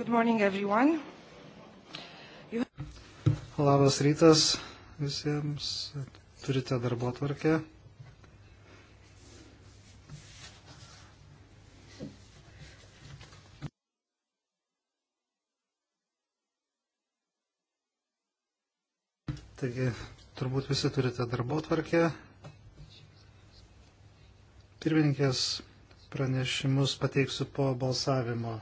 Good morning, everyone. You... Labas rytas visiems. Turite darbo tvarkę. Taigi, turbūt visi turite darbo tvarkę. Pirmininkės pranešimus pateiksiu po balsavimo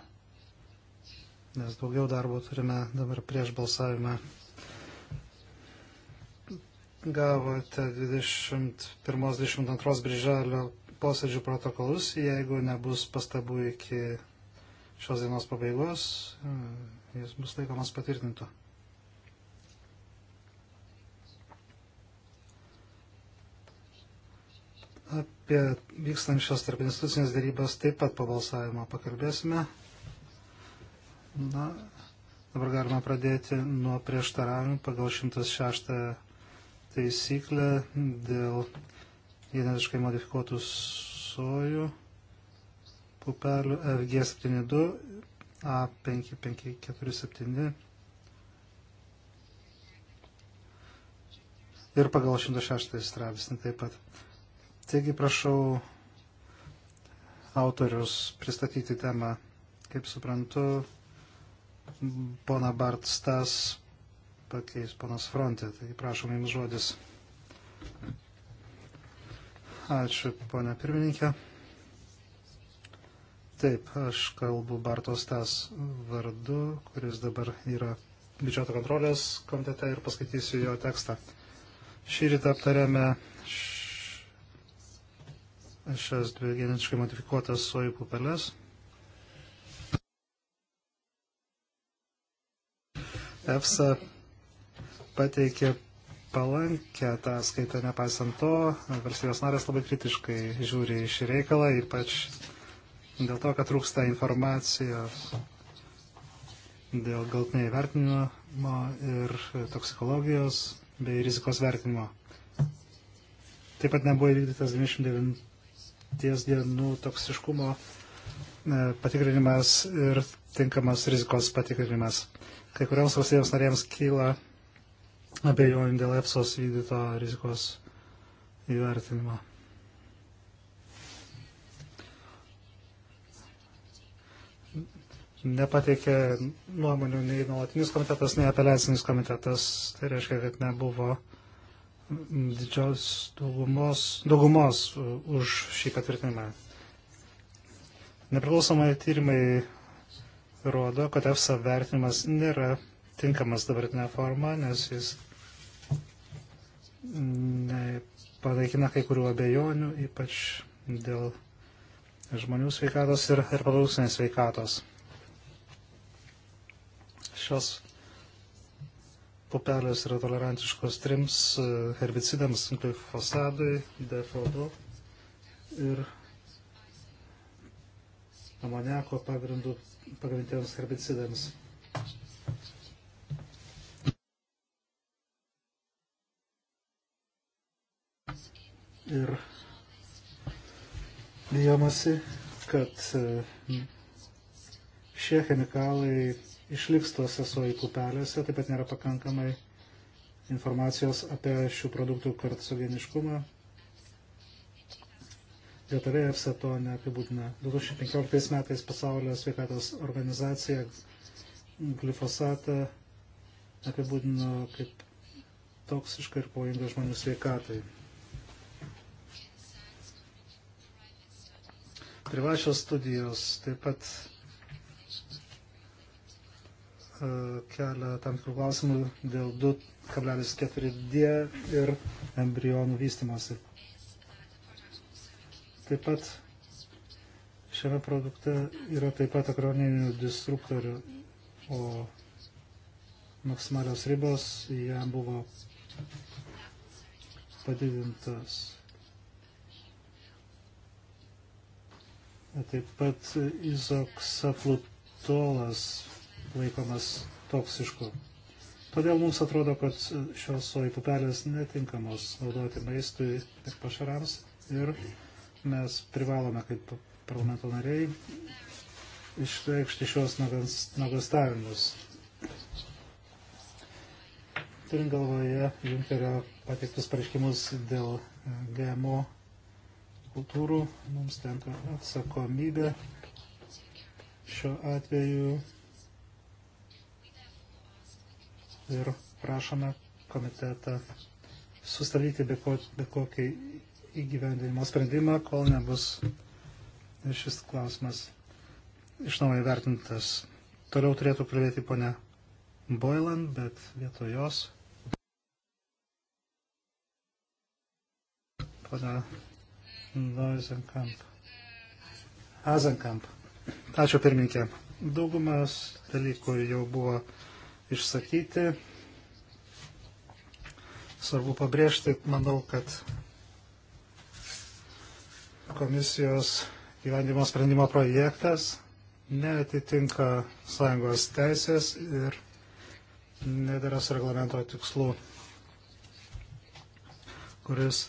nes daugiau darbo turime dabar prieš balsavimą. Gavote 21-22 brželio posėdžių protokolus, jeigu nebus pastabų iki šios dienos pabaigos, jis bus laikomas patvirtintu. Apie vykstančias tarp institucinės darybas taip pat po balsavimo pakalbėsime. Na, dabar galima pradėti nuo prieštaravimų pagal 106 taisyklę dėl genetiškai modifikuotų sojų pupelių FG72 A5547 ir pagal 106 straipsnį taip pat. Taigi prašau autorius pristatyti temą. Kaip suprantu, pona Bartstas pakeis ponas Frontė. Tai prašom jums žodis. Ačiū, ponia pirmininkė. Taip, aš kalbu Bartos Tas vardu, kuris dabar yra biudžeto kontrolės komitete ir paskaitysiu jo tekstą. Šį rytą aptarėme šias dvi genetiškai modifikuotas sojų pupelės. EFSA pateikė palankę tą skaitą, nepaisant to, valstybės narės labai kritiškai žiūri į šį reikalą, ypač dėl to, kad trūksta informacijos dėl galtinio įvertinimo ir toksikologijos bei rizikos vertinimo. Taip pat nebuvo įvykdytas 99 dienų toksiškumo e, patikrinimas ir tinkamas rizikos patikrinimas kai kuriams valstybėms narėms kyla abejonių dėl EPSOS vykdyto rizikos įvertinimo. Nepateikė nuomonių nei nuolatinis komitetas, nei apeliacinis komitetas. Tai reiškia, kad nebuvo didžios daugumos, daugumos už šį patvirtinimą. Nepriklausomai tyrimai rodo, kad EFSA vertinimas nėra tinkamas dabartinė forma, nes jis panaikina kai kurių abejonių, ypač dėl žmonių sveikatos ir reprodukcinės sveikatos. Šios pupelės yra tolerantiškos trims e, herbicidams, glifosadui, defodu ir amoniako pagrindų pagamintiems herbicidams. Ir bijomasi, kad e, šie chemikalai išliks tuose sojų pupelėse, taip pat nėra pakankamai informacijos apie šių produktų karcogeniškumą, detaliai EFSA to neapibūdina. 2015 metais pasaulio sveikatos organizacija glifosatą apibūdino kaip toksišką ir pavojingą žmonių sveikatai. Privačios studijos taip pat e, kelia tam tikrų klausimų dėl 2,4D ir embrionų vystimosi. Taip pat šiame produkte yra taip pat akroniminių destruktorių, o maksimalios ribos jam buvo padidintas. Taip pat izoksaflutolas laikomas toksišku. Todėl mums atrodo, kad šios sojų pupelės netinkamos naudoti maistui ir pašarams ir mes privalome kaip parlamento nariai išreikšti šios nuogastavimus. Turint galvoje Junkerio pateiktus pareiškimus dėl e, GMO kultūrų, mums tenka atsakomybė šiuo atveju ir prašome komitetą sustabdyti be, ko, be kokį įgyvendinimo sprendimą, kol nebus šis klausimas iš naujo vertintas. Toliau turėtų kalbėti ponia Boylan, bet vietoj jos. Pana Noizenkamp. Azenkamp. Ačiū pirmininkė. Daugumas dalykų jau buvo išsakyti. Svarbu pabrėžti, manau, kad komisijos gyvendimo sprendimo projektas neatitinka sąjungos teisės ir nedėra su reglamento tikslu, kuris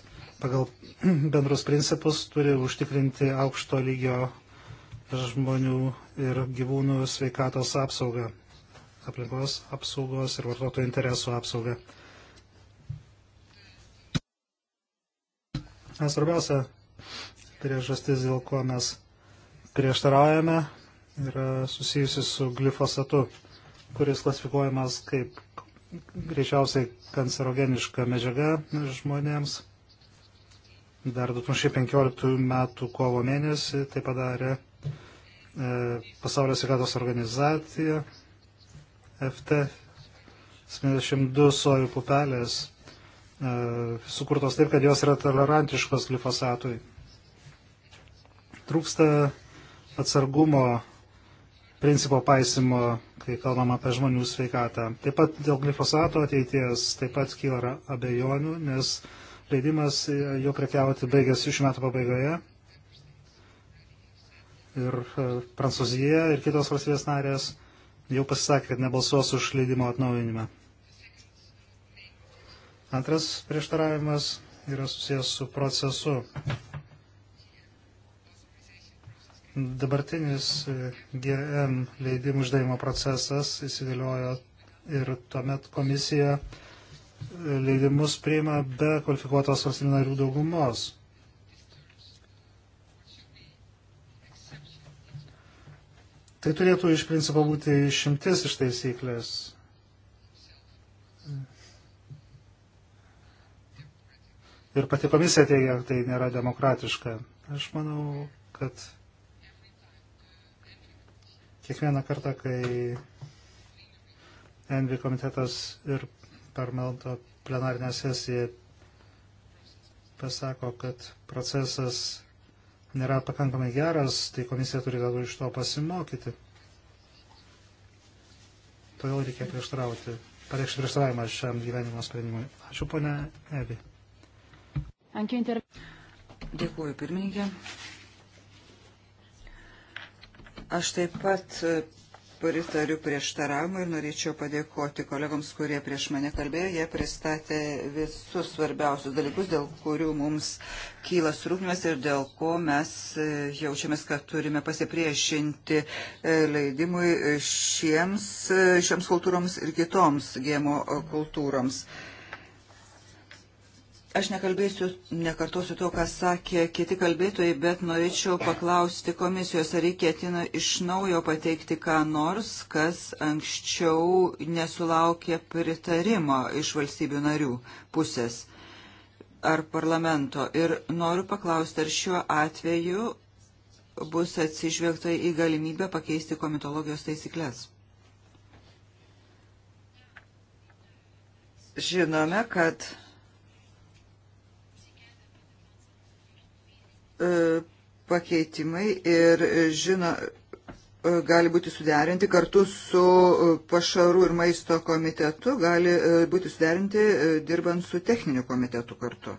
pagal bendrus principus turi užtikrinti aukšto lygio žmonių ir gyvūnų sveikatos apsaugą, aplinkos apsaugos ir vartotojų interesų apsaugą. Svarbiausia priežastis, dėl ko mes prieštaraujame, yra susijusi su glifosatu, kuris klasifikuojamas kaip greičiausiai kancerogeniška medžiaga žmonėms. Dar 2015 m. kovo mėnesį tai padarė e, Pasaulio sveikatos organizacija FT 72 sojų pupelės e, sukurtos taip, kad jos yra tolerantiškos glifosatui trūksta atsargumo principo paisimo, kai kalbam apie žmonių sveikatą. Taip pat dėl glifosato ateities taip pat kyla abejonių, nes leidimas e, jo prekiauti baigėsi šių metų pabaigoje. Ir e, Prancūzija ir kitos valstybės narės jau pasisakė, kad nebalsuos už leidimo atnaujinimą. Antras prieštaravimas yra susijęs su procesu. Dabartinis e, GM leidimų uždavimo procesas įsigaliojo ir tuomet komisija e, leidimus priima be kvalifikuotos valstybių narių daugumos. Tai turėtų iš principo būti išimtis iš taisyklės. Ir pati komisija teigia, kad tai nėra demokratiška. Aš manau, kad kiekvieną kartą, kai Envi komitetas ir permelto plenarinę sesiją pasako, kad procesas nėra pakankamai geras, tai komisija turi galbūt iš to pasimokyti. Todėl reikia prieštrauti, pareikšti prieštaravimą šiam gyvenimo sprendimui. Ačiū, ponia Evi. Dėkuoju, pirmininkė. Aš taip pat e, pritariu prieštaravimui ir norėčiau padėkoti kolegoms, kurie prieš mane kalbėjo. Jie pristatė visus svarbiausius dalykus, dėl kurių mums kyla surūpinimas ir dėl ko mes e, jaučiamės, kad turime pasipriešinti e, leidimui šiems, šiems kultūroms ir kitoms gėmo kultūroms. Aš nekalbėsiu, nekartosiu to, ką sakė kiti kalbėtojai, bet norėčiau paklausti komisijos, ar reikėtina iš naujo pateikti ką nors, kas anksčiau nesulaukė pritarimo iš valstybių narių pusės ar parlamento. Ir noriu paklausti, ar šiuo atveju bus atsižvelgta į galimybę pakeisti komitologijos taisyklės. Žinome, kad E, pakeitimai ir e, žino, e, gali būti suderinti kartu su pašarų ir maisto komitetu, gali būti suderinti dirbant su techniniu komitetu kartu.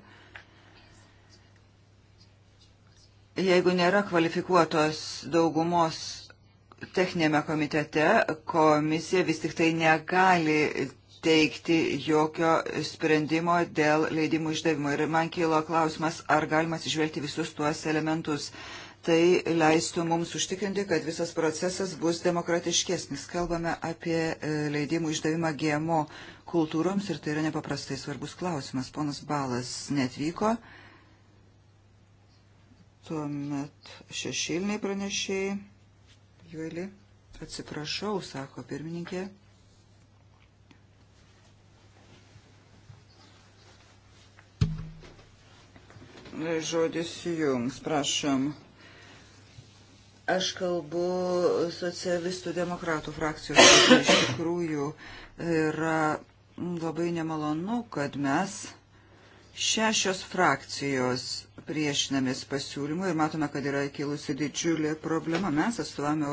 Jeigu nėra kvalifikuotos daugumos techninėme komitete, komisija vis tik tai negali teikti jokio sprendimo dėl leidimų išdavimo. Ir man kilo klausimas, ar galima atsižvelgti visus tuos elementus. Tai leistų mums užtikrinti, kad visas procesas bus demokratiškesnis. Kalbame apie e, leidimų išdavimą GMO kultūroms ir tai yra nepaprastai svarbus klausimas. Ponas Balas netvyko. Tuomet šešilniai pranešėjai. Juelį. Atsiprašau, sako pirmininkė. žodis jums, prašom. Aš kalbu socialistų demokratų frakcijos, iš tikrųjų yra labai nemalonu, kad mes šešios frakcijos priešinamės pasiūlymui ir matome, kad yra kilusi didžiulė problema. Mes atstovame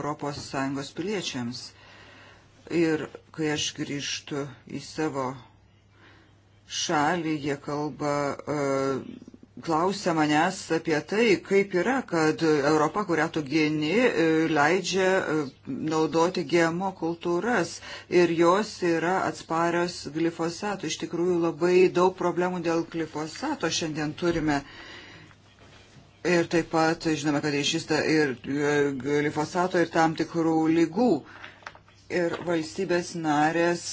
ES piliečiams. Ir kai aš grįžtu į savo šalį, jie kalba uh, klausia manęs apie tai, kaip yra, kad Europa, kurią tu gini, e, leidžia e, naudoti GMO kultūras ir jos yra atsparios glifosato. Iš tikrųjų labai daug problemų dėl glifosato šiandien turime. Ir taip pat žinome, kad išista ir e, glifosato ir tam tikrų lygų. Ir valstybės narės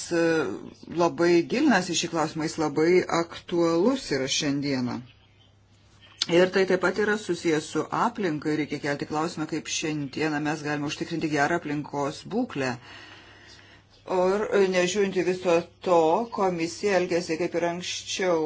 labai gilinasi šį klausimą, jis labai aktualus yra šiandieną. Ir tai taip pat yra susijęs su aplinka ir reikia kelti klausimą, kaip šiandieną mes galime užtikrinti gerą aplinkos būklę. Ir nežiūrinti viso to, komisija elgėsi kaip ir anksčiau.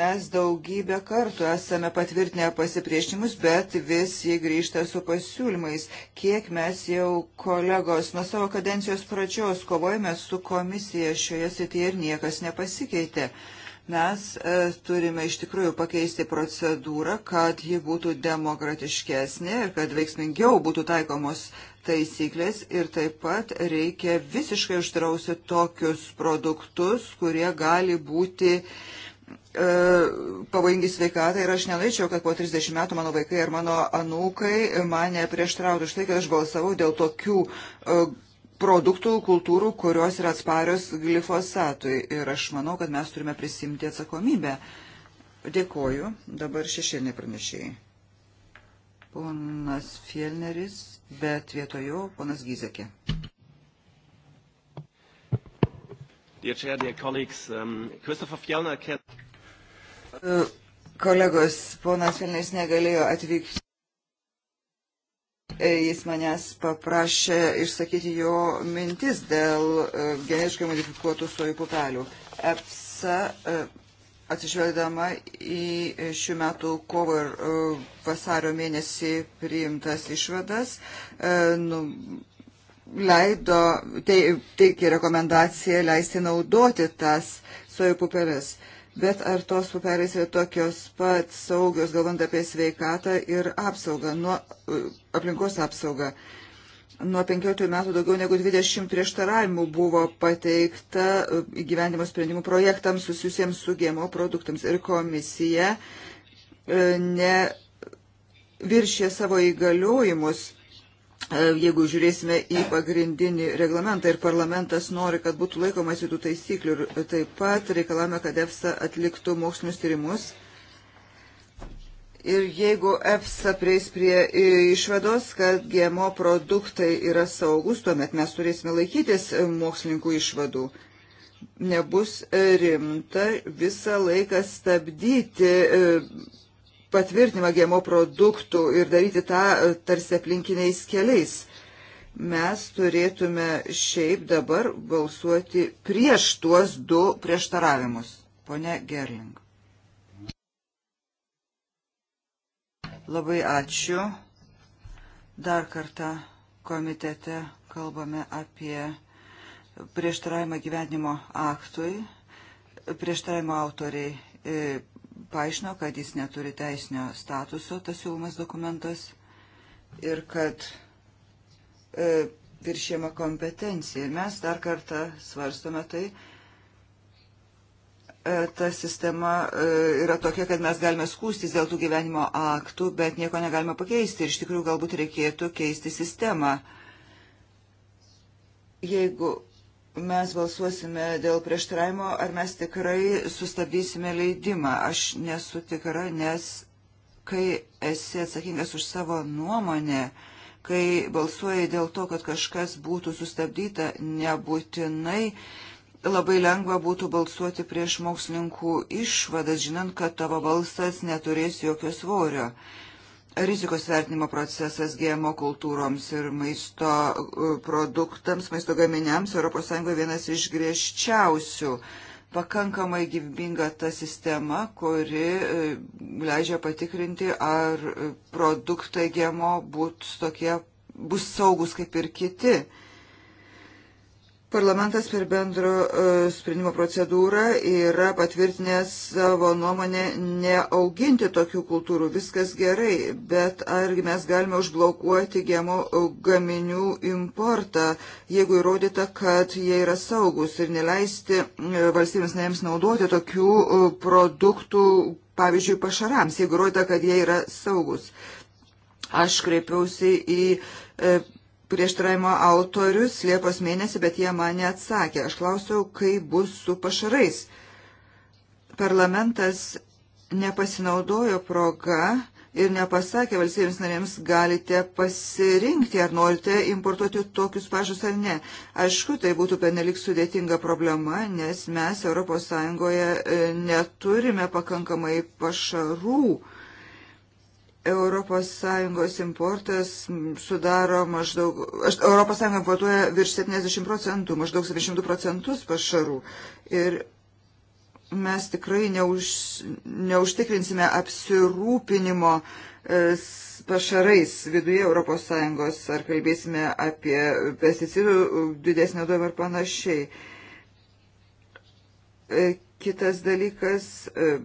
Mes daugybę kartų esame patvirtinę pasipriešinimus, bet vis jį grįžta su pasiūlymais. Kiek mes jau kolegos nuo savo kadencijos pradžios kovojame su komisija šioje srityje ir niekas nepasikeitė. Uh, Mes e, turime iš tikrųjų pakeisti procedūrą, kad ji būtų demokratiškesnė ir kad veiksmingiau būtų taikomos taisyklės ir taip pat reikia visiškai uždrausti tokius produktus, kurie gali būti e, pavojingi sveikatai ir aš nelaičiau, kad po 30 metų mano vaikai ar mano anūkai mane prieštrautų už tai, kad aš balsavau dėl tokių e, produktų, kultūrų, kurios yra atsparios glifosatui. Ir aš manau, kad mes turime prisimti atsakomybę. Dėkoju. Dabar šešėliniai pranešėjai. Ponas Fielneris, bet vietojo ponas Gizekė. Dear Chair, dear colleagues, um, Christopher Fjellner can... Uh, kolegos, ponas Fielneris negalėjo atvykti Jis manęs paprašė išsakyti jo mintis dėl e, geniškai modifikuotų sojų pupelių. EPSA e, atsižvelgdama į šių metų kovo ir e, vasario mėnesį priimtas išvadas, nu, leido, teikė rekomendaciją leisti naudoti tas sojų pupelės. Uh, bet ar tos pupelės yra tokios pat saugios, galvant apie sveikatą ir apsaugą, nuo e, aplinkos apsaugą. Nuo 15 metų daugiau negu 20 prieštaravimų buvo pateikta e, įgyvendimo sprendimų projektams susijusiems su GMO produktams ir komisija e, ne viršė savo įgaliojimus E, jeigu žiūrėsime į pagrindinį reglamentą ir parlamentas nori, kad būtų laikomasi tų taisyklių ir taip pat reikalame, kad EFSA atliktų mokslinius tyrimus. Ir jeigu EFSA prieis prie išvados, kad GMO produktai yra saugus, tuomet mes turėsime laikytis mokslininkų išvadų. Nebus rimta visą laiką stabdyti e, patvirtinimą GMO produktų ir daryti tą e, tarsi aplinkiniais keliais. Mes turėtume šiaip dabar balsuoti prieš tuos du prieštaravimus. Pone Gerling. Labai ačiū. Dar kartą komitete kalbame apie prieštaravimą gyvenimo aktui. Prieštaravimo autoriai e, paaiškino, kad jis neturi teisinio statuso, tas siūlomas dokumentas, ir kad e, viršėma kompetencija. Ir mes dar kartą svarstome tai. E, ta sistema e, yra tokia, kad mes galime skūstis dėl tų gyvenimo aktų, bet nieko negalime pakeisti. Ir iš tikrųjų galbūt reikėtų keisti sistemą. Jeigu mes balsuosime dėl prieštaravimo, ar mes tikrai sustabdysime leidimą. Aš nesu tikra, nes kai esi atsakingas už savo nuomonę, kai balsuoji dėl to, kad kažkas būtų sustabdyta, nebūtinai labai lengva būtų balsuoti prieš mokslininkų išvadas, žinant, kad tavo balsas neturės jokio svorio rizikos vertinimo procesas GMO kultūroms ir maisto e, produktams, maisto gaminiams ES vienas iš griežčiausių. Pakankamai gyvybinga ta sistema, kuri e, leidžia patikrinti, ar e, produktai GMO bus tokie, bus saugus kaip ir kiti. Uh, Parlamentas per bendro e, sprendimo procedūrą yra patvirtinęs savo nuomonę neauginti tokių kultūrų. Viskas gerai, bet argi mes galime užblokuoti gemo gaminių importą, jeigu įrodyta, kad jie yra saugus ir neleisti e, valstybėms neėms naudoti tokių e, produktų, pavyzdžiui, pašarams, jeigu įrodyta, kad jie yra saugus. Aš kreipiausi į prieštaravimo autorius Liepos mėnesį, bet jie mane atsakė. Aš klausiau, kaip bus su pašarais. Parlamentas nepasinaudojo proga ir nepasakė valstybėms narėms, galite pasirinkti, ar norite importuoti tokius pašus ar ne. Aišku, tai būtų penelik sudėtinga problema, nes mes ES e, neturime pakankamai pašarų ES importas sudaro maždaug, ES importuoja virš 70 procentų, maždaug 700 procentus pašarų. Ir mes tikrai neuž, neužtikrinsime apsirūpinimo e, pašarais viduje ES, ar kalbėsime apie pesticidų didesnį duomą ar panašiai. E, kitas dalykas e,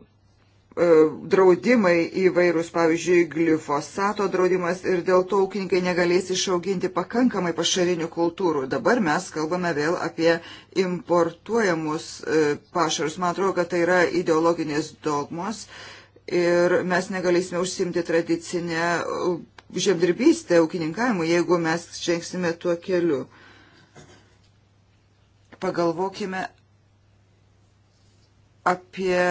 E, draudimai įvairūs, pavyzdžiui, glifosato draudimas ir dėl to ūkininkai negalės išauginti pakankamai pašarinių kultūrų. Dabar mes kalbame vėl apie importuojamus e, pašarus. Man atrodo, kad tai yra ideologinės dogmos ir mes negalėsime užsimti tradicinę e, žemdirbystę ūkininkavimu, jeigu mes žengsime tuo keliu. Pagalvokime apie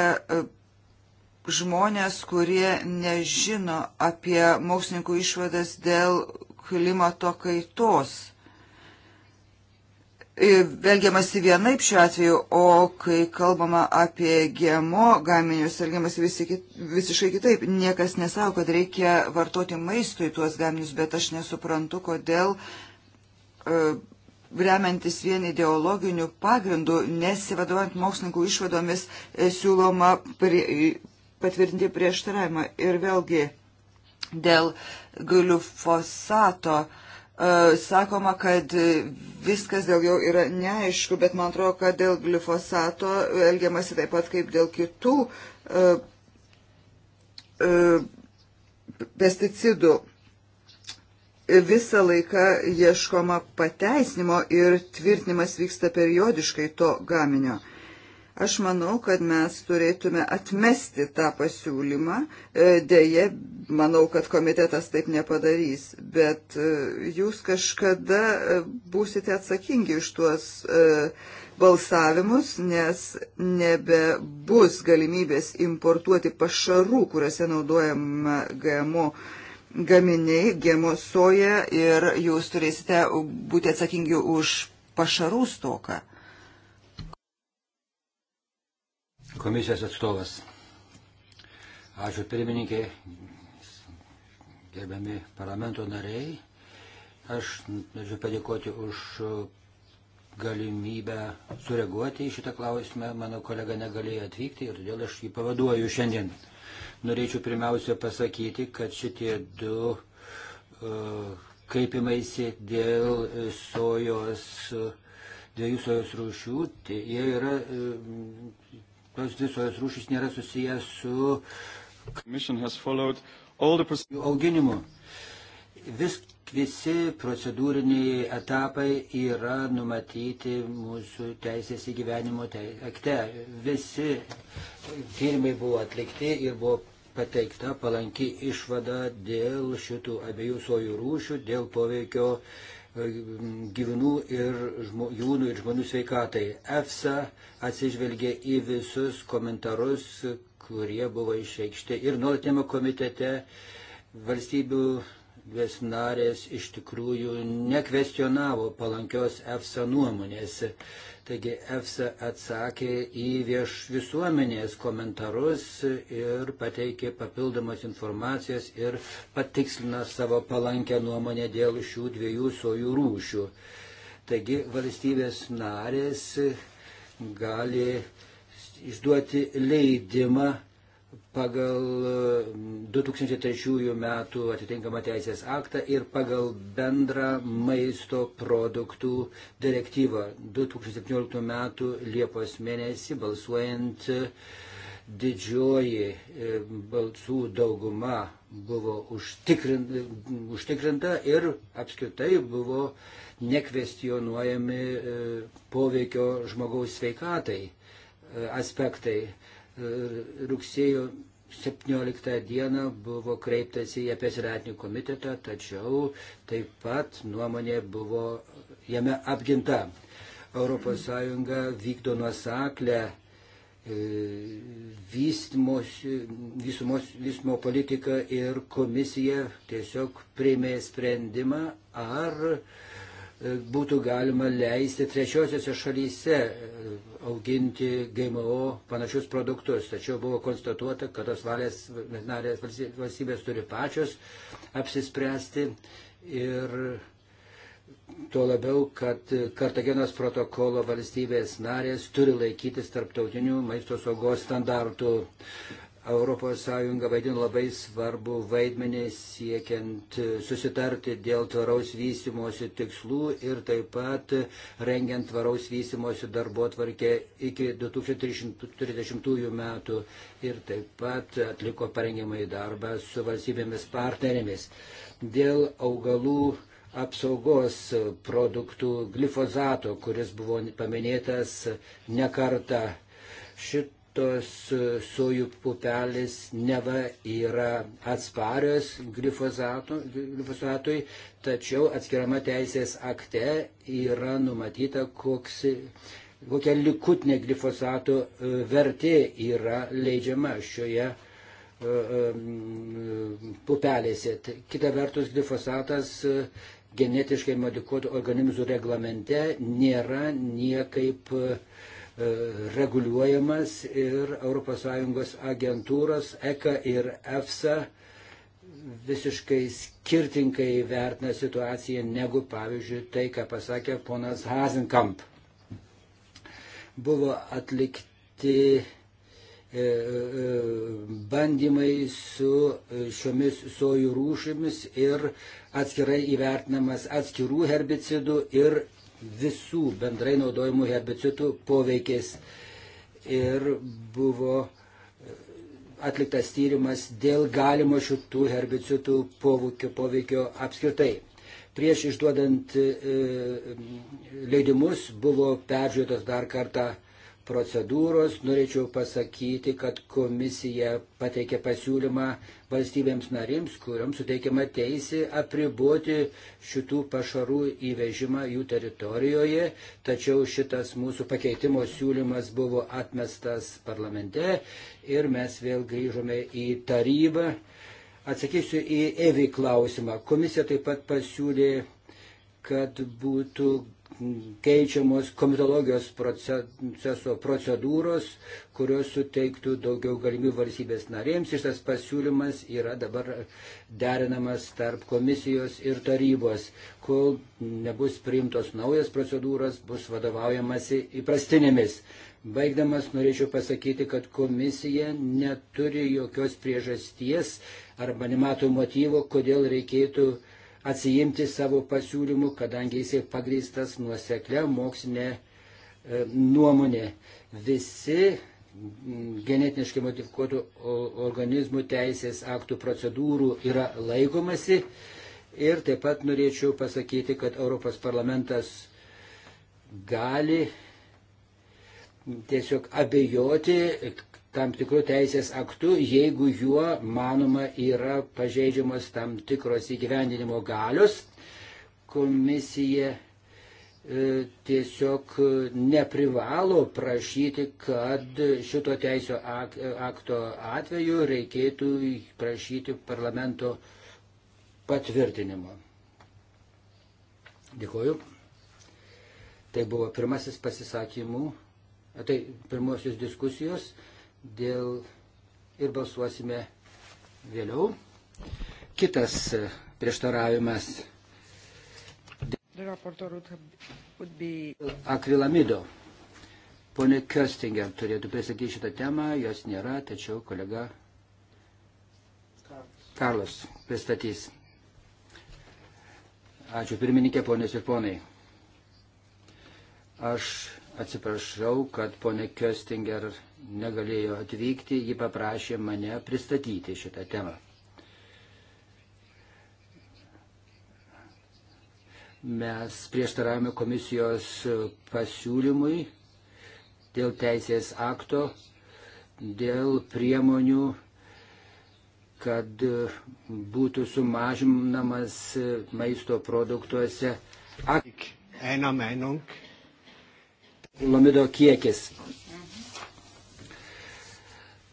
žmonės, kurie nežino apie mokslininkų išvadas dėl klimato kaitos. E, elgiamasi vienaip šiuo atveju, o kai kalbama apie GMO gaminius, elgiamasi visi kit, visiškai kitaip. Niekas nesako, kad reikia vartoti maistui tuos gaminius, bet aš nesuprantu, kodėl uh, remiantis vien ideologiniu pagrindu, nesivadovaujant mokslininkų išvadomis, e, siūloma pri, patvirtinti prieštaravimą. Ir vėlgi dėl gliufosato e, sakoma, kad viskas dėl jo yra neaišku, bet man atrodo, kad dėl glifosato elgiamasi taip pat kaip dėl kitų e, e, pesticidų. Visą laiką ieškoma pateisinimo ir tvirtinimas vyksta periodiškai to gaminio. Uh, Aš manau, kad mes turėtume atmesti tą pasiūlymą. E, Deja, manau, kad komitetas taip nepadarys, bet e, jūs kažkada e, būsite atsakingi iš tuos balsavimus, nes nebebus galimybės importuoti pašarų, kuriuose naudojama GMO gaminiai, GMO soja ir jūs turėsite būti atsakingi už pašarų stoką. komisijos atstovas. Ačiū pirmininkė, gerbiami parlamento nariai. Aš norėčiau padėkoti už galimybę sureaguoti į šitą klausimą. Mano kolega negalėjo atvykti ir todėl aš jį pavaduoju šiandien. Norėčiau pirmiausia pasakyti, kad šitie du e, kaipimaisi dėl sojos, dviejų sojos rūšių, tai jie yra e, tos visos rūšys nėra susijęs su auginimu. Vis, visi procedūriniai etapai yra numatyti mūsų teisės įgyvenimo teis, akte. Visi tyrimai buvo atlikti ir buvo pateikta palanki išvada dėl šitų abiejų sojų rūšių, dėl poveikio uh, E, gyvūnų ir žmo, gyvūnų ir žmonių sveikatai. EFSA atsižvelgė į visus komentarus, kurie buvo išreikšti ir nuolatėme komitete valstybių vis narės iš tikrųjų nekvestionavo palankios EFSA nuomonės. Taigi EFSA atsakė į vieš visuomenės komentarus ir pateikė papildomas informacijas ir patikslina savo palankę nuomonę dėl šių dviejų sojų rūšių. Taigi valstybės narės gali išduoti leidimą pagal 2003 e, metų atitinkamą teisės aktą ir pagal bendrą maisto produktų direktyvą 2017 metų Liepos mėnesį balsuojant e, didžioji e, balsų dauguma buvo užtikrinta, užtikrinta ir apskritai buvo nekvestionuojami poveikio žmogaus sveikatai aspektai. E, rugsėjo 17 dieną buvo kreiptasi į apesiratinį komitetą, tačiau taip pat nuomonė buvo jame apginta. ES vykdo nuosaklę e, vystimo politiką ir komisija tiesiog priėmė sprendimą, ar uh, E, būtų galima leisti trečiosiose šalyse e, auginti GMO panašius produktus. Tačiau buvo konstatuota, kad tos valės narės valstybės turi pačios apsispręsti ir tuo labiau, kad Kartagenos protokolo valstybės narės turi laikytis tarptautinių maisto saugos standartų. ES vaidino labai svarbu vaidmenį siekiant e, susitarti dėl tvaraus vystimosi tikslų ir taip pat rengiant tvaraus vystimosi darbo tvarkę iki 2030 metų ir taip pat atliko parengiamąjį darbą su valstybėmis partnerėmis. Dėl augalų apsaugos produktų glifozato, kuris buvo paminėtas ne kartą. Šit tos e, sojų pupelės neva yra atsparios glifosatui, tačiau atskiriama teisės akte yra numatyta, koks, kokia likutinė glifosato e, vertė yra leidžiama šioje e, pupelėse. Kita vertus, glifosatas genetiškai modikuotų organizmų reglamente nėra niekaip uh, E, reguliuojamas ir ES agentūros ECA ir EFSA visiškai skirtingai vertina situaciją negu, pavyzdžiui, tai, ką pasakė ponas Hazenkamp. Buvo atlikti e, e, bandymai su šiomis sojų rūšimis ir atskirai įvertinamas atskirų herbicidų ir visų bendrai naudojimų herbicidų poveikis. Ir buvo atliktas tyrimas dėl galimo šitų herbicidų poveikio, poveikio apskritai. Prieš išduodant e, leidimus buvo peržiūrėtos dar kartą procedūros. Norėčiau pasakyti, kad komisija pateikė pasiūlymą valstybėms narėms, kuriams suteikiama teisė apriboti šitų pašarų įvežimą jų teritorijoje, tačiau šitas mūsų pakeitimo siūlymas buvo atmestas parlamente ir mes vėl grįžome į tarybą. Atsakysiu į Evi klausimą. Komisija taip pat pasiūlė, kad būtų keičiamos komitologijos proceso procedūros, kurios suteiktų daugiau galimybių valstybės narėms. Šitas pasiūlymas yra dabar derinamas tarp komisijos ir tarybos. Kol nebus priimtos naujas procedūras, bus vadovaujamasi įprastinėmis. Baigdamas norėčiau pasakyti, kad komisija neturi jokios priežasties arba nemato motyvo, kodėl reikėtų uh, atsijimti savo pasiūlymų, kadangi jisai pagrįstas nuoseklia mokslinė e, nuomonė. Visi genetiniškai modifikuotų organizmų teisės aktų procedūrų yra laikomasi. Ir taip pat norėčiau pasakyti, kad Europos parlamentas gali tiesiog abejoti tam tikrų teisės aktų, jeigu juo, manoma, yra pažeidžiamos tam tikros įgyvendinimo galios. Komisija e, tiesiog neprivalo prašyti, kad šito teisio ak akto atveju reikėtų prašyti parlamento patvirtinimo. Dėkuoju. Tai buvo pirmasis pasisakymų, tai pirmosios diskusijos dėl ir balsuosime vėliau. Kitas e, prieštaravimas. Akrilamido. Pone Köstinger turėtų pristatyti šitą temą, jos nėra, tačiau kolega Karlos pristatys. Ačiū pirmininkė, ponės ir ponai. Aš atsiprašau, kad ponė Köstinger negalėjo atvykti, ji paprašė mane pristatyti šitą temą. Mes prieštaravome komisijos pasiūlymui dėl teisės akto, dėl priemonių, kad būtų sumažinamas maisto produktuose. Ak... Einer Meinung. Kilomido kiekis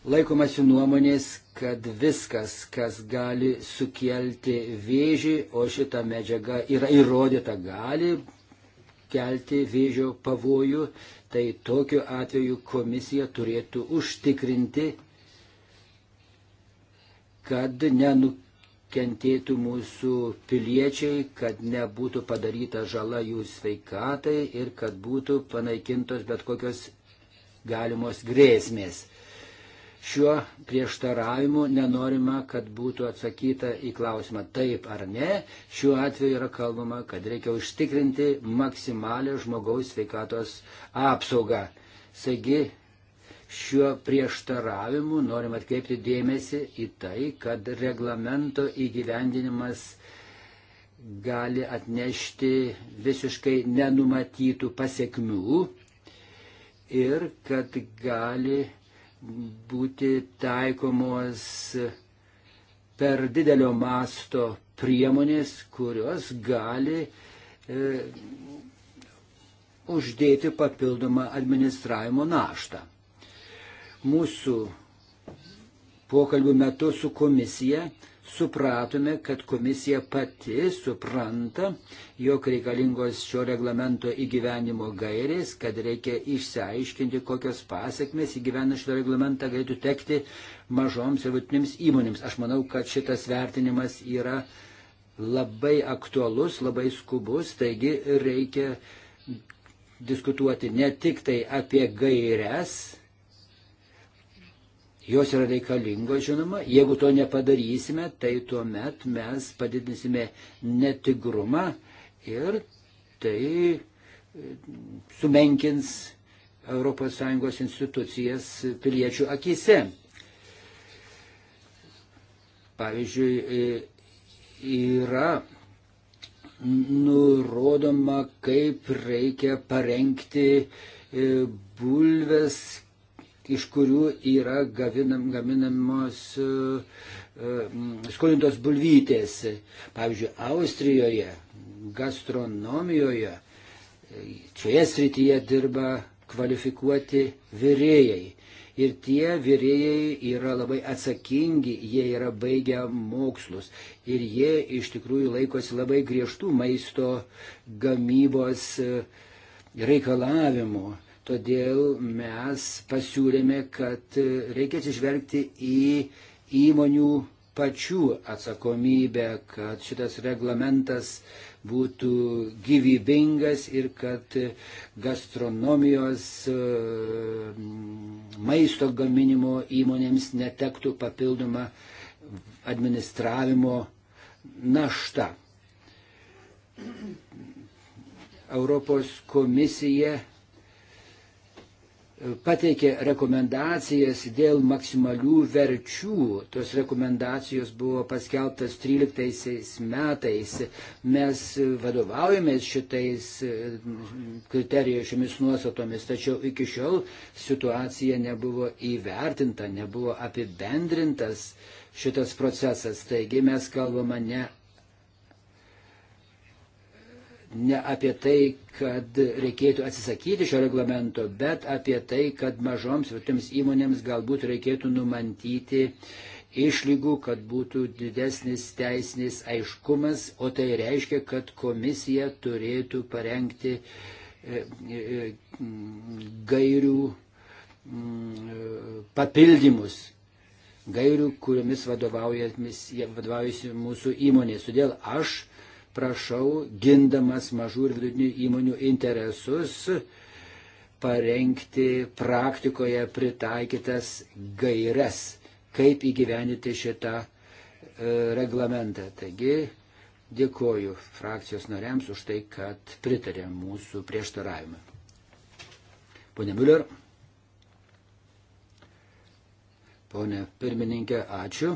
laikomasi nuomonės, kad viskas, kas gali sukelti vėžį, o šita medžiaga yra įrodyta, gali kelti vėžio pavojų, tai tokiu atveju komisija turėtų užtikrinti, kad nenukentėtų mūsų piliečiai, kad nebūtų padaryta žala jų sveikatai ir kad būtų panaikintos bet kokios galimos grėsmės. Šiuo prieštaravimu nenorima, kad būtų atsakyta į klausimą taip ar ne. Šiuo atveju yra kalbama, kad reikia užtikrinti maksimalę žmogaus sveikatos apsaugą. Saigi, šiuo prieštaravimu norim atkreipti dėmesį į tai, kad reglamento įgyvendinimas gali atnešti visiškai nenumatytų pasiekmių ir kad gali būti taikomos per didelio masto priemonės, kurios gali e, uždėti papildomą administravimo naštą. Mūsų pokalbių metu su komisija supratome, kad komisija pati supranta, jog reikalingos šio reglamento įgyvenimo gairės, kad reikia išsiaiškinti, kokios pasiekmes įgyvenę šio reglamentą galėtų tekti mažoms ir vidutinėms įmonėms. Aš manau, kad šitas vertinimas yra labai aktualus, labai skubus, taigi reikia diskutuoti ne tik tai apie gairias, Jos yra reikalingos, žinoma. Jeigu to nepadarysime, tai tuomet mes padidinsime netigrumą ir tai e, sumenkins ES institucijas piliečių akise. Pavyzdžiui, e, yra nurodoma, kaip reikia parengti e, bulves, iš kurių yra gavinam, gaminamos e, e, skolintos bulvytės. Pavyzdžiui, Austrijoje, gastronomijoje, e, šioje srityje dirba kvalifikuoti vyrėjai. Ir tie vyrėjai yra labai atsakingi, jie yra baigę mokslus. Ir jie iš tikrųjų laikosi labai griežtų maisto gamybos reikalavimų. Todėl mes pasiūlėme, kad reikia atsižvelgti į įmonių pačių atsakomybę, kad šitas reglamentas būtų gyvybingas ir kad gastronomijos e, maisto gaminimo įmonėms netektų papildoma administravimo našta. Europos komisija pateikė rekomendacijas dėl maksimalių verčių. Tos rekomendacijos buvo paskeltas 13 metais. Mes vadovaujamės šitais e, kriterijais, šiomis nuostatomis, tačiau iki šiol situacija nebuvo įvertinta, nebuvo apibendrintas šitas procesas. Taigi mes kalbame ne ne apie tai, kad reikėtų atsisakyti šio reglamento, bet apie tai, kad mažoms vietoms įmonėms galbūt reikėtų numantyti išlygų, kad būtų didesnis teisinis aiškumas, o tai reiškia, kad komisija turėtų parengti e, e, e, gairių mm, papildymus, gairių, kuriomis vadovaujasi mūsų įmonės. Todėl aš prašau, gindamas mažų ir vidutinių įmonių interesus, parengti praktikoje pritaikytas gairias, kaip įgyveninti šitą e, reglamentą. Taigi, dėkoju frakcijos nariams už tai, kad pritarė mūsų prieštaravimą. Pone Müller. Pone pirmininkė, ačiū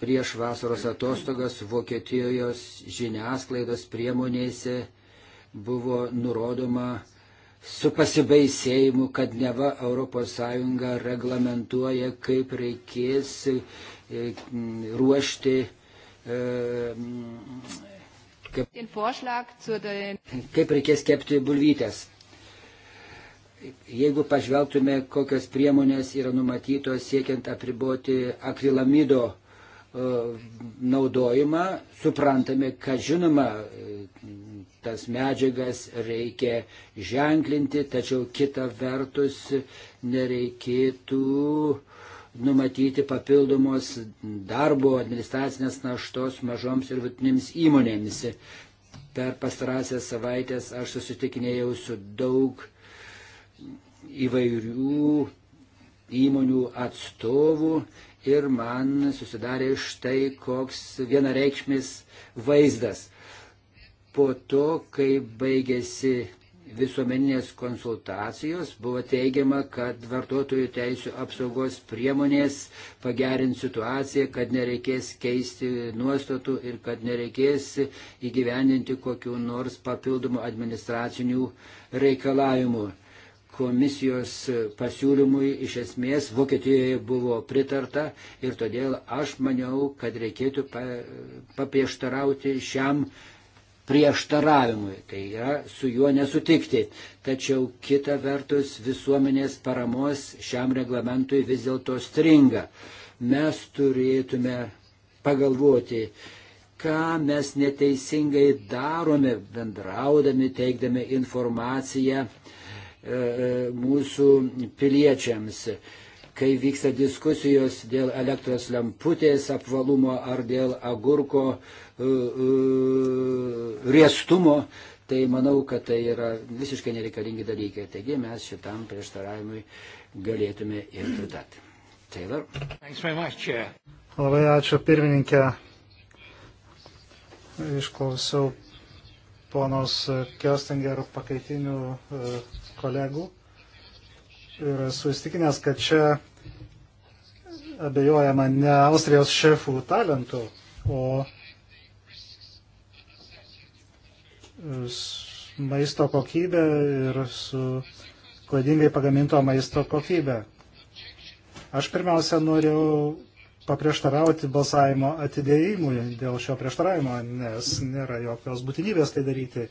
prieš vasaros atostogas Vokietijos žiniasklaidos priemonėse buvo nurodoma su pasibaisėjimu, kad neva ES reglamentuoja, kaip reikės e, ruošti e, kaip reikės kepti bulvytės. Jeigu pažvelgtume, kokios priemonės yra numatytos siekiant apriboti akrilamido uh, E, naudojimą, suprantame, kad žinoma, e, tas medžiagas reikia ženklinti, tačiau kita vertus nereikėtų numatyti papildomos darbo administracinės naštos mažoms ir vidutinėms įmonėms. Per pastarąsias savaitės aš susitikinėjau su daug įvairių įmonių atstovų ir man susidarė štai koks vienareikšmis vaizdas. Po to, kai baigėsi visuomeninės konsultacijos, buvo teigiama, kad vartotojų teisų apsaugos priemonės pagerins situaciją, kad nereikės keisti nuostatų ir kad nereikės įgyvendinti kokiu nors papildomu administracinių reikalavimu komisijos pasiūlymui iš esmės Vokietijoje buvo pritarta ir todėl aš maniau, kad reikėtų paprieštarauti šiam prieštaravimui, tai yra su juo nesutikti. Tačiau kita vertus visuomenės paramos šiam reglamentui vis dėlto stringa. Mes turėtume pagalvoti, ką mes neteisingai darome bendraudami, teikdami informaciją E, e, mūsų piliečiams, kai vyksta diskusijos dėl elektros lemputės apvalumo ar dėl agurko e, riestumo. Tai manau, kad tai yra visiškai nereikalingi dalykai. Taigi mes šitam prieštaravimui galėtume ir pritarti. Taylor. Labai ačiū pirmininkė. Išklausiau ponos Kjostinger pakaitinių kolegų. Ir esu įstikinęs, kad čia abejojama ne Austrijos šefų talentų, o maisto kokybė ir su klaidingai pagaminto maisto kokybė. Aš pirmiausia norėjau paprieštarauti balsavimo atidėjimui dėl šio prieštaravimo, nes nėra jokios būtinybės tai daryti.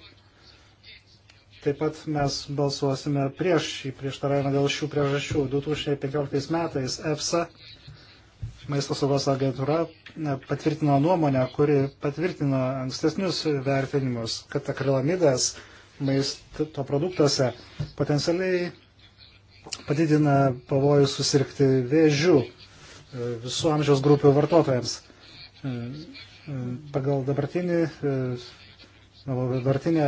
Taip pat mes balsuosime prieš šį prieštaravimą dėl šių priežasčių. 2015 metais EFSA, Maisto saugos agentūra, e, patvirtino nuomonę, kuri patvirtino ankstesnius vertinimus, kad akrilamidas maisto produktuose potencialiai padidina pavojų susirgti vėžių e, visų amžiaus grupių vartotojams. E, pagal dabartinį Dabartinė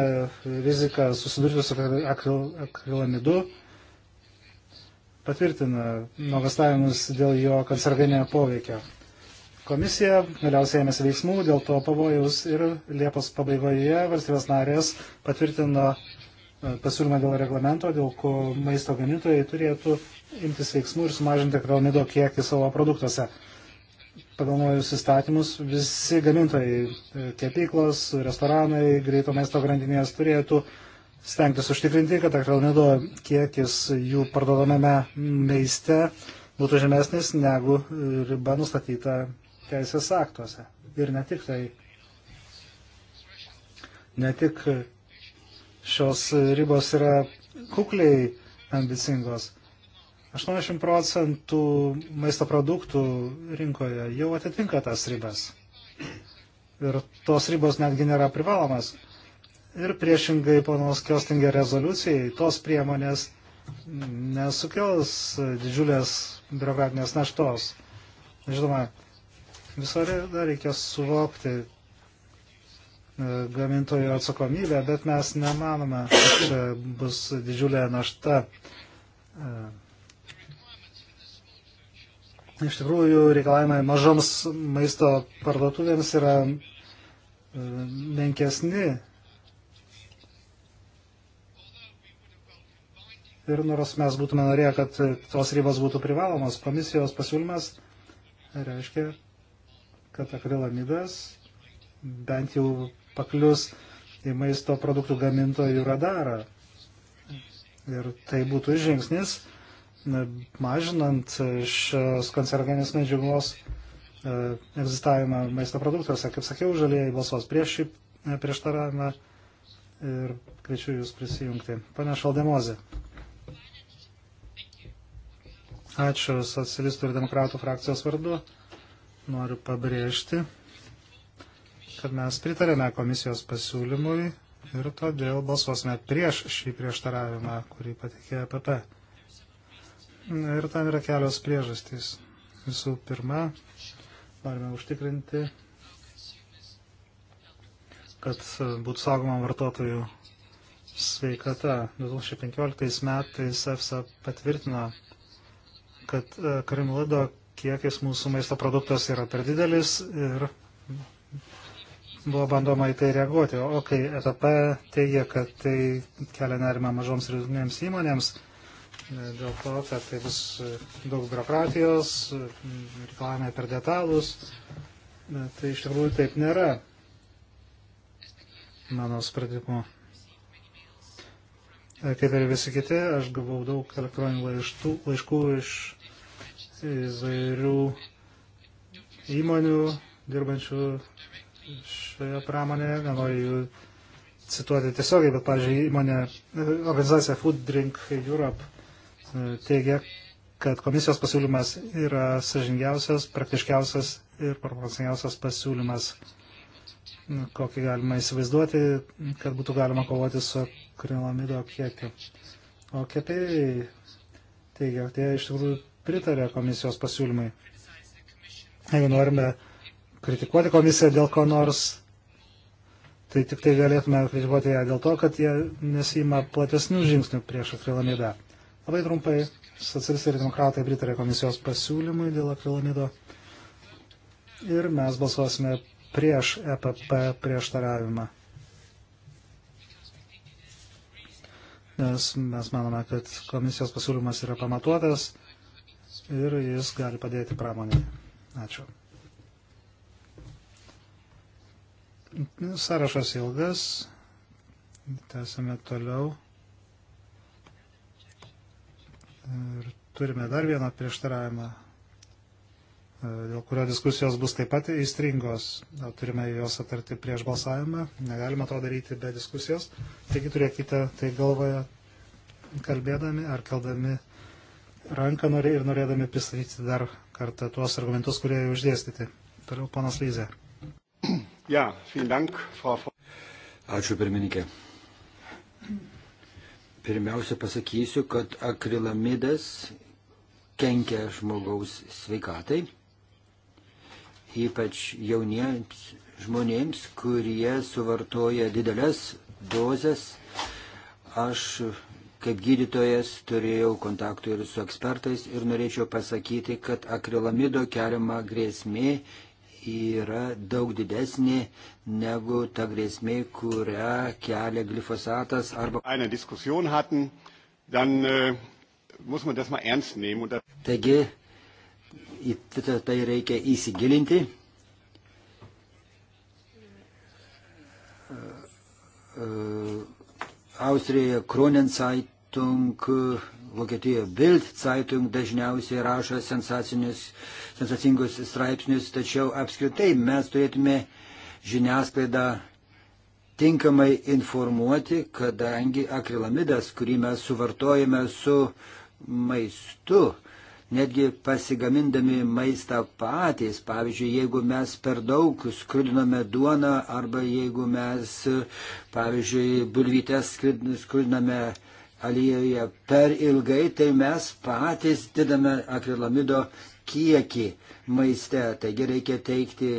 rizika susidurti su akrilamidu patvirtina nuogastavimus dėl jo kancerginio poveikio. Komisija galiausiai ėmėsi veiksmų dėl to pavojaus ir Liepos pabaigoje valstybės narės patvirtino e, pasiūlymą dėl reglamento, dėl ko maisto gamintojai turėtų imtis veiksmų ir sumažinti kralmido kiekį savo produktuose pagal naujus įstatymus visi gamintojai, e, kepyklos, restoranai, greito maisto grandinės turėtų stengtis užtikrinti, kad akrilnido kiekis jų parduodamame meiste būtų žemesnis negu riba nustatyta teisės aktuose. Ir ne tik tai. Ne tik šios ribos yra kukliai ambicingos. 80 procentų maisto produktų rinkoje jau atitinka tas ribas. Ir tos ribos netgi nėra privalomas. Ir priešingai ponos Kelstingė rezoliucijai tos priemonės nesukels didžiulės biurokratinės naštos. Žinoma, visada reikia suvokti e, gamintojų atsakomybę, bet mes nemanome, kad čia bus didžiulė našta e, Iš tikrųjų, reikalavimai mažoms maisto parduotuvėms yra e, menkesni. Ir nors mes būtume norėję, kad tos ribos būtų privalomos, komisijos pasiūlymas reiškia, kad akrilamidas bent jau paklius į maisto produktų gamintojų radarą. Ir tai būtų žingsnis, mažinant šios kancerogeninės medžiagos e, egzistavimą maisto produktuose. Kaip sakiau, žalieji balsuos prieš šį e, prieštaravimą ir kviečiu Jūs prisijungti. Pane Šaldemozė. Ačiū socialistų ir demokratų frakcijos vardu. Noriu pabrėžti, kad mes pritarėme komisijos pasiūlymui ir todėl balsuosime prieš šį prieštaravimą, kurį patikė PP. E Ir tam yra kelios priežastys. Visų pirma, norime užtikrinti, kad būtų saugoma vartotojų sveikata. 2015 metais EFSA patvirtino, kad e, karimlado kiekis mūsų maisto produktas yra per didelis ir buvo bandoma į tai reaguoti. O kai ETP teigia, kad tai kelia nerimą mažoms ir vidutinėms įmonėms, dėl to, kad tai bus daug biurokratijos, reikalavimai per detalus. Tai iš tikrųjų taip nėra, mano spradimu. E, kaip ir visi kiti, aš gavau daug elektroninių laištų, laiškų iš įvairių įmonių dirbančių šioje pramonėje. Nenoriu jų cituoti tiesiogiai, bet, pavyzdžiui, įmonė, organizacija Food Drink Europe teigia, kad komisijos pasiūlymas yra sažingiausias, praktiškiausias ir proporcingiausias pasiūlymas, kokį galima įsivaizduoti, kad būtų galima kovoti su akrilamido kiekiu. O kietai teigia, kad jie iš tikrųjų pritarė komisijos pasiūlymai. Jeigu norime kritikuoti komisiją dėl ko nors, tai tik tai galėtume kritikuoti ją dėl to, kad jie nesima platesnių žingsnių prieš akrilamidą. Labai trumpai, socialistai ir demokratai pritarė komisijos pasiūlymui dėl akrilamido ir mes balsuosime prieš EPP prieštaravimą. Nes mes manome, kad komisijos pasiūlymas yra pamatuotas ir jis gali padėti pramonėje. Ačiū. Sąrašas ilgas. Tęsime toliau. Ir turime dar vieną prieštaravimą, e, dėl kurio diskusijos bus taip pat įstringos. Turime juos aptarti prieš balsavimą. Negalime to daryti be diskusijos. Taigi turėkite tai galvoje kalbėdami ar keldami ranką norė, ir norėdami pristatyti dar kartą tuos argumentus, kurie jau išdėstyti. Toliau ponas Lyzė. Ja, dank, Frau... Ačiū pirmininkė. Pirmiausia pasakysiu, kad akrilamidas kenkia žmogaus sveikatai, ypač jauniems žmonėms, kurie suvartoja didelės dozes. Aš kaip gydytojas turėjau kontaktų ir su ekspertais ir norėčiau pasakyti, kad akrilamido keliama grėsmė yra daug didesnė negu ta grėsmė, kurią kelia glifosatas arba. Hatten, dann, äh, muss man das mal ernst nehmen. Und das Taigi, į tai reikia įsigilinti. Austrijoje Kronenzeitung Vokietijoje Bild Zeitung dažniausiai rašo sensacingus straipsnius, tačiau apskritai mes turėtume žiniasklaidą tinkamai informuoti, kadangi akrilamidas, kurį mes suvartojame su maistu, netgi pasigamindami maistą patys, pavyzdžiui, jeigu mes per daug skrudiname duoną arba jeigu mes, pavyzdžiui, bulvytės skrudiname aliejuje per ilgai, tai mes patys didame akrilamido kiekį maiste. Taigi reikia teikti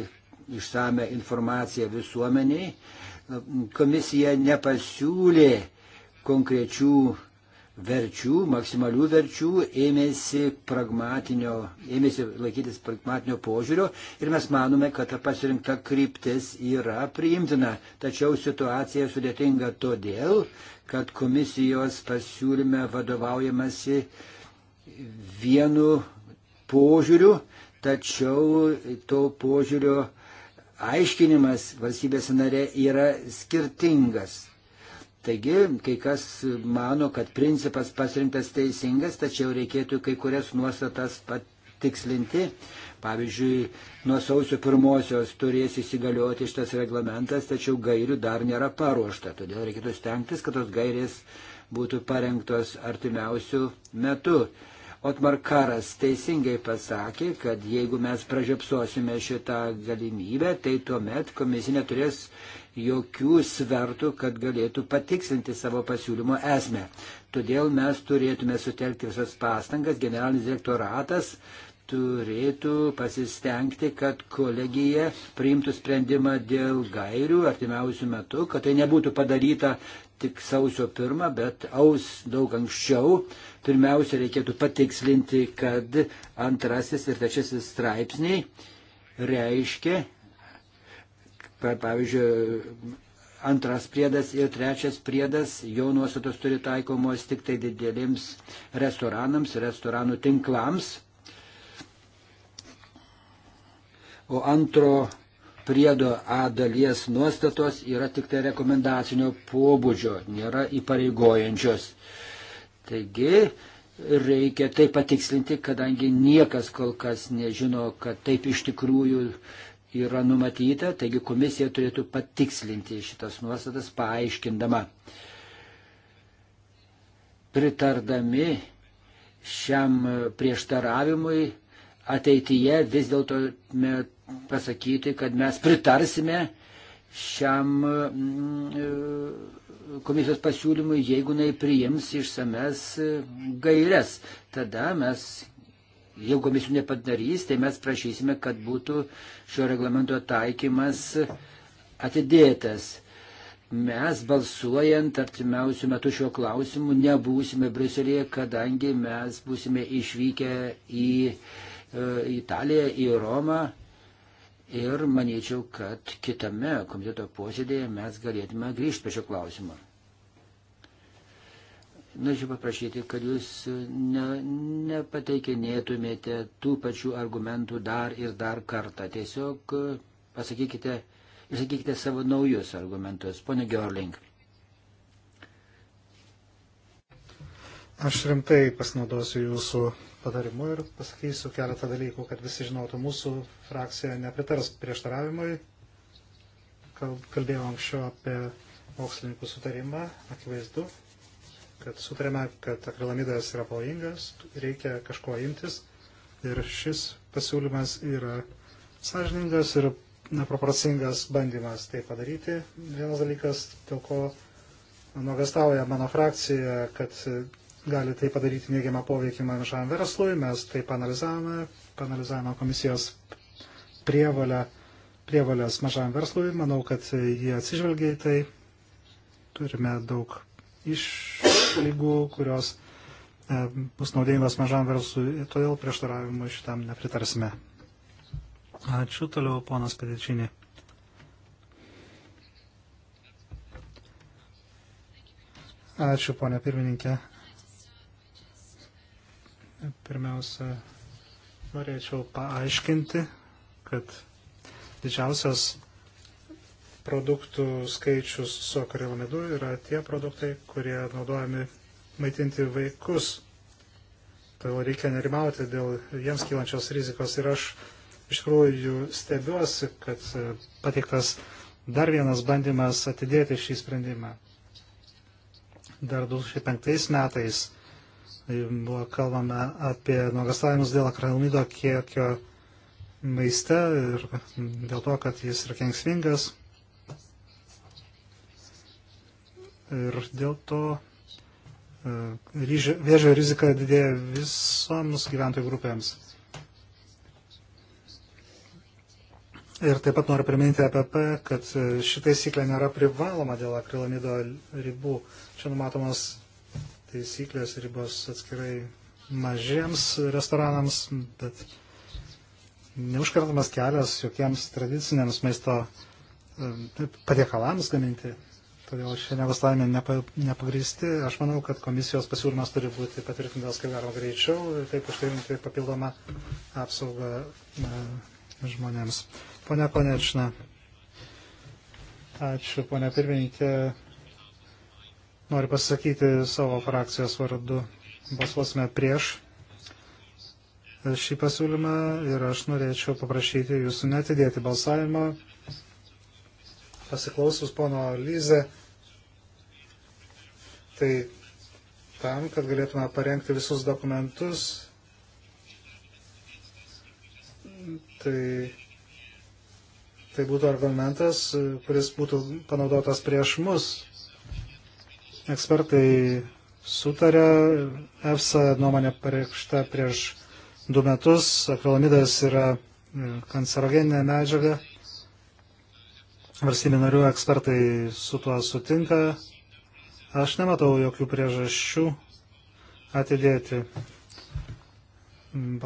išsame informaciją visuomeniai. Komisija nepasiūlė konkrečių verčių, maksimalių verčių, ėmėsi, ėmėsi laikytis pragmatinio požiūrio ir mes manome, kad ta pasirinkta kryptis yra priimtina. Tačiau situacija sudėtinga todėl, kad komisijos pasiūlyme vadovaujamasi vienu požiūriu, tačiau to požiūrio aiškinimas valstybės narė yra skirtingas. Taigi, kai kas mano, kad principas pasirinktas teisingas, tačiau reikėtų kai kurias nuostatas patikslinti. Pavyzdžiui, nuo sausio pirmosios turės įsigalioti šitas reglamentas, tačiau gairių dar nėra paruošta. Todėl reikėtų stengtis, kad tos gairės būtų parengtos artimiausių metų. Otmar Karas teisingai pasakė, kad jeigu mes pražiopsosime šitą galimybę, tai tuomet komisija neturės jokių svertų, kad galėtų patikslinti savo pasiūlymo esmę. Todėl mes turėtume sutelkti visas pastangas, generalinis direktoratas turėtų pasistengti, kad kolegija priimtų sprendimą dėl gairių artimiausių metų, kad tai nebūtų padaryta tik sausio pirmą, bet aus daug anksčiau. Pirmiausia, reikėtų patikslinti, kad antrasis ir trečiasis straipsniai reiškia, pavyzdžiui, antras priedas ir trečias priedas, jo nuostatos turi taikomos tik tai didelėms restoranams, restoranų tinklams o antro priedo A dalies nuostatos yra tik tai rekomendacinio pobūdžio, nėra įpareigojančios. Taigi reikia tai patikslinti, kadangi niekas kol kas nežino, kad taip iš tikrųjų yra numatyta, taigi komisija turėtų patikslinti šitas nuostatas, paaiškindama. Pritardami šiam prieštaravimui ateityje vis dėlto pasakyti, kad mes pritarsime šiam mm, e, komisijos pasiūlymui, jeigu jinai priims išsames gairias. Tada mes, jeigu komisijų nepadarys, tai mes prašysime, kad būtų šio reglamento taikymas atidėtas. Mes balsuojant artimiausių metų šio klausimu nebūsime Briuselėje, kadangi mes būsime išvykę į e, Italiją, į Romą Ir manyčiau, kad kitame komiteto posėdėje mes galėtume grįžti prie šio klausimo. Norėčiau paprašyti, kad jūs ne, nepateikinėtumėte tų pačių argumentų dar ir dar kartą. Tiesiog e, pasakykite, išsakykite savo naujus argumentus. Pone Georling. Aš rimtai pasinaudosiu jūsų patarimu ir pasakysiu keletą dalykų, kad visi žinotų, mūsų frakcija nepritars prieštaravimui. Kalbėjau anksčiau apie mokslininkų sutarimą, akivaizdu, kad sutarėme, kad akrilamidas yra pavojingas, reikia kažko imtis ir šis pasiūlymas yra sąžiningas ir neproporcingas bandymas tai padaryti. Vienas dalykas, dėl ko nuogastauja mano frakcija, kad gali tai padaryti neigiamą poveikį mažam verslui. Mes tai panalizavome, panalizavome komisijos prievalę, prievalės mažam verslui. Manau, kad jie atsižvelgia į tai. Turime daug išlygų, kurios e, bus naudingos mažam verslui, todėl prieštaravimui šitam nepritarsime. Ačiū toliau, ponas Pedečinė. Ačiū, ponė pirmininkė. Pirmiausia, norėčiau paaiškinti, kad didžiausias produktų skaičius su akrilamidu yra tie produktai, kurie naudojami maitinti vaikus. Todėl reikia nerimauti dėl jiems kylančios rizikos. Ir aš iš tikrųjų stebiuosi, kad e, pateiktas dar vienas bandymas atidėti šį sprendimą. Dar 2005 metais Buvo kalbame apie nuogastavimus dėl akrilamido kiekio maiste ir dėl to, kad jis yra kengsmingas. Ir dėl to e, vėžio rizika didėja visoms gyventojų grupėms. Ir taip pat noriu priminti APP, kad e, ši taisyklė nėra privaloma dėl akrilamido ribų. Čia numatomas taisyklės ribos atskirai mažiems restoranams, bet neužkartamas kelias jokiems tradiciniams maisto e, patiekalams gaminti. Todėl šie nevastavimai nepa, nepagristi. Aš manau, kad komisijos pasiūlymas turi būti patvirtintas kaip galima greičiau ir taip užtikrinti papildomą apsaugą e, žmonėms. Pone Konečna. Ačiū, pone pirmininkė. Noriu pasakyti savo frakcijos vardu. Balsuosime prieš šį pasiūlymą ir aš norėčiau paprašyti jūsų netidėti balsavimą. Pasiklausus pono Lyze, tai tam, kad galėtume parengti visus dokumentus, tai, tai būtų argumentas, kuris būtų panaudotas prieš mus Ekspertai sutarė, EFSA nuomonė pareikšta prieš du metus, akrilamidas yra e, kancerogeninė medžiaga. Valstybė narių ekspertai su tuo sutinka. Aš nematau jokių priežasčių atidėti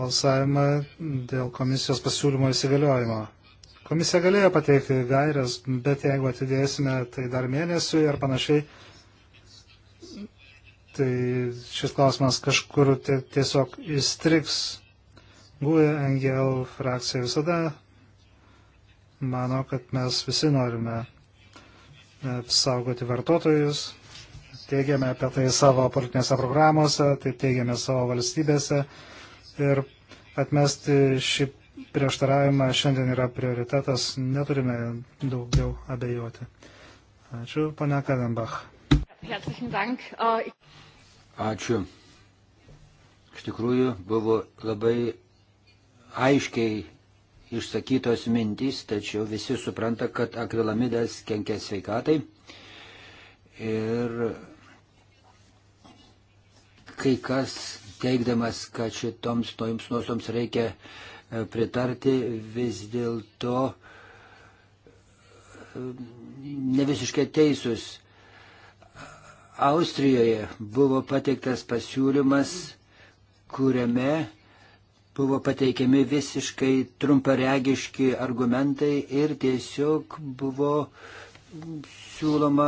balsavimą dėl komisijos pasiūlymo įsigaliojimo. Komisija galėjo pateikti gairias, bet jeigu atidėsime tai dar mėnesiui ar panašiai, tai šis klausimas kažkur tiesiog įstriks. Gūja e NGL frakcija visada mano, kad mes visi norime apsaugoti e, vartotojus, teigiame apie tai savo politinėse programuose, tai teigiame savo valstybėse ir atmesti šį prieštaravimą šiandien yra prioritetas, neturime daugiau abejoti. Ačiū, pane Kadenbach. Ačiū. Iš tikrųjų buvo labai aiškiai išsakytos mintys, tačiau visi supranta, kad akrilamidas kenkia sveikatai. Ir kai kas teikdamas, kad šitoms toms nuosoms reikia e, pritarti, vis dėlto e, ne visiškai teisus Austrijoje buvo pateiktas pasiūlymas, kuriame buvo pateikiami visiškai trumparegiški argumentai ir tiesiog buvo siūloma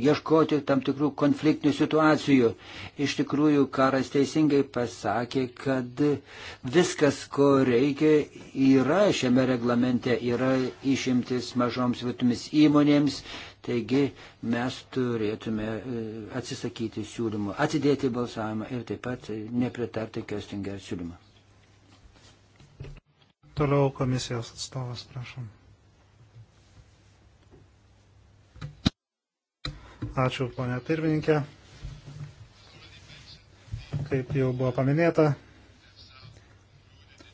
ieškoti tam tikrų konfliktinių situacijų. Iš tikrųjų, karas teisingai pasakė, kad viskas, ko reikia, yra šiame reglamente, yra išimtis mažoms vietomis įmonėms, Taigi mes turėtume e, atsisakyti siūlymų, atidėti balsavimą ir taip pat e, nepritarti Kestinger siūlymą. Toliau komisijos atstovas, prašom. Ačiū, ponia pirmininkė. Kaip jau buvo paminėta,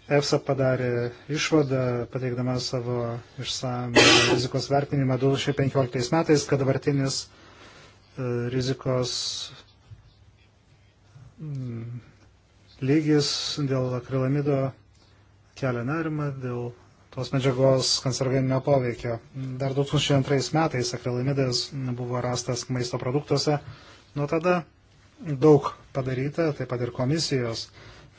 EFSA padarė išvadą, pateikdama savo išsamą rizikos vertinimą 2015 metais, kad dabartinis e, rizikos mm, lygis dėl akrilamido kelia nerimą dėl tos medžiagos kancerogeninio poveikio. Dar 2002 metais akrilamidas buvo rastas maisto produktuose. Nuo tada daug padaryta, taip pat ir komisijos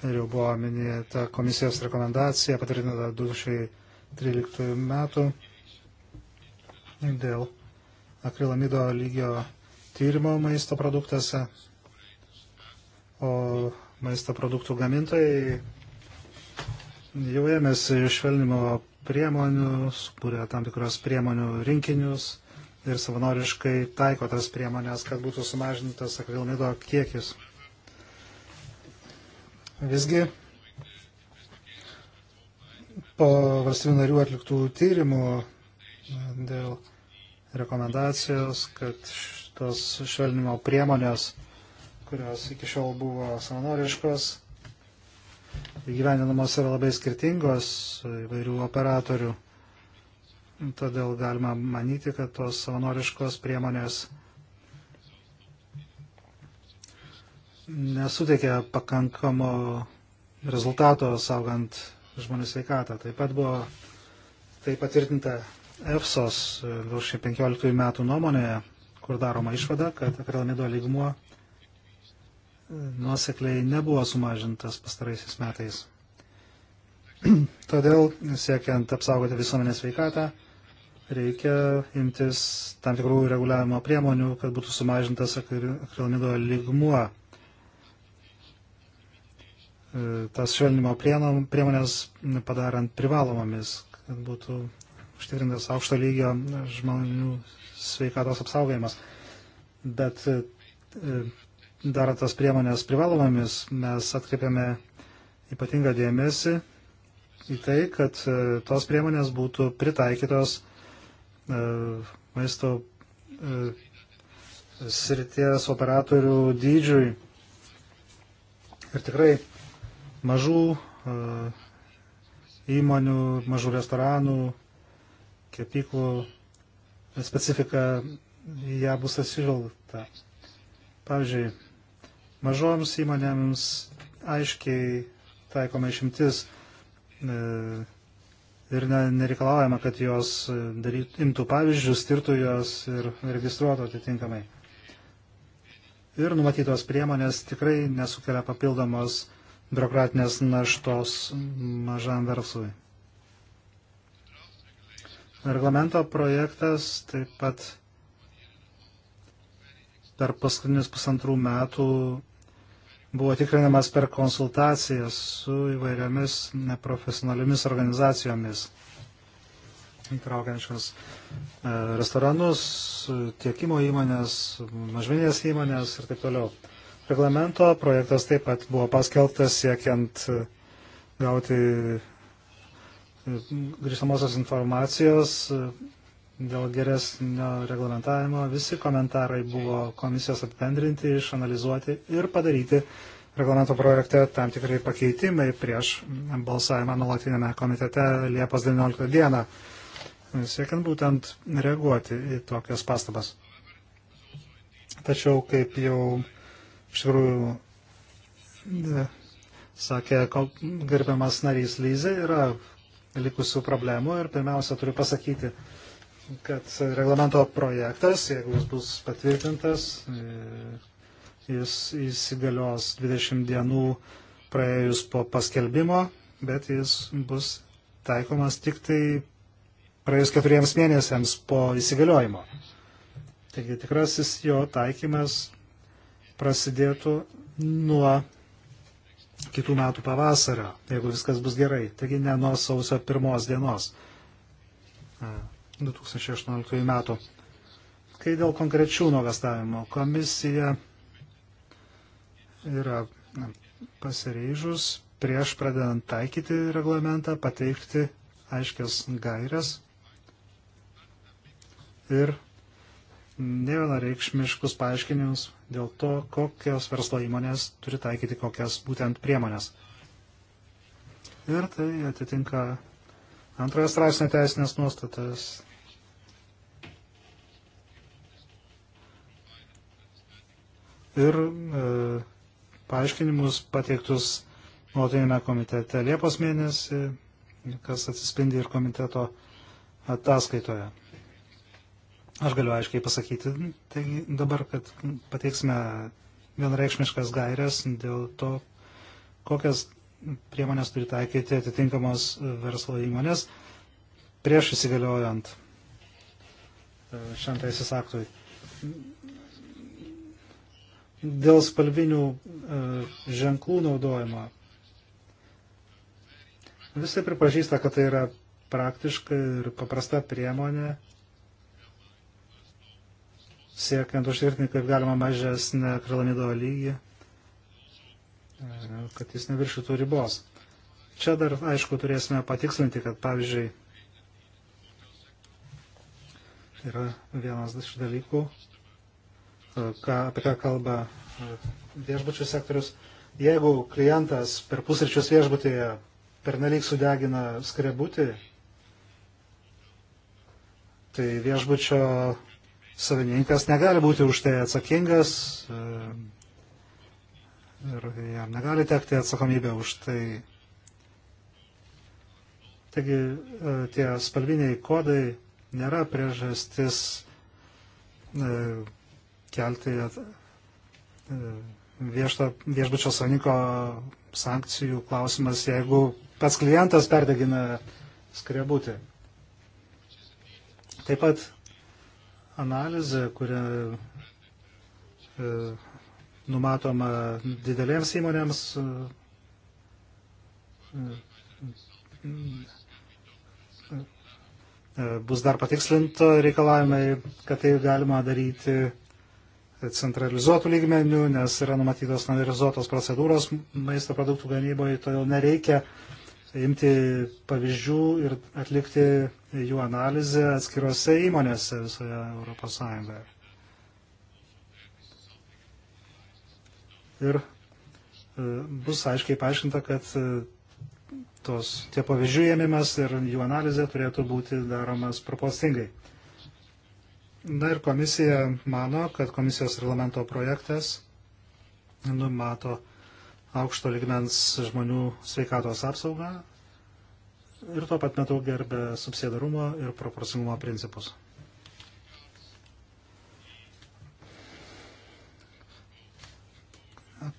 ir jau buvo minėta komisijos rekomendacija patvirtinta 2013 metų dėl akrilamido lygio tyrimo maisto produktuose, o maisto produktų gamintojai jau ėmėsi švelnimo priemonių, sukūrė tam tikros priemonių rinkinius ir savanoriškai taiko tas priemonės, kad būtų sumažintas akrilamido kiekis. Visgi po valstybių narių atliktų tyrimų dėl rekomendacijos, kad tos švelnimo priemonės, kurios iki šiol buvo savanoriškos, įgyvendinamos yra labai skirtingos įvairių operatorių. Todėl galima manyti, kad tos savanoriškos priemonės nesuteikia pakankamo rezultato saugant žmonių sveikatą. Taip pat buvo tai patvirtinta EFSOS 2015 metų nuomonėje, kur daroma išvada, kad akrilamido lygmuo e, nuosekliai nebuvo sumažintas pastaraisiais metais. Todėl, siekiant apsaugoti visuomenės sveikatą, reikia imtis tam tikrų reguliavimo priemonių, kad būtų sumažintas akrilamido lygmuo E, tas švelnimo priemonės padarant privalomomis, kad būtų užtikrintas aukšto lygio žmonių sveikatos apsaugojimas. Bet e, e, dar tas priemonės privalomomis mes atkreipiame ypatingą dėmesį į tai, kad tos priemonės būtų pritaikytos maisto srities operatorių dydžiui. Ir tikrai mažų e, įmonių, mažų restoranų, kepiklų specifika, ją bus atsižvelgta. Pavyzdžiui, mažoms įmonėms aiškiai taikoma išimtis e, ir nereikalaujama, kad jos e, daryt, imtų pavyzdžius, tirtų juos ir registruotų atitinkamai. Ir numatytos priemonės tikrai nesukelia papildomos biurokratinės naštos mažam verslui. Reglamento projektas taip pat per paskutinius pusantrų metų buvo tikrinamas per konsultacijas su įvairiomis neprofesionaliomis organizacijomis, įtraukiančios e, restoranus, tiekimo įmonės, mažminės įmonės ir taip toliau reglamento. Projektas taip pat buvo paskelbtas siekiant e, gauti e, grįžtamosios informacijos e, dėl geresnio reglamentavimo. Visi komentarai buvo komisijos apibendrinti, išanalizuoti ir padaryti reglamento projekte tam tikrai pakeitimai prieš balsavimą nuolatinėme komitete Liepos 19 dieną, siekiant būtent reaguoti į tokias pastabas. Tačiau, kaip jau Iš tikrųjų, ne, sakė gerbiamas narys Lyzė, yra likusių problemų ir pirmiausia turiu pasakyti, kad reglamento projektas, jeigu jis bus patvirtintas, e, jis įsigalios 20 dienų praėjus po paskelbimo, bet jis bus taikomas tik tai praėjus keturiems mėnesiams po įsigaliojimo. Taigi tikrasis jo taikymas prasidėtų nuo kitų metų pavasario, jeigu viskas bus gerai. Taigi ne nuo sausio pirmos dienos 2018 metų. Kai dėl konkrečių nuogastavimo komisija yra pasiryžus prieš pradedant taikyti reglamentą pateikti aiškias gairias ir nevienareikšmiškus paaiškinimus dėl to, kokios verslo įmonės turi taikyti kokias būtent priemonės. Ir tai atitinka antrojo straipsnio teisinės nuostatas. Ir e, paaiškinimus pateiktus nuotojame komitete Liepos mėnesį, kas atsispindi ir komiteto ataskaitoje. Aš galiu aiškiai pasakyti, taigi dabar, kad pateiksime vienareikšmiškas gairias dėl to, kokias priemonės turi taikyti atitinkamos verslo įmonės prieš įsigaliojant e, šiam teisės aktui. Dėl spalvinių e, ženklų naudojimo visi pripažįsta, kad tai yra praktiška ir paprasta priemonė siekiant užtvirtinti kaip galima mažesnę akrilamido lygį, e, kad jis neviršytų ribos. Čia dar, aišku, turėsime patikslinti, kad, pavyzdžiui, yra vienas iš dalykų, e, ką, apie ką kalba e, viešbučių sektorius. Jeigu klientas per pusryčius viešbutyje pernelyg sudegina skrebutį, tai viešbučio savininkas negali būti už tai atsakingas e, ir jam negali tekti atsakomybė už tai. Taigi e, tie spalviniai kodai nėra priežastis e, kelti viešto, viešbučio savininko sankcijų klausimas, jeigu pats klientas perdegina skrebutį. Taip pat analizė, kurią e, numatoma didelėms įmonėms, e, e, bus dar patikslinta reikalavimai, kad tai galima daryti centralizuotų lygmenių, nes yra numatytos standardizuotos procedūros maisto produktų gamyboje, todėl nereikia uh, imti pavyzdžių ir atlikti jų analizę atskirose įmonėse visoje Europos Sąjungoje. Ir e, bus aiškiai paaiškinta, kad e, tos, tie pavyzdžių ėmimas ir jų analizė turėtų būti daromas proporcingai. Na ir komisija mano, kad komisijos reglamento projektas numato aukšto ligmens žmonių sveikatos apsaugą ir tuo pat metu gerbė subsidarumo ir proporcingumo principus.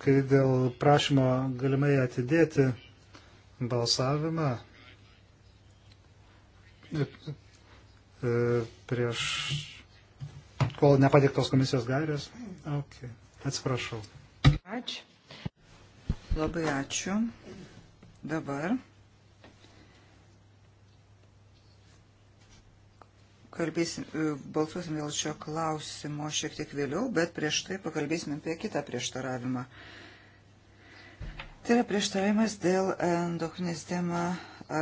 Kai dėl prašymo galimai atidėti balsavimą e, e, prieš kol nepatiktos komisijos gairės. Okay. Atsiprašau. Ačiū. Labai ačiū. Dabar kalbėsim, e, balsuosim dėl šio klausimo šiek tiek vėliau, bet prieš tai pakalbėsim apie kitą prieštaravimą. Tai yra prieštaravimas dėl endokrinę sistemą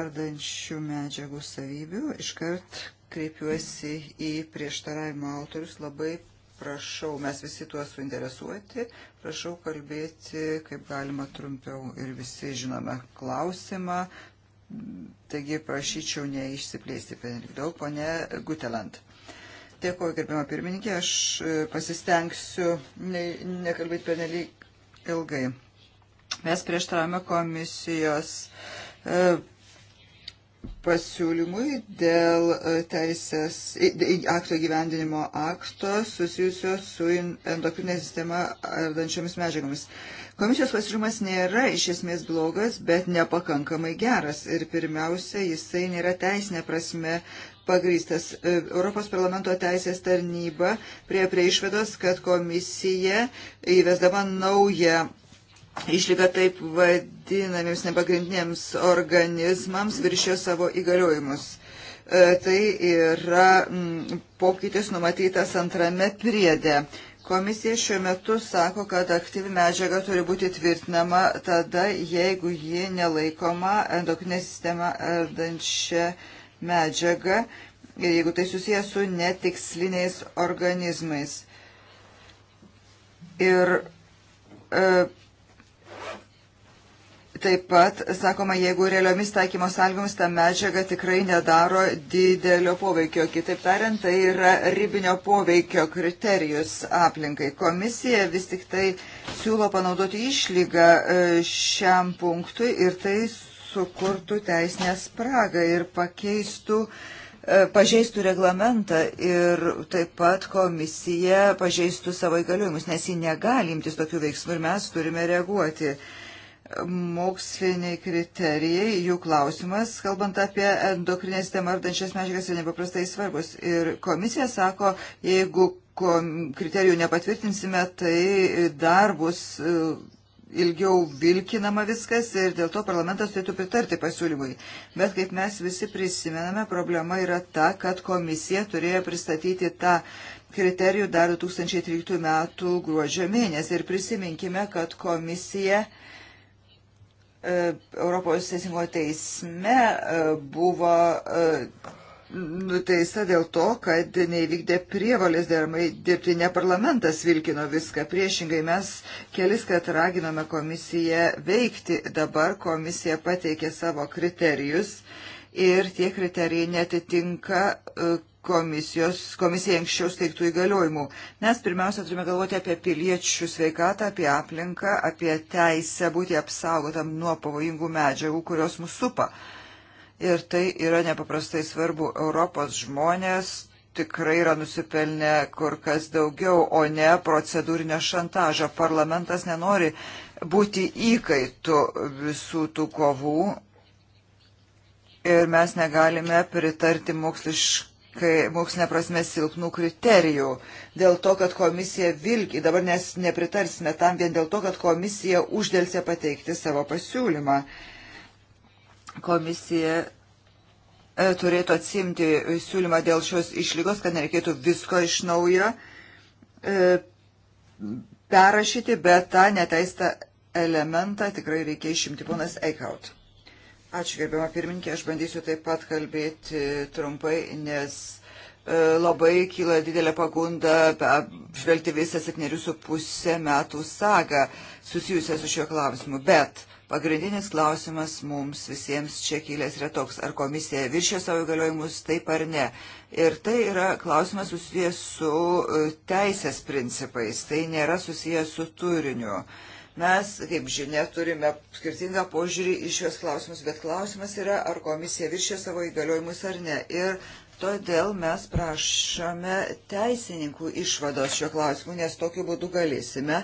ardančių medžiagų savybių. Iškart kreipiuosi į prieštaravimo autorius. Labai Prašau, mes visi tuo suinteresuoti, prašau kalbėti kaip galima trumpiau ir visi žinome klausimą, taigi prašyčiau neišsiplėsti penelik daug, ponė Gutelant. Dėkuoju, gerbimo pirmininkė, aš e, pasistengsiu ne, nekalbėti penelik ilgai. Mes prieštaravome komisijos e, pasiūlymui dėl e, teisės akto gyvendinimo akto susijusio su endokrinė sistema ardančiomis medžiagomis. Komisijos pasiūlymas nėra iš esmės blogas, bet nepakankamai geras ir pirmiausia, jisai nėra teisinė prasme pagrystas. E, Europos parlamento teisės tarnyba prie prie išvedos, kad komisija įvesdama naują išlyga taip vadinamiems nepagrindiniams organizmams viršė savo įgaliojimus. E, tai yra mm, pokytis numatytas antrame priedė. Komisija šiuo metu sako, kad aktyvi medžiaga turi būti tvirtinama tada, jeigu ji nelaikoma endokrinė sistema ardančia medžiaga ir jeigu tai susijęs su netiksliniais organizmais. Ir e, Taip pat, sakoma, jeigu realiomis taikymo sąlygomis ta medžiaga tikrai nedaro didelio poveikio. Kitaip tariant, tai yra ribinio poveikio kriterijus aplinkai. Komisija vis tik tai siūlo panaudoti išlygą e, šiam punktui ir tai sukurtų teisinę spragą ir pakeistų e, pažeistų reglamentą ir taip pat komisija pažeistų savo įgaliojimus, nes ji negali imtis tokių veiksmų ir mes turime reaguoti. Uh, moksliniai kriterijai, jų klausimas, kalbant apie endokrinę sistemą ardančias medžiagas, yra nepaprastai svarbus. Ir komisija sako, jeigu kriterijų nepatvirtinsime, tai dar bus e, ilgiau vilkinama viskas ir dėl to parlamentas turėtų pritarti pasiūlymui. Bet kaip mes visi prisimename, problema yra ta, kad komisija turėjo pristatyti tą kriterijų dar 2013 m. gruodžio mėnesį. Ir prisiminkime, kad komisija uh, E, Europos teisingo teisme e, buvo e, nuteista dėl to, kad neįvykdė prievalės deramai dirbti, ne parlamentas vilkino viską. Priešingai mes kelis kart raginome komisiją veikti. Dabar komisija pateikė savo kriterijus ir tie kriterijai netitinka komisijos, komisijai anksčiau steigtų įgaliojimų. Mes pirmiausia turime galvoti apie piliečių sveikatą, apie aplinką, apie teisę būti apsaugotam nuo pavojingų medžiagų, kurios mus supa. Ir tai yra nepaprastai svarbu. Europos žmonės tikrai yra nusipelnę kur kas daugiau, o ne procedūrinio šantažo. Parlamentas nenori būti įkaitų visų tų kovų ir mes negalime pritarti moksliškai kai mokslinė prasme silpnų kriterijų, dėl to, kad komisija vilki, dabar nes nepritarsime tam vien dėl to, kad komisija uždėlsė pateikti savo pasiūlymą. Komisija e, turėtų atsimti siūlymą dėl šios išlygos, kad nereikėtų visko iš naujo e, perrašyti, bet tą neteistą elementą tikrai reikia išimti. Ponas Eikaut. Ačiū, gerbiama pirminkė, aš bandysiu taip pat kalbėti trumpai, nes e, labai kyla didelė pagunda apžvelgti visą septynerių su pusę metų sagą susijusią su šiuo klausimu. Bet pagrindinis klausimas mums visiems čia kylės yra toks, ar komisija viršė savo įgaliojimus, taip ar ne. Ir tai yra klausimas susijęs su e, teisės principais, tai nėra susijęs su turiniu. Uh, Mes, kaip žinia, turime skirtingą požiūrį į šios klausimus, bet klausimas yra, ar komisija viršė savo įgaliojimus ar ne. Ir todėl mes prašome teisininkų išvados šio klausimu, nes tokiu būdu galėsime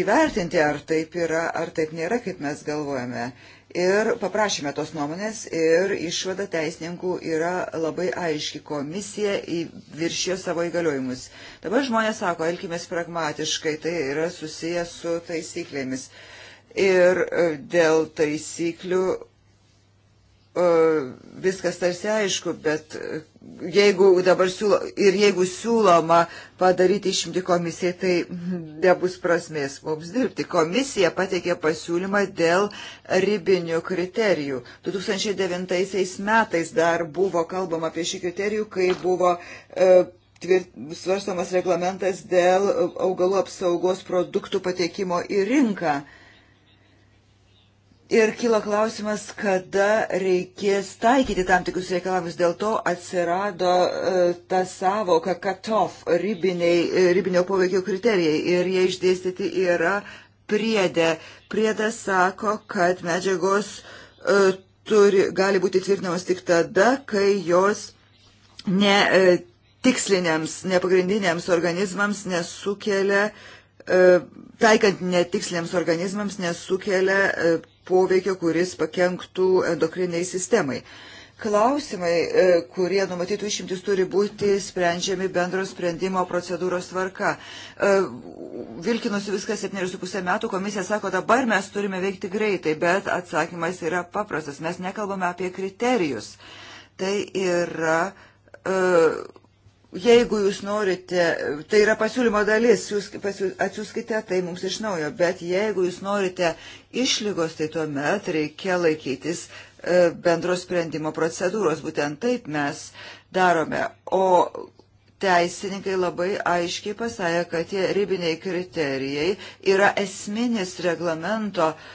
įvertinti, ar taip yra, ar taip nėra, kaip mes galvojame ir paprašėme tos nuomonės ir išvada teisininkų yra labai aiški. Komisija viršijo savo įgaliojimus. Dabar žmonės sako, elkimės pragmatiškai, tai yra susijęs su taisyklėmis. Ir e, dėl taisyklių E, viskas tarsi aišku, bet e, jeigu dabar siūlo, ir jeigu siūloma padaryti išimti komisiją, tai nebus prasmės mums dirbti. Komisija pateikė pasiūlymą dėl ribinių kriterijų. 2009 metais dar buvo kalbama apie šį kriterijų, kai buvo e, tvirt, svarstamas reglamentas dėl augalų apsaugos produktų patekimo į rinką. E, Ir kilo klausimas, kada reikės taikyti tam tikrus reikalavimus. Dėl to atsirado uh, ta savoka cut-off e, ribinio poveikio kriterijai ir jie išdėstyti yra priedė. Priedas sako, kad medžiagos uh, turi, gali būti tvirtinamos tik tada, kai jos ne uh, tiksliniams, nepagrindiniams organizmams nesukelia taikant netiksliniams organizmams nesukelia poveikio, kuris pakenktų endokriniai sistemai. Klausimai, e, kurie numatytų išimtis, turi būti sprendžiami bendro sprendimo procedūros tvarka. E, Vilkinusi viskas 7,5 metų, komisija sako, dabar mes turime veikti greitai, bet atsakymas yra paprastas. Mes nekalbame apie kriterijus. Tai yra e, Jeigu jūs norite, tai yra pasiūlymo dalis, jūs atsiųskite tai mums iš naujo, bet jeigu jūs norite išlygos, tai tuomet reikia laikytis e, bendros sprendimo procedūros. Būtent taip mes darome. O teisininkai labai aiškiai pasakė, kad tie ribiniai kriterijai yra esminis reglamento uh,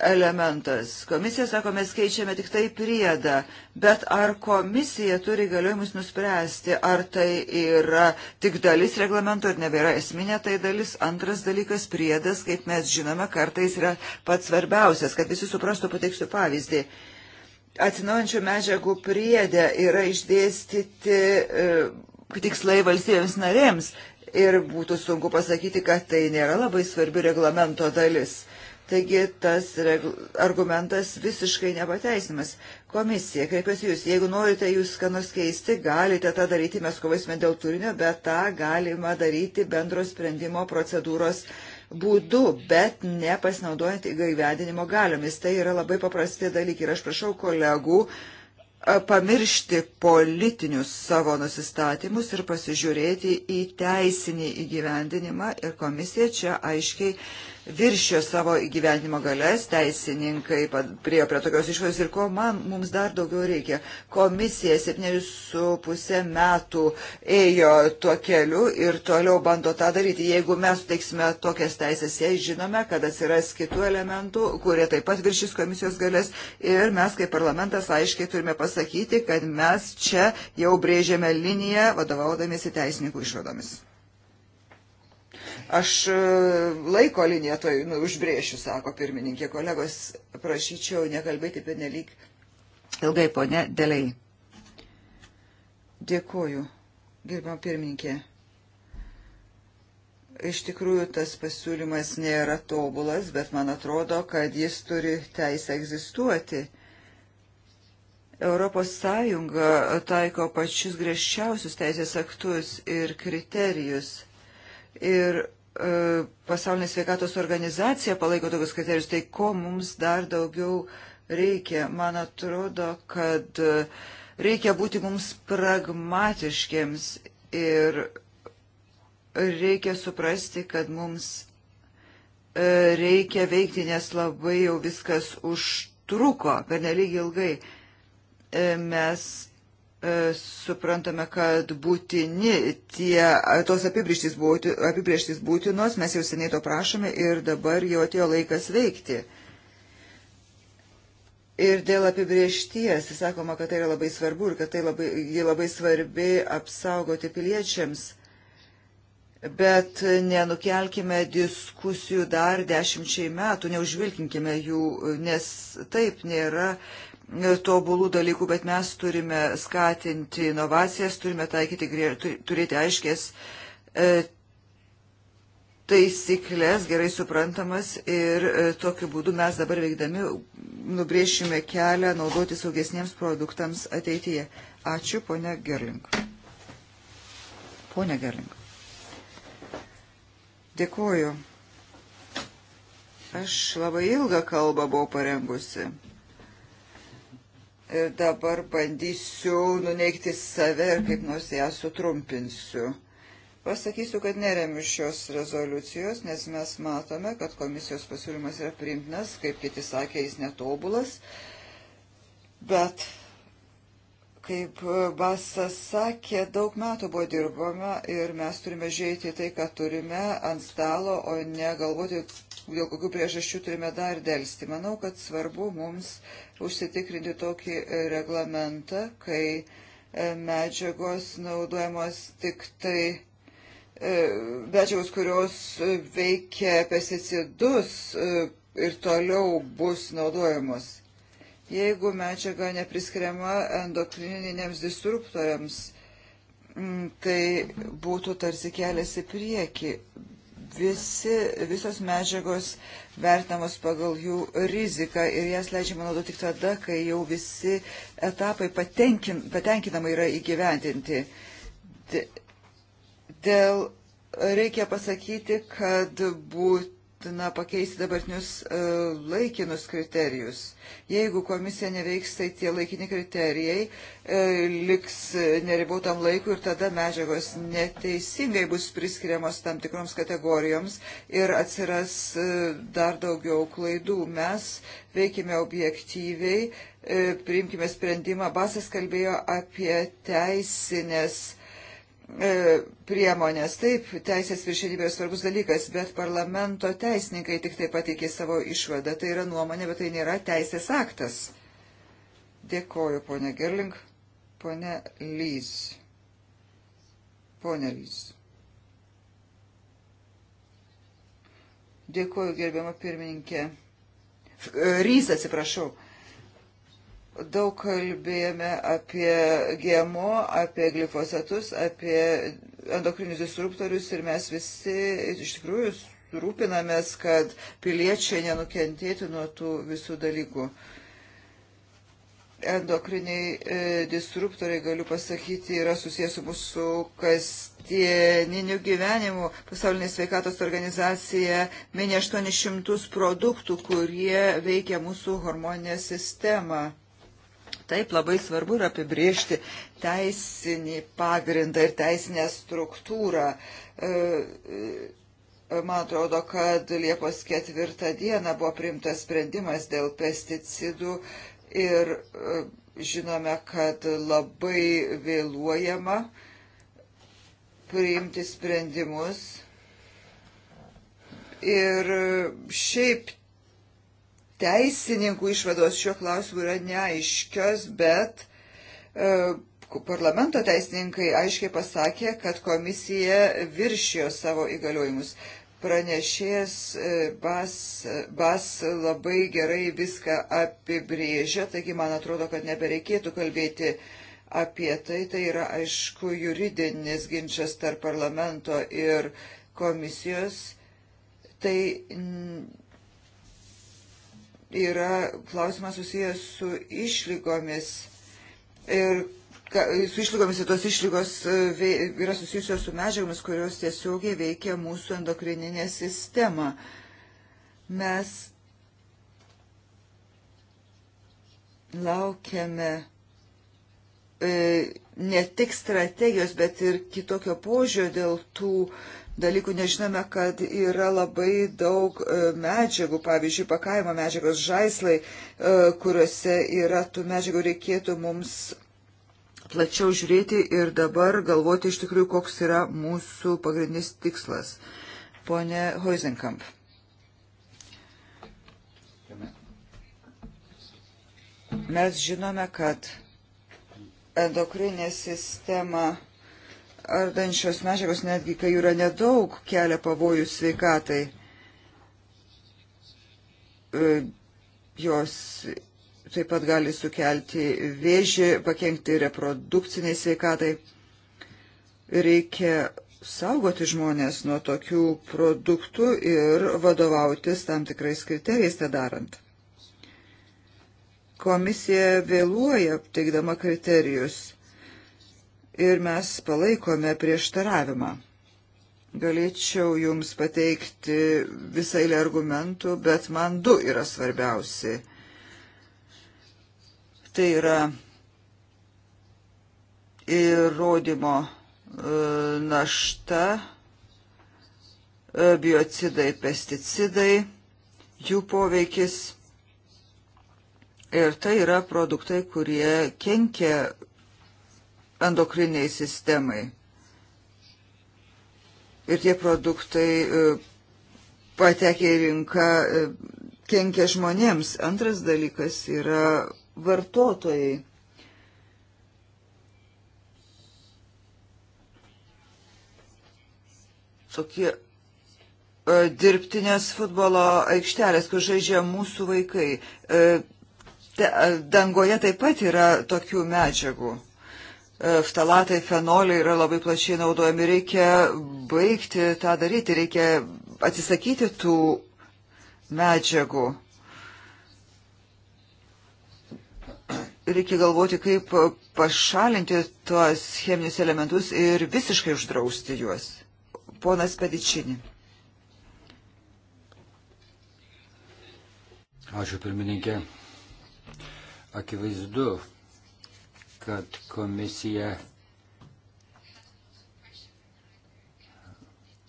elementas. Komisija sako, mes keičiame tik tai priedą, bet ar komisija turi galiojimus nuspręsti, ar tai yra tik dalis reglamento ir nebėra esminė tai dalis. Antras dalykas, priedas, kaip mes žinome, kartais yra pats svarbiausias, kad visi suprastų, pateiksiu pavyzdį. Atsinaujančių medžiagų priedė yra išdėstyti e, tikslai valstybėms narėms ir būtų sunku pasakyti, kad tai nėra labai svarbi reglamento dalis Taigi tas argumentas visiškai nepateisinimas. Komisija, kreipiuosi jūs, jeigu norite jūs ką nors keisti, galite tą daryti, mes kovosime dėl turinio, bet tą galima daryti bendro sprendimo procedūros būdu, bet nepasinaudojant įgaivedinimo galiomis. Tai yra labai paprasti dalykai ir aš prašau kolegų pamiršti politinius savo nusistatymus ir pasižiūrėti į teisinį įgyvendinimą ir komisija čia aiškiai viršio savo įgyvenimo galės, teisininkai priejo prie tokios išvados ir ko man, mums dar daugiau reikia. Komisija septynerius su pusė metų ėjo tuo keliu ir toliau bando tą daryti. Jeigu mes suteiksime tokias teisės, jei žinome, kad atsiras kitų elementų, kurie taip pat viršys komisijos galės ir mes kaip parlamentas aiškiai turime pasakyti, kad mes čia jau brėžėme liniją vadovaudamėsi teisininkų išvadomis. Aš e, laiko liniją toj nu, užbrėšiu, sako pirmininkė. Kolegos, prašyčiau nekalbėti apie nelik ilgai, ponė, dėliai. Dėkuoju, gerbiam pirmininkė. Iš tikrųjų, tas pasiūlymas nėra tobulas, bet man atrodo, kad jis turi teisę egzistuoti. Europos Sąjunga taiko pačius griežčiausius teisės aktus ir kriterijus ir e, pasaulinė sveikatos organizacija palaiko tokius kriterijus, tai ko mums dar daugiau reikia? Man atrodo, kad e, reikia būti mums pragmatiškiams ir reikia suprasti, kad mums e, reikia veikti, nes labai jau viskas užtruko per nelygį ilgai. E, mes E, suprantame, kad būtini tie, tos apibrieštys, būti, apibrieštys būtinos, mes jau seniai to prašome ir dabar jau atėjo laikas veikti. Ir dėl apibriešties, sakoma, kad tai yra labai svarbu ir kad tai labai, labai svarbi apsaugoti piliečiams. Bet nenukelkime diskusijų dar dešimčiai metų, neužvilkinkime jų, nes taip nėra tobulų dalykų, bet mes turime skatinti inovacijas, turime taikyti, turėti aiškės e, taisyklės, gerai suprantamas ir e, tokiu būdu mes dabar veikdami nubrėšime kelią naudoti saugesniems produktams ateityje. Ačiū, ponia Gerling. Ponia Gerling. Dėkuoju. Aš labai ilgą kalbą buvau parengusi. E, dabar bandysiu nuneikti save ir kaip nors ją sutrumpinsiu. Pasakysiu, kad neremiu šios rezoliucijos, nes mes matome, kad komisijos pasiūlymas yra primtinas, kaip kiti sakė, jis netobulas. Bet, kaip Basas sakė, daug metų buvo dirbama ir mes turime žiūrėti tai, ką turime ant stalo, o ne galvoti dėl kokių priežasčių turime dar dėlsti. Manau, kad svarbu mums užsitikrinti tokį e, reglamentą, kai e, medžiagos naudojamos tik tai e, medžiagos, kurios veikia pesticidus ir toliau bus naudojamos. Jeigu medžiaga nepriskiriama endokrininėms disruptoriams, tai būtų tarsi kelias į priekį, visi, visos medžiagos vertinamos pagal jų riziką ir jas leidžiama naudoti tik tada, kai jau visi etapai patenkin, patenkinamai yra įgyvendinti. Dėl reikia pasakyti, kad būt būtina pakeisti dabartinius e, laikinus kriterijus. Jeigu komisija neveiks, tai tie laikini kriterijai e, liks neribotam laikui ir tada medžiagos neteisingai bus priskiriamos tam tikroms kategorijoms ir atsiras e, dar daugiau klaidų. Mes veikime objektyviai, priimkime sprendimą. Basas kalbėjo apie teisinės E, priemonės. Taip, teisės viršenybė svarbus dalykas, bet parlamento teisininkai tik tai pateikė savo išvadą. Tai yra nuomonė, bet tai nėra teisės aktas. Dėkoju, ponė Gerling. Pone Lys. Pone Lys. Dėkoju, gerbiama pirmininkė. E, Rys, atsiprašau. Daug kalbėjome apie GMO, apie glifosatus, apie endokrinius disruptorius ir mes visi iš tikrųjų rūpinamės, kad piliečiai nenukentėtų nuo tų visų dalykų endokriniai e, disruptoriai, galiu pasakyti, yra susijęs su mūsų kasdieniniu gyvenimu. Pasaulinė sveikatos organizacija mini 800 produktų, kurie veikia mūsų hormoninę sistemą. Taip labai svarbu yra apibriežti teisinį pagrindą ir teisinę struktūrą. E, e, man atrodo, kad Liepos ketvirtą dieną buvo priimtas sprendimas dėl pesticidų ir e, žinome, kad labai vėluojama priimti sprendimus. Ir šiaip teisininkų išvados šiuo klausimu yra neaiškios, bet e, parlamento teisininkai aiškiai pasakė, kad komisija viršijo savo įgaliojimus. Pranešėjas e, Bas, Bas labai gerai viską apibrėžia, taigi man atrodo, kad nebereikėtų kalbėti apie tai. Tai yra aišku juridinis ginčas tarp parlamento ir komisijos. Tai yra klausimas susijęs su išlygomis. Ir su išlygomis ir tos išlygos e, yra susijusios su medžiagomis, kurios tiesiogiai veikia mūsų endokrininę sistemą. Mes laukiame e, ne tik strategijos, bet ir kitokio požiūrio dėl tų dalykų nežinome, kad yra labai daug e, medžiagų, pavyzdžiui, pakavimo medžiagos žaislai, e, kuriuose yra tų medžiagų, reikėtų mums plačiau žiūrėti ir dabar galvoti iš tikrųjų, koks yra mūsų pagrindinis tikslas. Pone Hoizenkamp. Mes žinome, kad endokrinė sistema ardančios medžiagos, netgi kai jų yra nedaug, kelia pavojų sveikatai. E, jos taip pat gali sukelti vėžį, pakengti reprodukciniai sveikatai. Reikia saugoti žmonės nuo tokių produktų ir vadovautis tam tikrais kriterijais tą darant. Komisija vėluoja teikdama kriterijus ir mes palaikome prieštaravimą. Galėčiau jums pateikti visą eilę argumentų, bet man du yra svarbiausi. Tai yra įrodymo e, našta, e, biocidai, pesticidai, jų poveikis. Ir tai yra produktai, kurie kenkia endokriniai sistemai. Ir tie produktai e, patekė į rinką e, kenkia žmonėms. Antras dalykas yra vartotojai. Tokie e, dirbtinės futbolo aikštelės, kur žaidžia mūsų vaikai. Dangoje taip pat yra tokių medžiagų ftalatai, fenoliai yra labai plačiai naudojami. Reikia baigti tą daryti, reikia atsisakyti tų medžiagų. Reikia galvoti, kaip pašalinti tuos cheminius elementus ir visiškai uždrausti juos. Ponas Pedičinį. Ačiū pirmininkė. Akivaizdu, kad komisija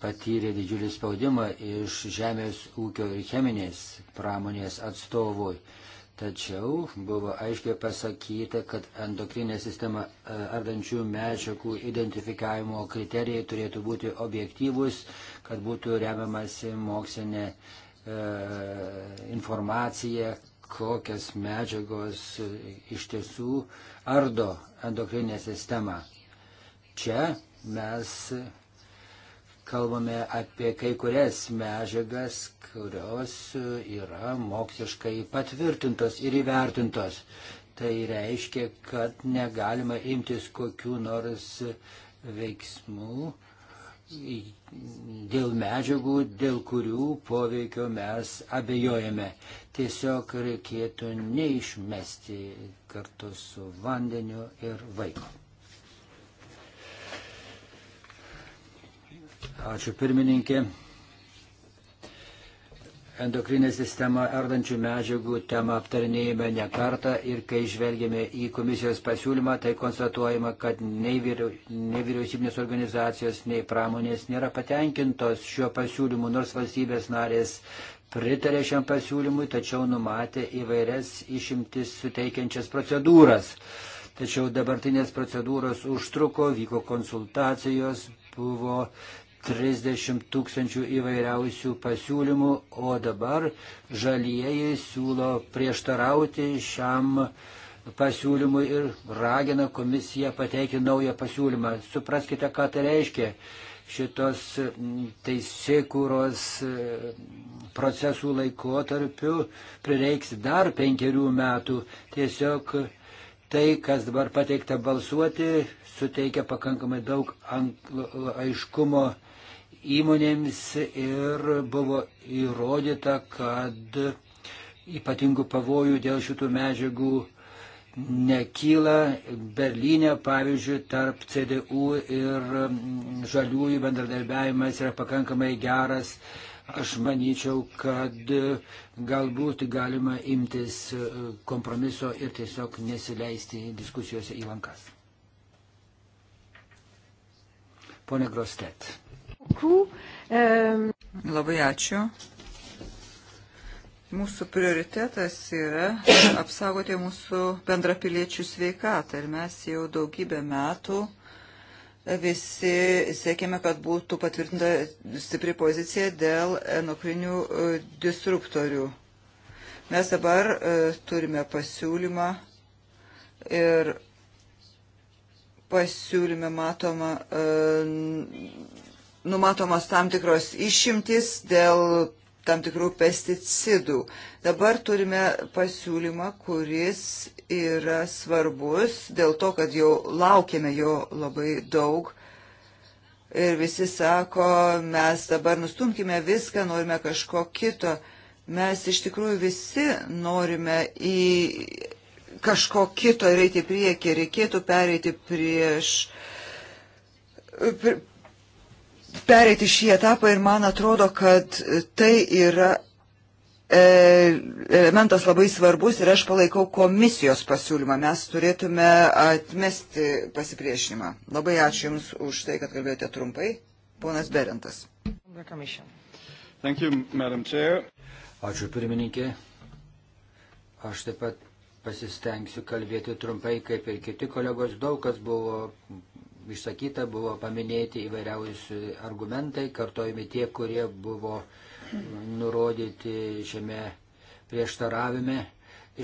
patyrė didžiulį spaudimą iš žemės ūkio ir cheminės pramonės atstovų. Tačiau buvo aiškiai pasakyta, kad endokrinė sistema e, ardančių medžiagų identifikavimo kriterijai turėtų būti objektyvus, kad būtų remiamasi mokslinė e, informacija, kokias medžiagos iš tiesų ardo endokrininę sistemą. Čia mes kalbame apie kai kurias medžiagas, kurios yra moksliškai patvirtintos ir įvertintos. Tai reiškia, kad negalima imtis kokių nors veiksmų, dėl medžiagų, dėl kurių poveikio mes abejojame. Tiesiog reikėtų neišmesti kartu su vandeniu ir vaiko. Ačiū pirmininkė endokrinę sistemą ardančių medžiagų temą aptarinėjame ne kartą ir kai žvelgėme į komisijos pasiūlymą, tai konstatuojama, kad nei, vyriau, nei vyriausybinės organizacijos, nei pramonės nėra patenkintos šiuo pasiūlymu, nors valstybės narės pritarė šiam pasiūlymui, tačiau numatė įvairias išimtis suteikiančias procedūras. Tačiau dabartinės procedūros užtruko, vyko konsultacijos, buvo 30 tūkstančių įvairiausių pasiūlymų, o dabar žalieji siūlo prieštarauti šiam pasiūlymui ir ragina komisiją pateikti naują pasiūlymą. Supraskite, ką tai reiškia. Šitos teisėkūros e, procesų laikotarpiu prireiks dar penkerių metų. Tiesiog tai, kas dabar pateikta balsuoti, suteikia pakankamai daug aiškumo įmonėms ir buvo įrodyta, kad ypatingų pavojų dėl šitų medžiagų nekyla Berlyne, pavyzdžiui, tarp CDU ir žaliųjų bendradarbiavimas yra pakankamai geras. Aš manyčiau, kad galbūt galima imtis kompromiso ir tiesiog nesileisti diskusijose į lankas. Pone Grostet. Labai ačiū. Mūsų prioritetas yra apsaugoti mūsų bendrapiliečių sveikatą ir mes jau daugybę metų visi siekėme, kad būtų patvirtinta stipri pozicija dėl endokrinių e, disruptorių. Mes dabar e, turime pasiūlymą ir pasiūlyme matoma e, numatomos tam tikros išimtis dėl tam tikrų pesticidų. Dabar turime pasiūlymą, kuris yra svarbus dėl to, kad jau laukiame jo labai daug. Ir visi sako, mes dabar nustumkime viską, norime kažko kito. Mes iš tikrųjų visi norime į kažko kito ir eiti priekį. Reikėtų pereiti prieš pereiti šį etapą ir man atrodo, kad tai yra e, elementas labai svarbus ir aš palaikau komisijos pasiūlymą. Mes turėtume atmesti pasipriešinimą. Labai ačiū Jums už tai, kad kalbėjote trumpai. Ponas Berentas. Ačiū pirmininkė. Aš taip pat pasistengsiu kalbėti trumpai, kaip ir kiti kolegos. Daug kas buvo išsakyta, buvo paminėti įvairiausi argumentai, kartojami tie, kurie buvo nurodyti šiame prieštaravime.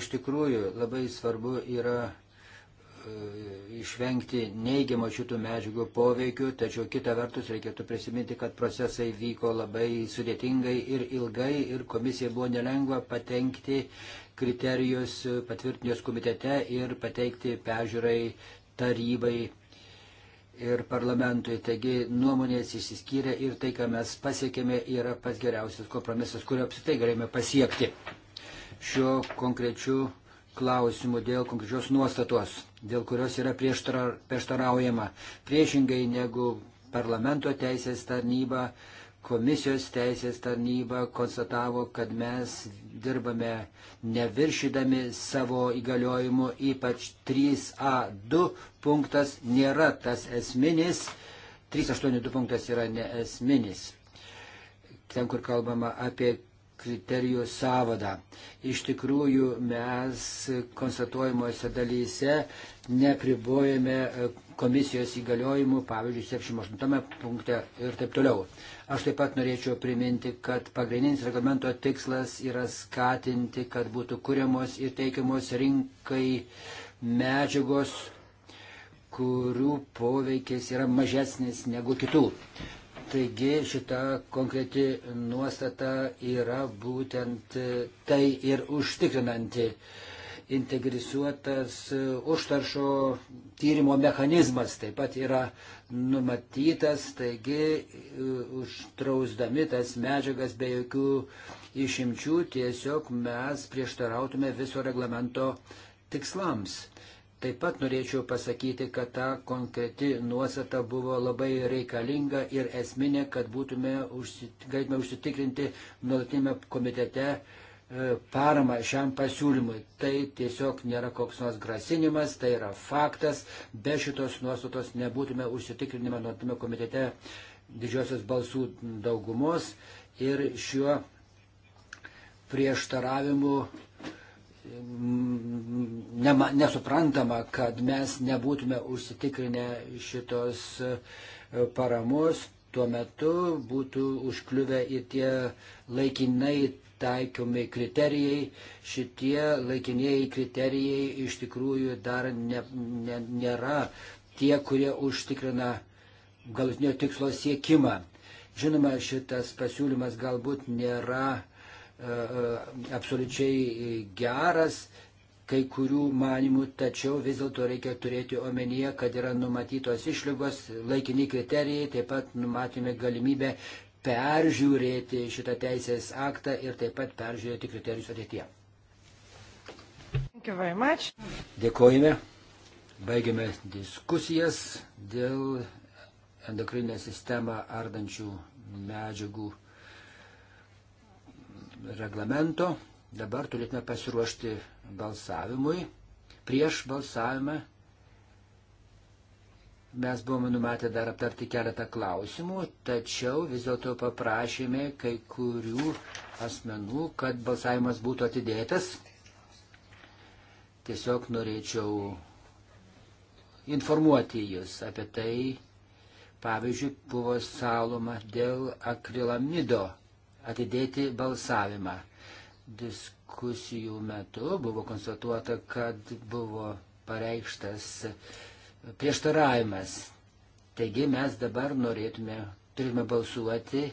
Iš tikrųjų, labai svarbu yra e, išvengti neigiamo šitų medžiagų poveikių, tačiau kita vertus reikėtų prisiminti, kad procesai vyko labai sudėtingai ir ilgai ir komisija buvo nelengva patenkti kriterijus patvirtinės komitete ir pateikti pežiūrai tarybai ir parlamentui. Taigi nuomonės išsiskyrė ir tai, ką mes pasiekėme, yra pats geriausias kompromisas, kurio apsitai galėjome pasiekti šiuo konkrečiu klausimu dėl konkrečios nuostatos, dėl kurios yra prieštaraujama. Priešingai negu parlamento teisės tarnyba Komisijos teisės tarnyba konstatavo, kad mes dirbame neviršydami savo įgaliojimų, ypač 3A2 punktas nėra tas esminis, 382 punktas yra neesminis, ten kur kalbama apie kriterijų savadą. Iš tikrųjų, mes konstatuojimuose dalyse nepribojame komisijos įgaliojimų, pavyzdžiui, 78 punkte ir taip toliau. Aš taip pat norėčiau priminti, kad pagrindinis reglamento tikslas yra skatinti, kad būtų kuriamos ir teikiamos rinkai medžiagos, kurių poveikis yra mažesnis negu kitų. Taigi šita konkreti nuostata yra būtent tai ir užtikrinanti integrisuotas užtaršo tyrimo mechanizmas taip pat yra numatytas, taigi e, uždrausdami tas medžiagas be jokių išimčių tiesiog mes prieštarautume viso reglamento tikslams. Taip pat norėčiau pasakyti, kad ta konkreti nuostata buvo labai reikalinga ir esminė, kad būtume, galėtume užsitikrinti nuolatinėme komitete uh, E, paramą šiam pasiūlymui. Tai tiesiog nėra koks nors grasinimas, tai yra faktas. Be šitos nuostatos nebūtume užsitikrinime nuotume komitete didžiosios balsų daugumos ir šiuo prieštaravimu mm, nema, nesuprantama, kad mes nebūtume užsitikrinę šitos e, paramos tuo metu būtų užkliuvę ir tie laikinai taikomi kriterijai. Šitie laikinieji kriterijai iš tikrųjų dar ne, ne, nėra tie, kurie užtikrina galutinio tikslo siekimą. Žinoma, šitas pasiūlymas galbūt nėra e, e absoliučiai geras, kai kurių manimų, tačiau vis dėlto reikia turėti omenyje, kad yra numatytos išlygos, laikini kriterijai, taip pat numatėme galimybę peržiūrėti šitą teisės aktą ir taip pat peržiūrėti kriterijus ateityje. Dėkojame. Baigiame diskusijas dėl endokrininę sistemą ardančių medžiagų reglamento. Dabar turėtume pasiruošti balsavimui. Prieš balsavimą mes buvome numatę dar aptarti keletą klausimų, tačiau vis dėlto paprašėme kai kurių asmenų, kad balsavimas būtų atidėtas. Tiesiog norėčiau informuoti jūs apie tai. Pavyzdžiui, buvo saloma dėl akrilamido atidėti balsavimą. Disk diskusijų metu buvo konstatuota, kad buvo pareikštas prieštaravimas. Taigi mes dabar norėtume, turime balsuoti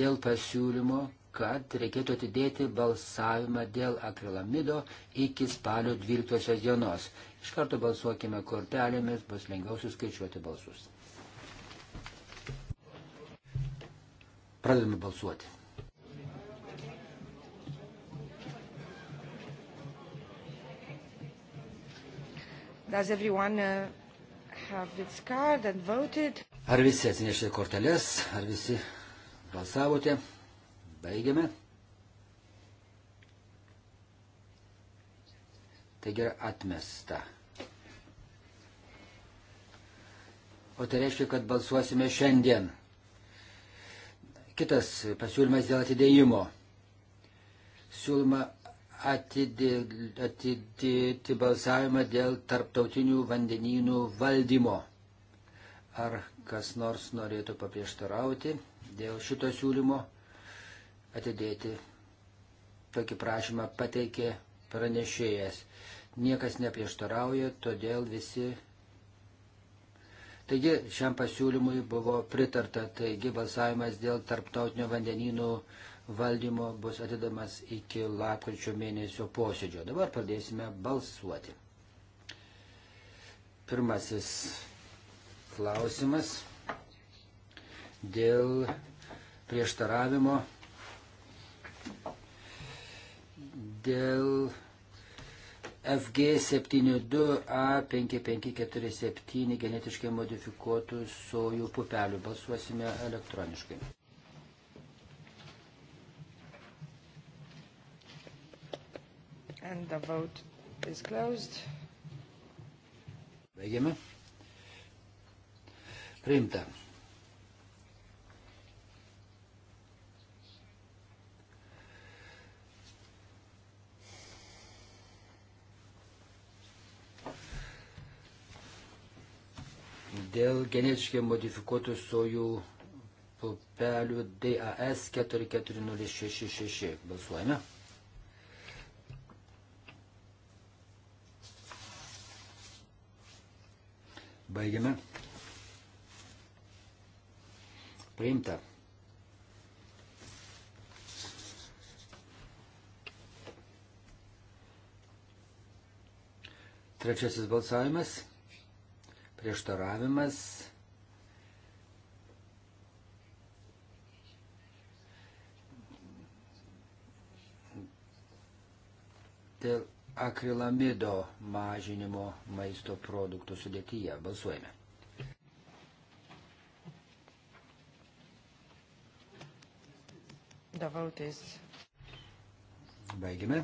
dėl pasiūlymo, kad reikėtų atidėti balsavimą dėl akrilamido iki spalio 12 dienos. Iš karto balsuokime kortelėmis, bus lengviau suskaičiuoti balsus. Pradedame balsuoti. Does everyone uh, have its card and voted? Ar visi atsinešė korteles, ar visi balsavote? Baigiame. Taigi yra atmesta. O tai reiškia, kad balsuosime šiandien. Kitas pasiūlymas dėl atidėjimo. Siūloma atidėti atidė, balsavimą dėl tarptautinių vandenynų valdymo. Ar kas nors norėtų paprieštarauti dėl šito siūlymo atidėti? Tokį prašymą pateikė pranešėjas. Niekas neprieštarauja, todėl visi. Taigi šiam pasiūlymui buvo pritarta, taigi balsavimas dėl tarptautinio vandenynų valdymo valdymo bus atidamas iki lapkričio mėnesio posėdžio. Dabar pradėsime balsuoti. Pirmasis klausimas dėl prieštaravimo, dėl FG72A5547 genetiškai modifikuotų sojų pupelių. Balsuosime elektroniškai. And the vote is closed. Baigiame. Priimta. dėl genetiškai modifikuotų sojų pupelių DAS 44066. Balsuojame. Baigiame. Priimta. Trečiasis balsavimas. Prieštaravimas. Dėl akrilamido mažinimo maisto produktų sudėtyje. Balsuojame. Davautis. Baigime.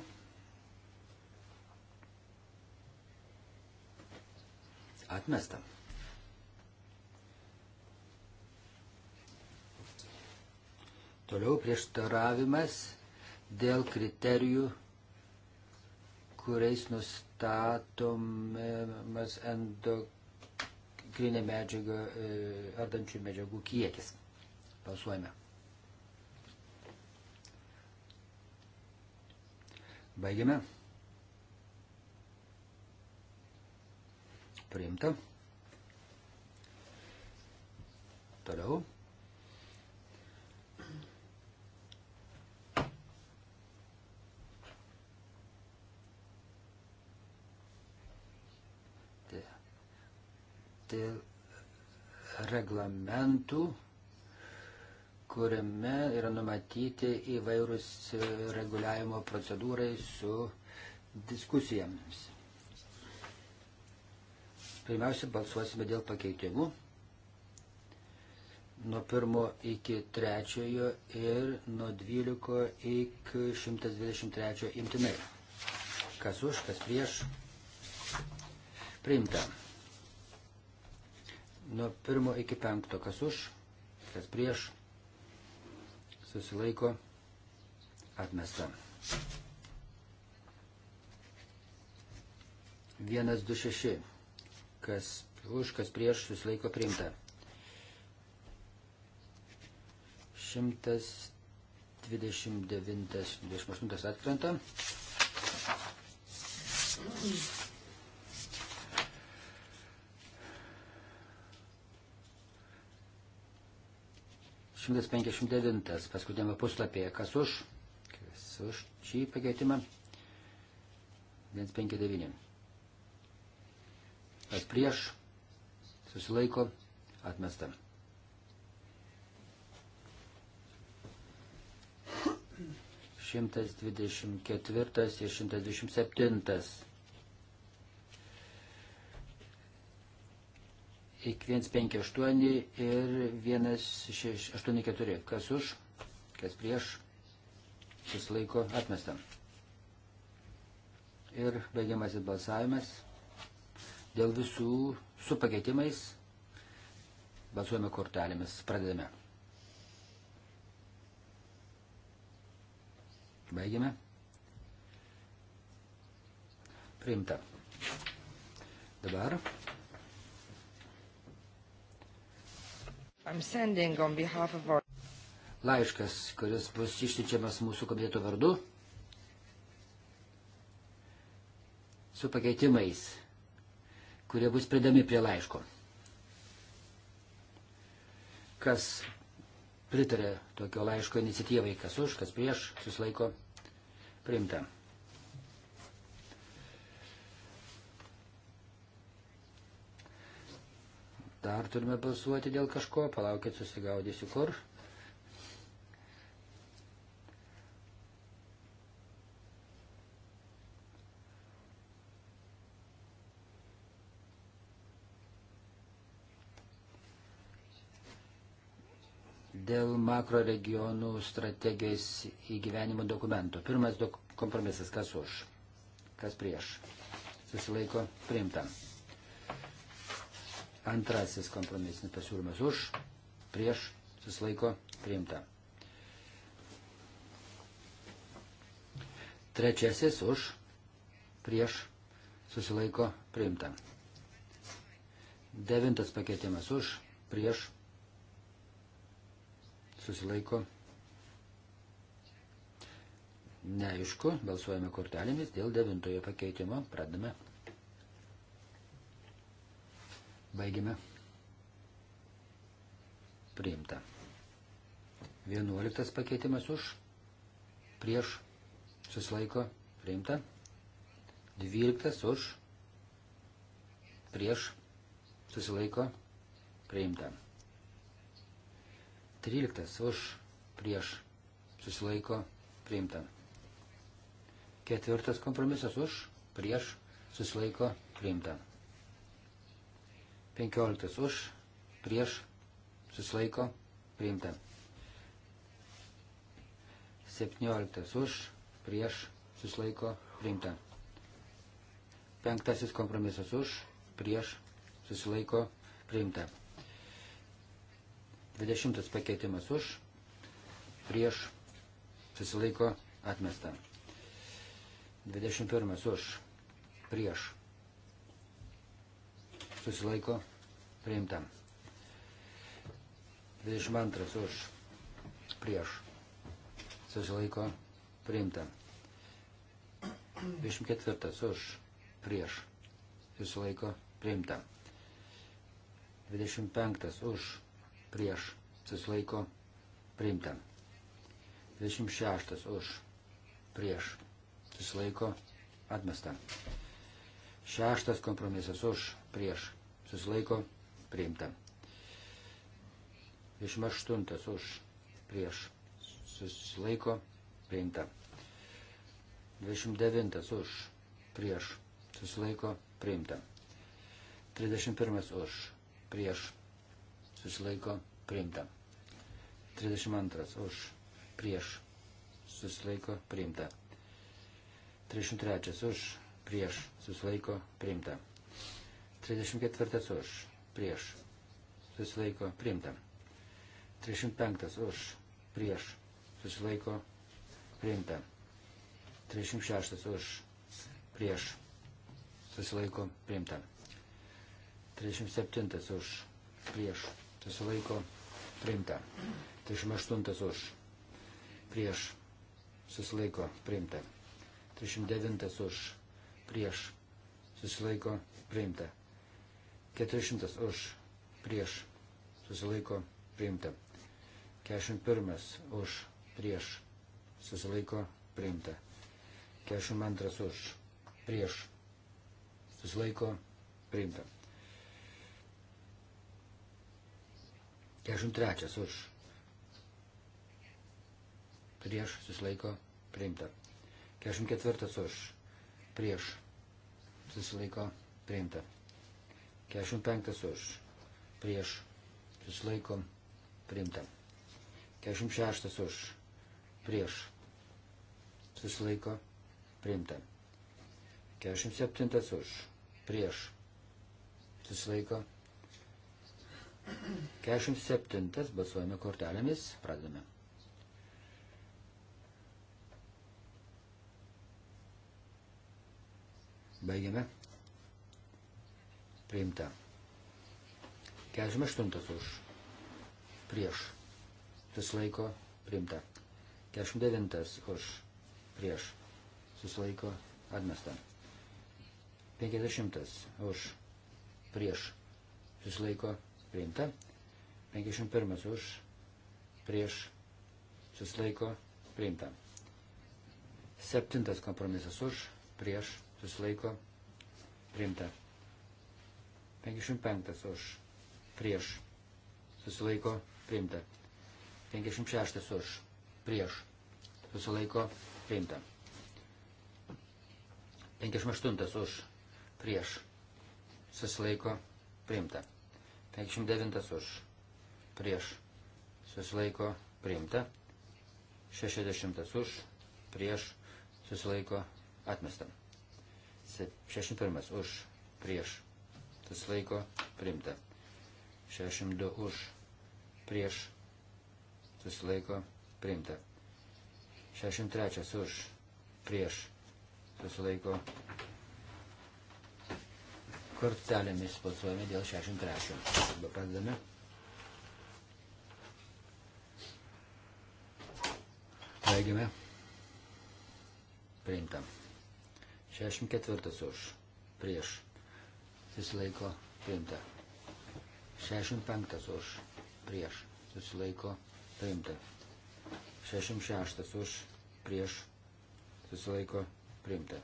Atmestam. Toliau prieštaravimas dėl kriterijų kuriais nustatomas endokrinė medžiaga, e, ardančių medžiagų kiekis. Balsuojame. Baigiame. Priimta. Toliau. dėl reglamentų, kuriame yra numatyti įvairūs reguliavimo procedūrai su diskusijams. Pirmiausia, balsuosime dėl pakeitimų nuo 1 iki 3 ir nuo 12 iki 123 imtinai. Kas už, kas prieš. Priimta. Nuo pirmo iki penkto, kas už, kas prieš, susilaiko, atmesta. Vienas, du, šeši, kas už, kas prieš, susilaiko priimta. 129-28 atkrenta. 159 paskutinėme puslapyje. Kas už? Kas už šį pakeitimą? 159. Kas prieš? Susilaiko? Atmesta. Šimtas dvidešimt ketvirtas ir šimtas dvidešimt septintas 158 ir 184. Kas už, kas prieš, susilaiko atmesta. Ir baigiamasis balsavimas dėl visų su pakeitimais balsuojame kortelėmis. Pradedame. Baigiame. Priimta. Dabar Our... Laiškas, kuris bus išsičiamas mūsų komiteto vardu, su pakeitimais, kurie bus pridami prie laiško. Kas pritarė tokio laiško iniciatyvai, kas už, kas prieš, susilaiko priimta. Dar turime balsuoti dėl kažko, palaukit, susigaudysiu kur. dėl makro regionų strategijos įgyvenimo dokumentų. Pirmas dok kompromisas, kas už, kas prieš. Susilaiko priimta. Antrasis kompromisinis pasiūlymas už, prieš, susilaiko, priimta. Trečiasis už, prieš, susilaiko, priimta. Devintas pakeitimas už, prieš, susilaiko. Neaišku, balsuojame kortelėmis dėl devintojo pakeitimo. Pradame. Baigime. Priimta. Vienuoliktas pakeitimas už, prieš, susilaiko, priimta. Dvyliktas už, prieš, susilaiko, priimta. Tryliktas už, prieš, susilaiko, priimta. Ketvirtas kompromisas už, prieš, susilaiko, priimta. 15 už, prieš, susilaiko, priimta. 17 už, prieš, susilaiko, priimta. Penktasis kompromisas už, prieš, susilaiko, priimta. 20 pakeitimas už, prieš, susilaiko, atmesta. 21 už, prieš, susilaiko priimta. 22 už prieš susilaiko priimta. 24 už prieš susilaiko priimta. 25 už prieš susilaiko priimta. 26 už prieš susilaiko atmesta. Šeštas kompromisas už prieš susilaiko priimta. 28 už prieš susilaiko priimta. 29 už prieš susilaiko priimta. 31 už prieš susilaiko priimta. 32 už prieš susilaiko priimta. 33 už prieš susilaiko priimta. 34 už, prieš, susilaiko, priimta. 35 už, prieš, susilaiko, priimta. 36 už, prieš, susilaiko, priimta. 37 už, prieš, susilaiko, priimta. 38 už, prieš, susilaiko, priimta. 39 už, prieš, susilaiko, priimta. 400 už prieš susilaiko priimta. 41 už prieš susilaiko priimta. 42 už prieš susilaiko priimta. 43 už prieš susilaiko priimta. 44 už prieš susilaiko priimta. 45 už, prieš, susilaikom, priimta. 46 už, prieš, susilaiko, priimta. 47 už, prieš, susilaiko. 47 balsuojame kortelėmis, pradame. Baigiame priimta. 48 už, prieš, susilaiko, priimta. 49 už, prieš, susilaiko, atmesta. 50 už, prieš, susilaiko, priimta. 51 už, prieš, susilaiko, priimta. Septintas kompromisas už, prieš, susilaiko, priimta. 55 už prieš susilaiko priimta. 56 už prieš susilaiko priimta. 58 už prieš susilaiko priimta. 59 už prieš susilaiko priimta. 60 už prieš susilaiko atmesta. 61 už prieš susilaiko priimta. 62 už, prieš susilaiko priimta. 63 už, prieš susilaiko kortelėmis balsuojame dėl 63. Arba pradedame. Baigiame. Priimta. 64 už, prieš susilaiko priimta. 65 už prieš susilaiko priimta. 66 už prieš susilaiko priimta.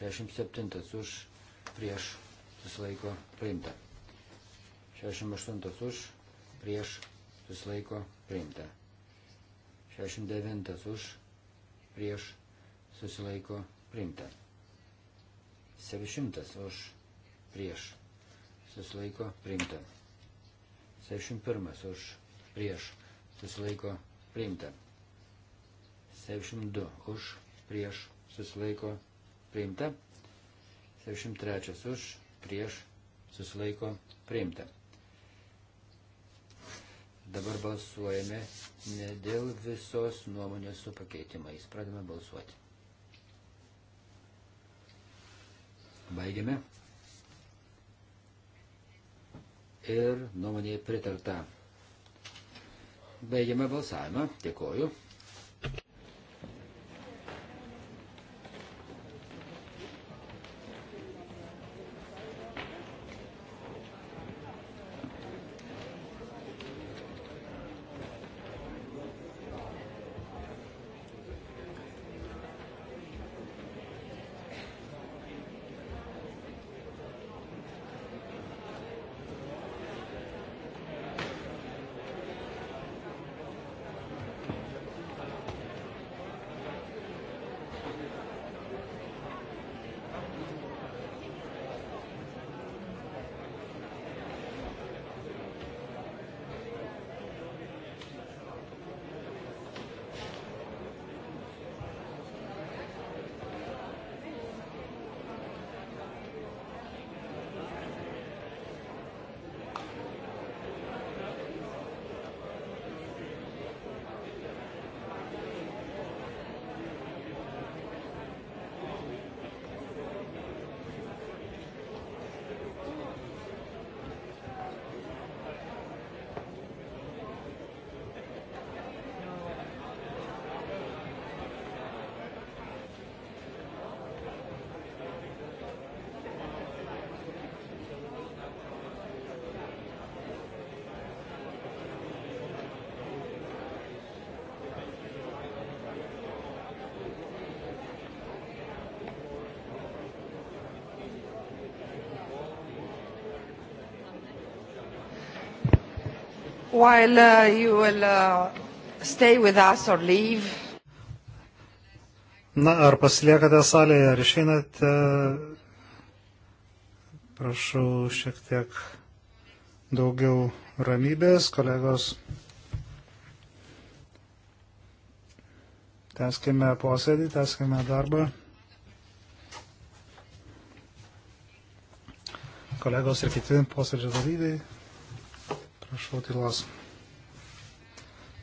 67 už prieš susilaiko priimta. 68 už prieš susilaiko priimta. 69 už prieš susilaiko priimta. 700 už prieš, susilaiko priimta. 71 už, prieš, susilaiko priimta. 72 už, prieš, susilaiko priimta. 73 už, prieš, susilaiko priimta. Dabar balsuojame ne dėl visos nuomonės su pakeitimais. Pradame balsuoti. Baigiame ir nuomonėje pritarta. Baigiame balsavimą. Dėkoju. while uh, you will uh, stay with us or leave. Na, ar pasiliekate salėje, ar išeinate, prašau šiek tiek daugiau ramybės, kolegos. Teskime posėdį, teskime darbą. Kolegos ir kiti posėdžio dalyviai. Prašau tylos.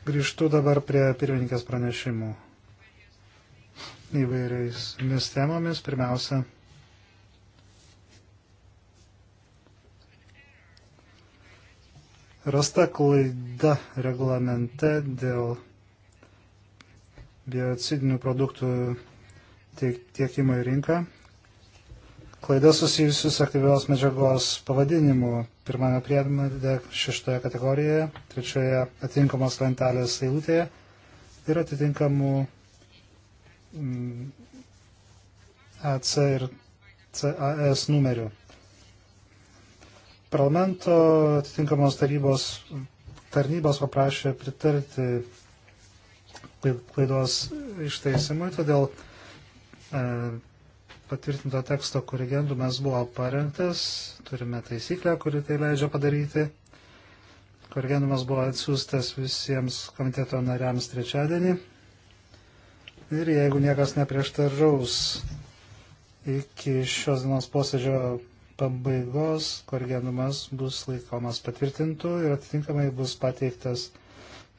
Grįžtu dabar prie pirmininkės pranešimų įvairiais temomis. Pirmiausia, rasta klaida reglamente dėl biocidinių produktų tiekimo į rinką klaidas susijusius aktyvios medžiagos pavadinimu pirmame priedmede šeštoje kategorijoje, trečioje atitinkamos lentelės eilutėje ir atitinkamų mm, AC ir CAS numerių. Parlamento atitinkamos tarybos tarnybos paprašė pritarti klaidos išteisimui, todėl e, patvirtinto teksto korigendumas buvo parengtas, turime taisyklę, kuri tai leidžia padaryti. Korigendumas buvo atsiųstas visiems komiteto nariams trečiadienį. Ir jeigu niekas neprieštaraus iki šios dienos posėdžio pabaigos, korigendumas bus laikomas patvirtintų ir atitinkamai bus pateiktas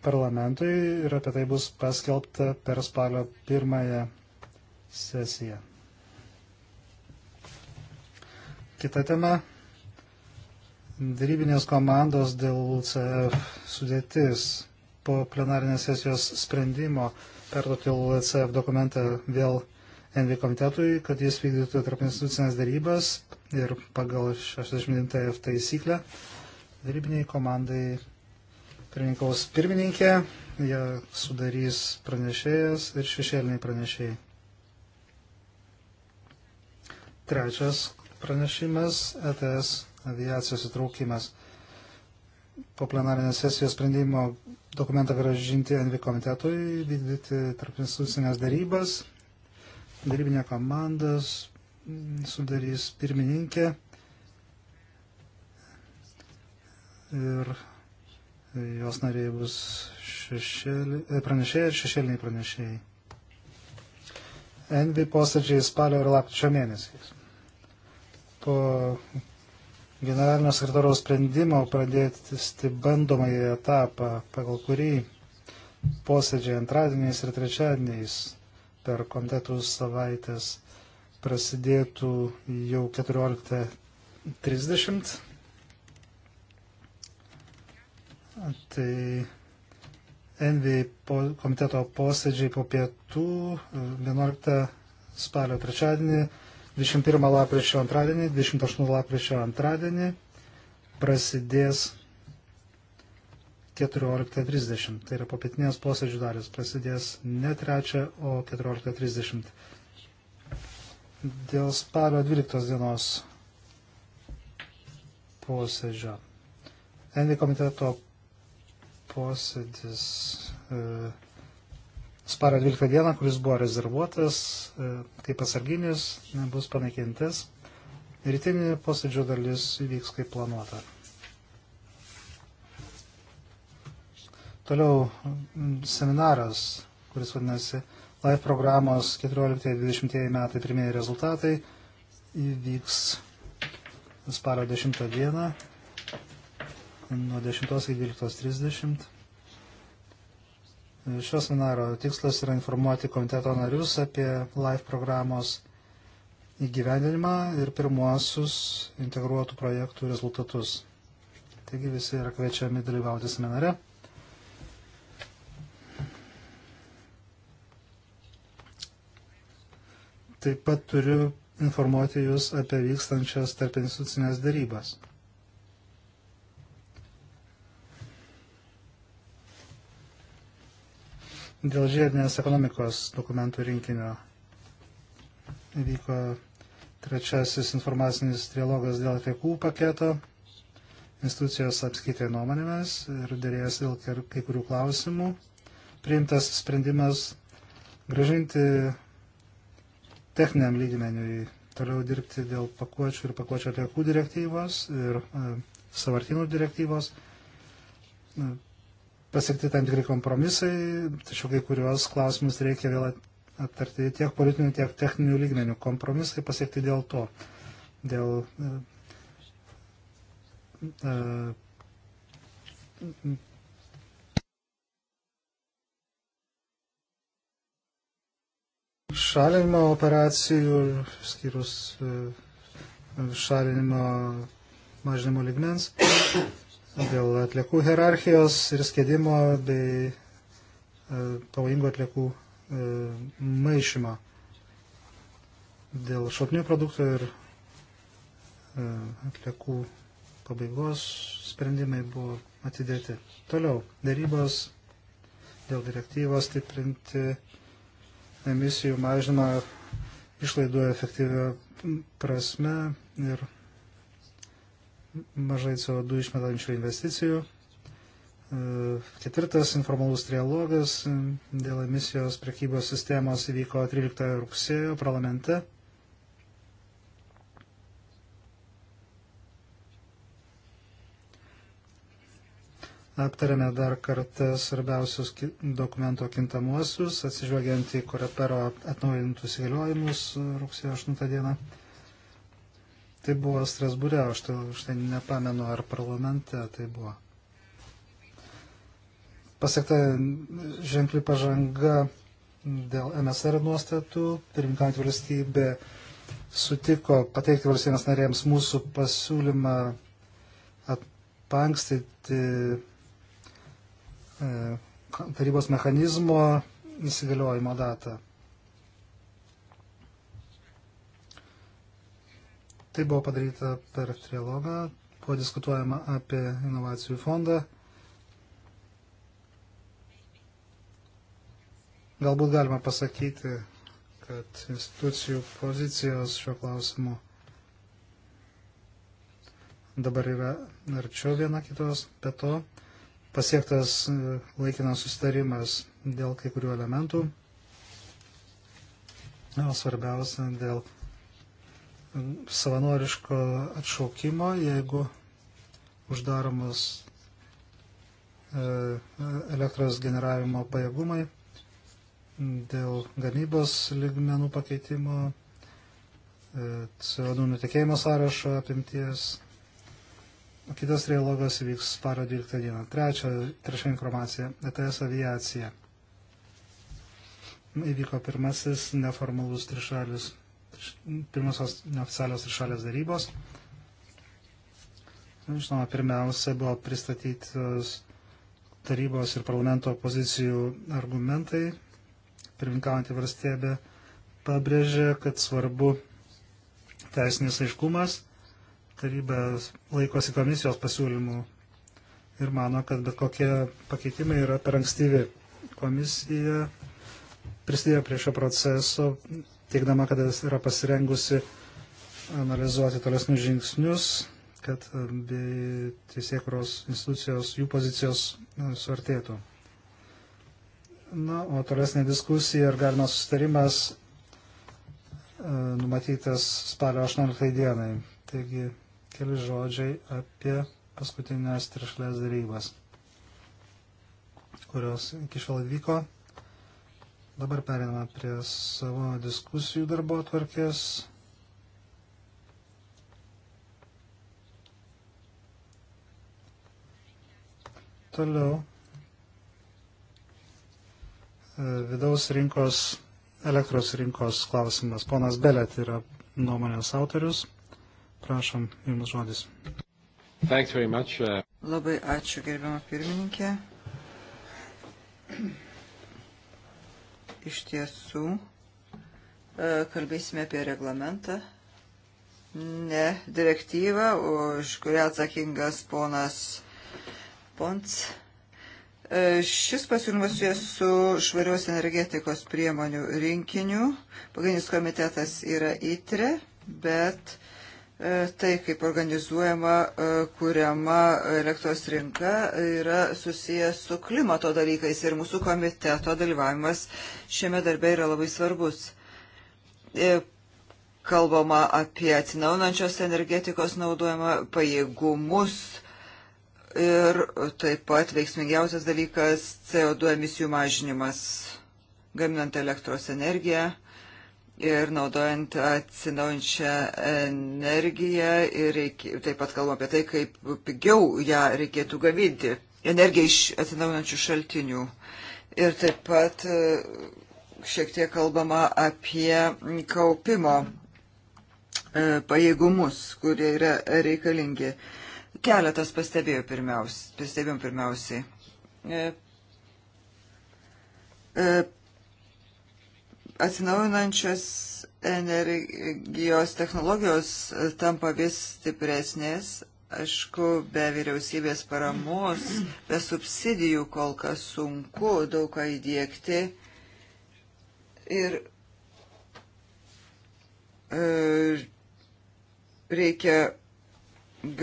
parlamentui ir apie tai bus paskelbta per spalio pirmąją sesiją. Kita tema - darybinės komandos dėl LCF sudėtis po plenarinės sesijos sprendimo perduoti LCF dokumentą vėl NV komitetui, kad jis vykdytų tarp institucinės darybas ir pagal 69F taisyklę darybiniai komandai pirmininkaus pirmininkė, jie sudarys pranešėjas ir šešėliniai pranešėjai. Trečias pranešimas ETS aviacijos įtraukimas. Po plenarinės sesijos sprendimo dokumentą gražinti Envi komitetui, vykdyti tarp institucinės darybas. Darybinė komandas sudarys pirmininkė ir jos nariai bus šešėlį, e, pranešėjai ir šešėliniai pranešėjai. Envi posėdžiai spalio ir lapkričio mėnesiais po generalinio sekretoriaus sprendimo pradėti bandomąjį etapą, pagal kurį posėdžiai antradieniais ir trečiadieniais per komitetų savaitės prasidėtų jau 14.30. Tai NV komiteto posėdžiai po pietų 11 spalio trečiadienį 21 lapkričio antradienį, 28 lapkričio antradienį prasidės 14.30. Tai yra papietinės posėdžių dalis. Prasidės ne 3, o 14.30. Dėl spalio 12 dienos posėdžio. Endi komiteto posėdis. E, spalio 12 dieną, kuris buvo rezervuotas e, kaip atsarginis, bus panaikintas. Rytinė posėdžio dalis vyks kaip planuota. Toliau seminaras, kuris vadinasi Life programos 14-20 metai pirmieji rezultatai, įvyks spalio 10 dieną nuo 10 iki 12.30. Šio seminaro tikslas yra informuoti komiteto narius apie LIFE programos įgyvendinimą ir pirmuosius integruotų projektų rezultatus. Taigi visi yra kviečiami dalyvauti seminare. Taip pat turiu informuoti Jūs apie vykstančias tarp institucinės darybas. Dėl žiedinės ekonomikos dokumentų rinkinio vyko trečiasis informacinis dialogas dėl atliekų paketo. Institucijos apskaitė nuomonėmis ir dėrėjęs dėl kai kurių klausimų. Priimtas sprendimas gražinti techniniam lygmeniui toliau dirbti dėl pakuočių ir pakuočių atliekų direktyvos ir e, savartinų direktyvos. E, pasiekti tam tikri kompromisai, tačiau kai kurios klausimus reikia vėl aptarti tiek politinių, tiek techninių lygmenių. Kompromisai pasiekti dėl to, dėl uh, uh, šalinimo operacijų, skyrus e, šalinimo mažinimo ligmens dėl atliekų hierarchijos ir skėdimo bei e, pavojingų atliekų e, maišymą. Dėl šaltinių produktų ir e, atliekų pabaigos sprendimai buvo atidėti. Toliau, darybos dėl direktyvos stiprinti emisijų mažinimą išlaidų efektyvę prasme ir mažai CO2 išmetančių investicijų. E, ketvirtas informalus trialogas e, dėl emisijos prekybos sistemos įvyko 13 rugsėjo parlamente. Aptarėme dar kartą svarbiausius dokumento kintamuosius, atsižvelgiant į Korepero atnaujintus įgaliojimus e, rugsėjo 8 dieną. Tai buvo Strasbūre, aš tai, aš tai nepamenu, ar parlamente tai buvo. Pasiekta ženkli pažanga dėl MSR nuostatų. Pirminkant valstybė sutiko pateikti valstybės narėms mūsų pasiūlymą atpankstyti e, tarybos mechanizmo įsigaliojimo datą. Tai buvo padaryta per trilogą, buvo diskutuojama apie inovacijų fondą. Galbūt galima pasakyti, kad institucijų pozicijos šiuo klausimu dabar yra arčiau viena kitos, bet to pasiektas e, laikinas sustarimas dėl kai kurių elementų, o svarbiausia dėl savanoriško atšaukimo, jeigu uždaromas e, elektros generavimo pajėgumai dėl gamybos ligmenų pakeitimo, e, CO2 nutekėjimo sąrašo apimties. Kitas trialogas vyks spalio 12 dieną. Trečia, trečia informacija - ETS aviacija. Įvyko pirmasis neformalus trišalis pirmosios neoficialios ir šalės darybos. Žinoma, pirmiausia buvo pristatytos tarybos ir parlamento pozicijų argumentai. Pirminkaujantį varstėbę pabrėžė, kad svarbu teisinis aiškumas. Taryba laikosi komisijos pasiūlymų ir mano, kad bet kokie pakeitimai yra per ankstyvi. Komisija prisidėjo prie šio proceso teikdama, kad yra pasirengusi analizuoti tolesnius žingsnius, kad teisėkuros institucijos, jų pozicijos e, suartėtų. Na, o tolesnė diskusija ir galimas sustarimas e, numatytas spalio 18 dienai. Taigi, keli žodžiai apie paskutinės trišlės darybas, kurios iki šiol vyko. Dabar periname prie savo diskusijų darbo atvarkės. Toliau. E, vidaus rinkos, elektros rinkos klausimas. Ponas Belet yra nuomonės autorius. Prašom, jums žodis. Uh, Labai ačiū, gerbiamą pirmininkę. Iš tiesų, e, kalbėsime apie reglamentą, ne direktyvą, už kurią atsakingas ponas Pons. E, šis pasiūlymas susijęs su švarios energetikos priemonių rinkiniu. Pagrindinis komitetas yra ITRE, bet E, tai, kaip organizuojama, e, kuriama elektros rinka, yra susijęs su klimato dalykais ir mūsų komiteto dalyvavimas šiame darbe yra labai svarbus. E, kalbama apie atsinaunančios energetikos naudojimą, pajėgumus ir taip pat veiksmingiausias dalykas CO2 emisijų mažinimas, gaminant elektros energiją ir naudojant atsinaujančią energiją ir reikia, taip pat kalbam apie tai, kaip pigiau ją reikėtų gaminti, energiją iš atsinaujančių šaltinių. Ir taip pat e, šiek tiek kalbama apie kaupimo e, pajėgumus, kurie yra reikalingi. Keletas pastebėjau pirmiausiai. Pastebėjom pirmiausiai e, Atsinaujinančios energijos technologijos tampa vis stipresnės, aišku, be vyriausybės paramos, be subsidijų kol kas sunku daug ką įdėkti. Ir e, reikia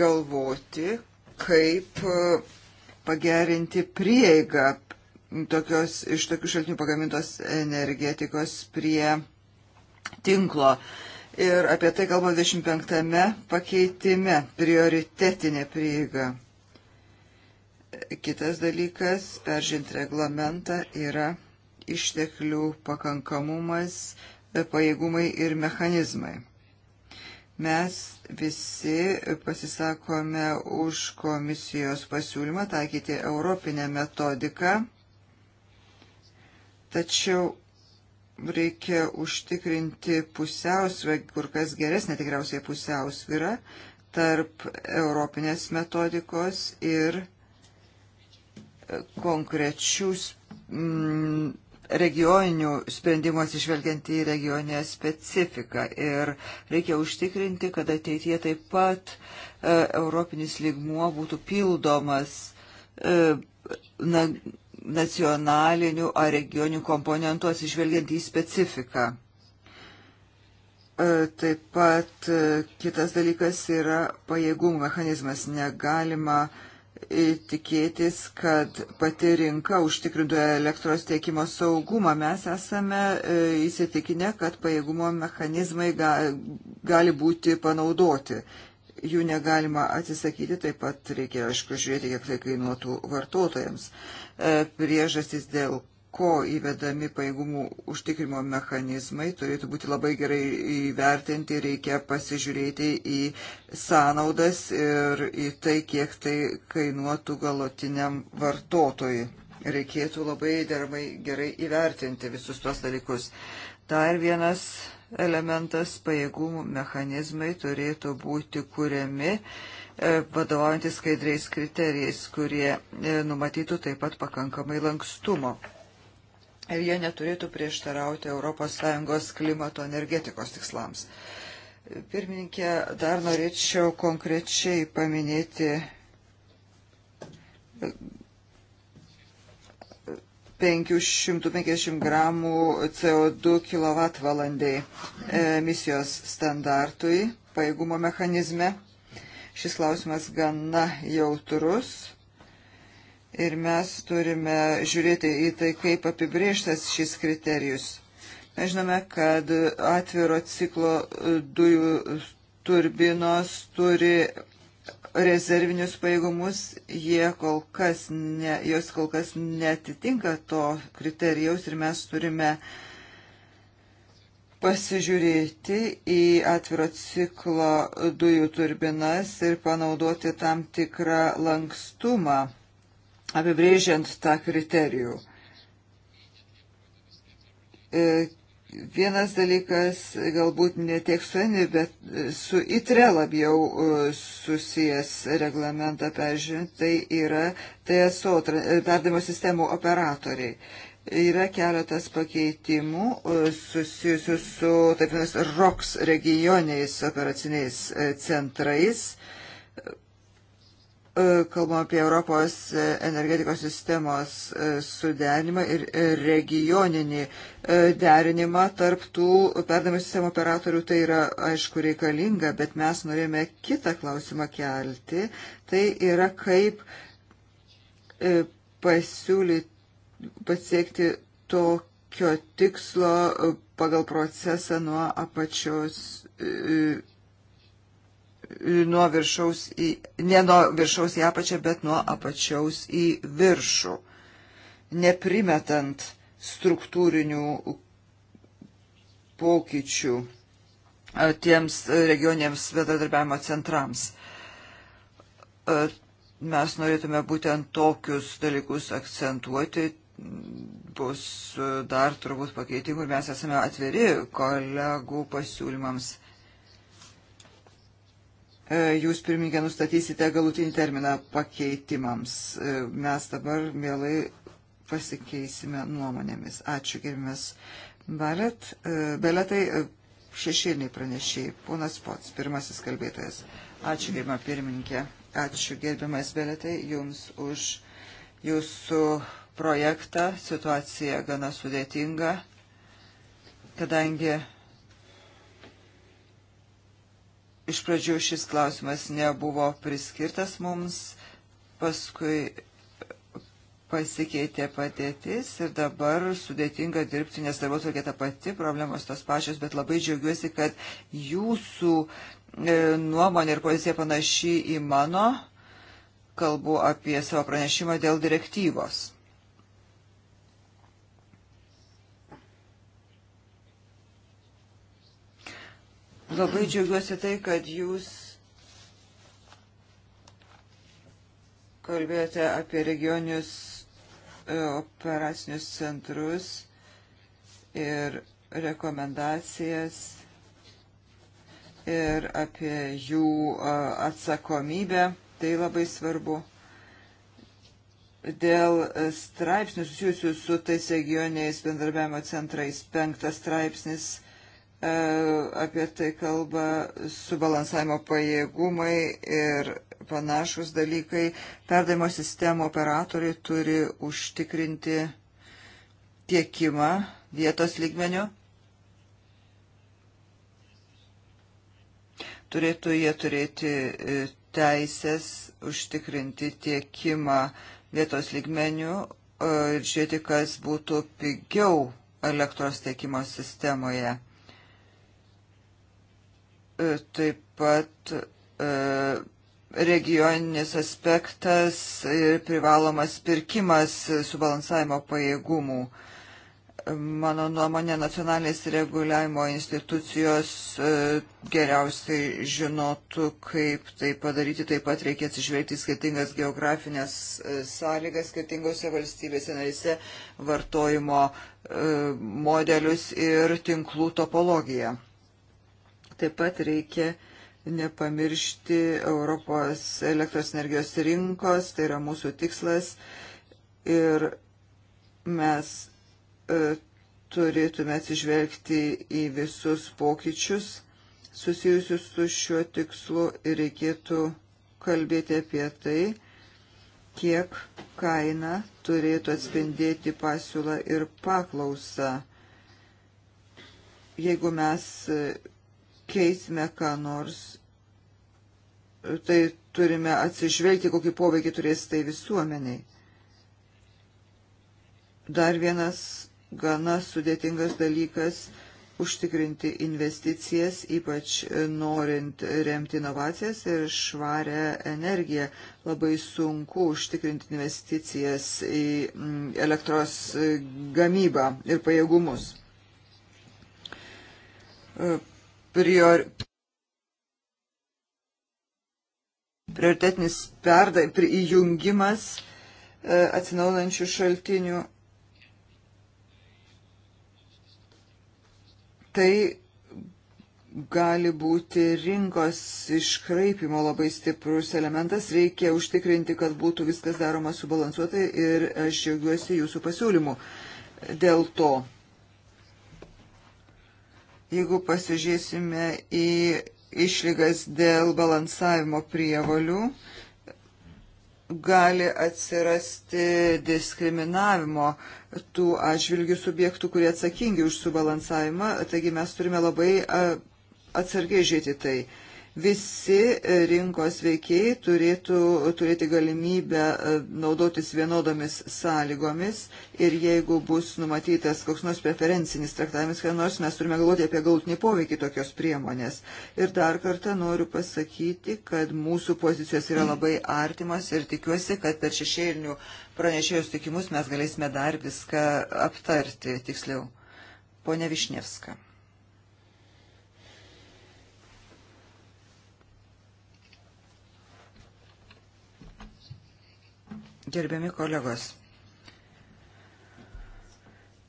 galvoti, kaip e, pagerinti prieigą tokios, iš tokių šaltinių pagamintos energetikos prie tinklo. Ir apie tai kalba 25 pakeitime prioritetinė prieiga. Kitas dalykas, peržint reglamentą, yra išteklių pakankamumas, e, pajėgumai ir mechanizmai. Mes visi pasisakome už komisijos pasiūlymą taikyti europinę metodiką Tačiau reikia užtikrinti pusiausvę, kur kas geresnė tikriausiai pusiausvyrą tarp europinės metodikos ir e, konkrečių mm, regioninių sprendimų atsižvelgiant į regioninę specifiką. Ir reikia užtikrinti, kad ateitie taip pat e, europinis lygmuo būtų pildomas e, na, nacionalinių ar regionių komponentų atsižvelgiant į specifiką. E, taip pat e, kitas dalykas yra pajėgumų mechanizmas. Negalima e, tikėtis, kad pati rinka užtikrintų elektros tiekimo saugumą. Mes esame įsitikinę, kad pajėgumo mechanizmai gali būti panaudoti jų negalima atsisakyti, taip pat reikia, aišku, žiūrėti, kiek tai kainuotų vartotojams. E, priežastys, dėl ko įvedami pajėgumų užtikrimo mechanizmai, turėtų būti labai gerai įvertinti, reikia pasižiūrėti į sąnaudas ir į tai, kiek tai kainuotų galutiniam vartotojui. Reikėtų labai deramai gerai įvertinti visus tuos dalykus. Dar vienas elementas pajėgumų mechanizmai turėtų būti kuriami E, vadovaujantis skaidriais kriterijais, kurie e, numatytų taip pat pakankamai lankstumo. Ir jie neturėtų prieštarauti ES klimato energetikos tikslams. Pirmininkė, dar norėčiau konkrečiai paminėti e, penkių šimtų penkiasdešimt gramų CO2 kilovatvalandai emisijos standartui paėgumo mechanizme. Šis klausimas gana jautrus ir mes turime žiūrėti į tai, kaip apibrėžtas šis kriterijus. Mes žinome, kad atviro ciklo dujų turbinos turi rezervinius pajėgumus, jie kol kas ne, jos kol kas netitinka to kriterijaus ir mes turime uh, pasižiūrėti į atviro ciklo dujų turbinas ir panaudoti tam tikrą lankstumą, apibrėžiant tą kriterijų. E, vienas dalykas galbūt ne tiek su ENI, bet su ITRE labiau e, susijęs reglamentą peržiūrint, tai yra TSO, e, perdavimo sistemų operatoriai. Yra keletas pakeitimų e, susijusių su taip vienas ROKS regioniais operaciniais e, centrais. E, kalbam apie Europos energetikos sistemos sudenimą ir regioninį derinimą tarp tų perdavimo sistemų operatorių. Tai yra, aišku, reikalinga, bet mes norėjome kitą klausimą kelti. Tai yra, kaip pasiūlyti pasiekti tokio tikslo e, pagal procesą nuo apačios, e, e, nuo viršaus į, ne nuo viršaus į apačią, bet nuo apačiaus į viršų, neprimetant struktūrinių pokyčių tiems regioniniams bendradarbiavimo centrams. Mes norėtume būtent tokius dalykus akcentuoti, bus dar turbūt pakeitimų ir mes esame atviri kolegų pasiūlymams. E, jūs pirmininkė nustatysite galutinį terminą pakeitimams. E, mes dabar mielai pasikeisime nuomonėmis. Ačiū, gerbimas Balet. E, Beletai šešėliniai pranešiai. Ponas Pots, pirmasis kalbėtojas. Ačiū, gerbima pirmininkė. Ačiū, gerbimas Beletai, jums už jūsų projektą. Situacija gana sudėtinga, kadangi iš pradžių šis klausimas nebuvo priskirtas mums, paskui pasikeitė padėtis ir dabar sudėtinga dirbti, nes darbo tokia ta pati, problemos tos pačios, bet labai džiaugiuosi, kad jūsų e, nuomonė ir pozicija panaši į mano, kalbu apie savo pranešimą dėl direktyvos. Labai džiaugiuosi tai, kad jūs kalbėjote apie regionius e, operacinius centrus ir rekomendacijas ir apie jų e, atsakomybę. Tai labai svarbu. Dėl straipsnių susijusių su tais regioniais bendarbiavimo centrais penktas straipsnis E, apie tai kalba subalansavimo pajėgumai ir panašus dalykai. Perdavimo sistemų operatoriai turi užtikrinti tiekimą vietos lygmenių. Turėtų jie turėti e, teisės užtikrinti tiekimą vietos lygmenių e, ir žiūrėti, kas būtų pigiau elektros tiekimo sistemoje. E, taip pat e, regioninis aspektas ir privalomas pirkimas subalansavimo pajėgumų. E, mano nuomonė, nacionalinės reguliavimo institucijos geriausiai žinotų, kaip tai padaryti. Taip pat reikia atsižvelgti skirtingas geografinės sąlygas skirtingose valstybėse narise vartojimo modelius ir tinklų topologiją. Taip pat reikia nepamiršti Europos elektros energijos rinkos, tai yra mūsų tikslas ir mes e, turėtume atsižvelgti į visus pokyčius susijusius su šiuo tikslu ir reikėtų kalbėti apie tai, kiek kaina turėtų atspindėti pasiūlą ir paklausą. Jeigu mes keisime ką nors, tai turime atsižvelgti, kokį poveikį turės tai visuomeniai. Dar vienas gana sudėtingas dalykas – užtikrinti investicijas, ypač norint remti inovacijas ir švarę energiją. Labai sunku užtikrinti investicijas į mm, elektros gamybą ir pajėgumus prior... prioritetinis perdai, įjungimas e, atsinaujančių šaltinių. Tai gali būti rinkos iškraipimo labai stiprus elementas. Reikia užtikrinti, kad būtų viskas daroma subalansuotai ir aš džiaugiuosi jūsų pasiūlymų dėl to. Jeigu pasižiūrėsime į išlygas dėl balansavimo prievalių, gali atsirasti diskriminavimo tų atžvilgių subjektų, kurie atsakingi už subalansavimą, taigi mes turime labai atsargiai žiūrėti tai. Visi e, rinkos veikiai turėtų turėti galimybę e, naudotis vienodomis sąlygomis ir jeigu bus numatytas koks nors preferencinis traktavimas, kad nors mes turime galvoti apie galutinį poveikį tokios priemonės. Ir dar kartą noriu pasakyti, kad mūsų pozicijos yra labai artimas ir tikiuosi, kad per šešėlinių pranešėjų sutikimus mes galėsime dar viską aptarti tiksliau. Pone Višnevska. Gerbiami kolegos,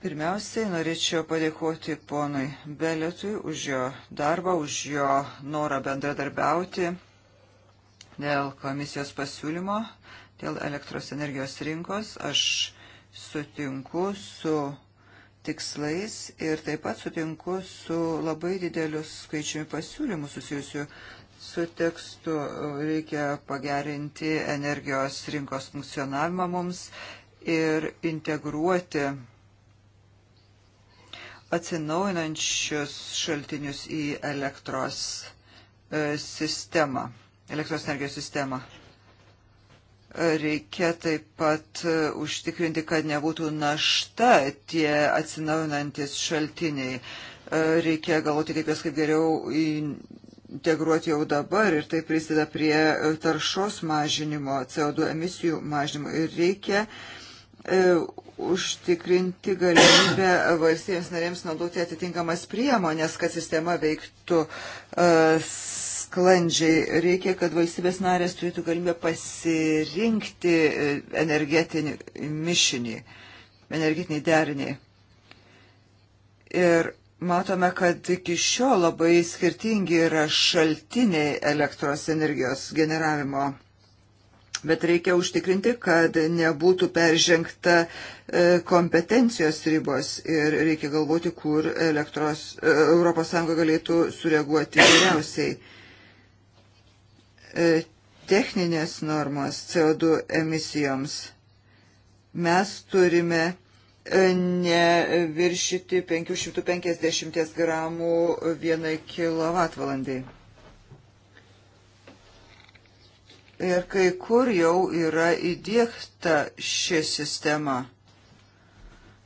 pirmiausiai norėčiau padėkoti ponui Beletui už jo darbą, už jo norą bendradarbiauti dėl komisijos pasiūlymo, dėl elektros energijos rinkos. Aš sutinku su tikslais ir taip pat sutinku su labai dideliu skaičiumi pasiūlymų susijusiu su su tekstu. Reikia pagerinti energijos rinkos funkcionavimą mums ir integruoti atsinaujinančius šaltinius į elektros e, sistemą, elektros energijos sistemą. Reikia taip pat e, užtikrinti, kad nebūtų našta tie atsinaujinantis šaltiniai. E, reikia galvoti, kaip jas kaip geriau integruoti jau dabar ir tai prisideda prie e, taršos mažinimo, CO2 emisijų mažinimo. Ir reikia e, užtikrinti galimybę valstybėms narėms naudoti atitinkamas priemonės, kad sistema veiktų e, sklandžiai. Reikia, kad valstybės narės turėtų galimybę pasirinkti e, energetinį mišinį, energetinį derinį. Ir Matome, kad iki šio labai skirtingi yra šaltiniai elektros energijos generavimo. Bet reikia užtikrinti, kad nebūtų peržengta e, kompetencijos ribos ir reikia galvoti, kur elektros, ES galėtų sureaguoti geriausiai. E, techninės normos CO2 emisijoms. Mes turime neviršyti 550 gramų vienai kilovatvalandai. Ir kai kur jau yra įdėkta ši sistema.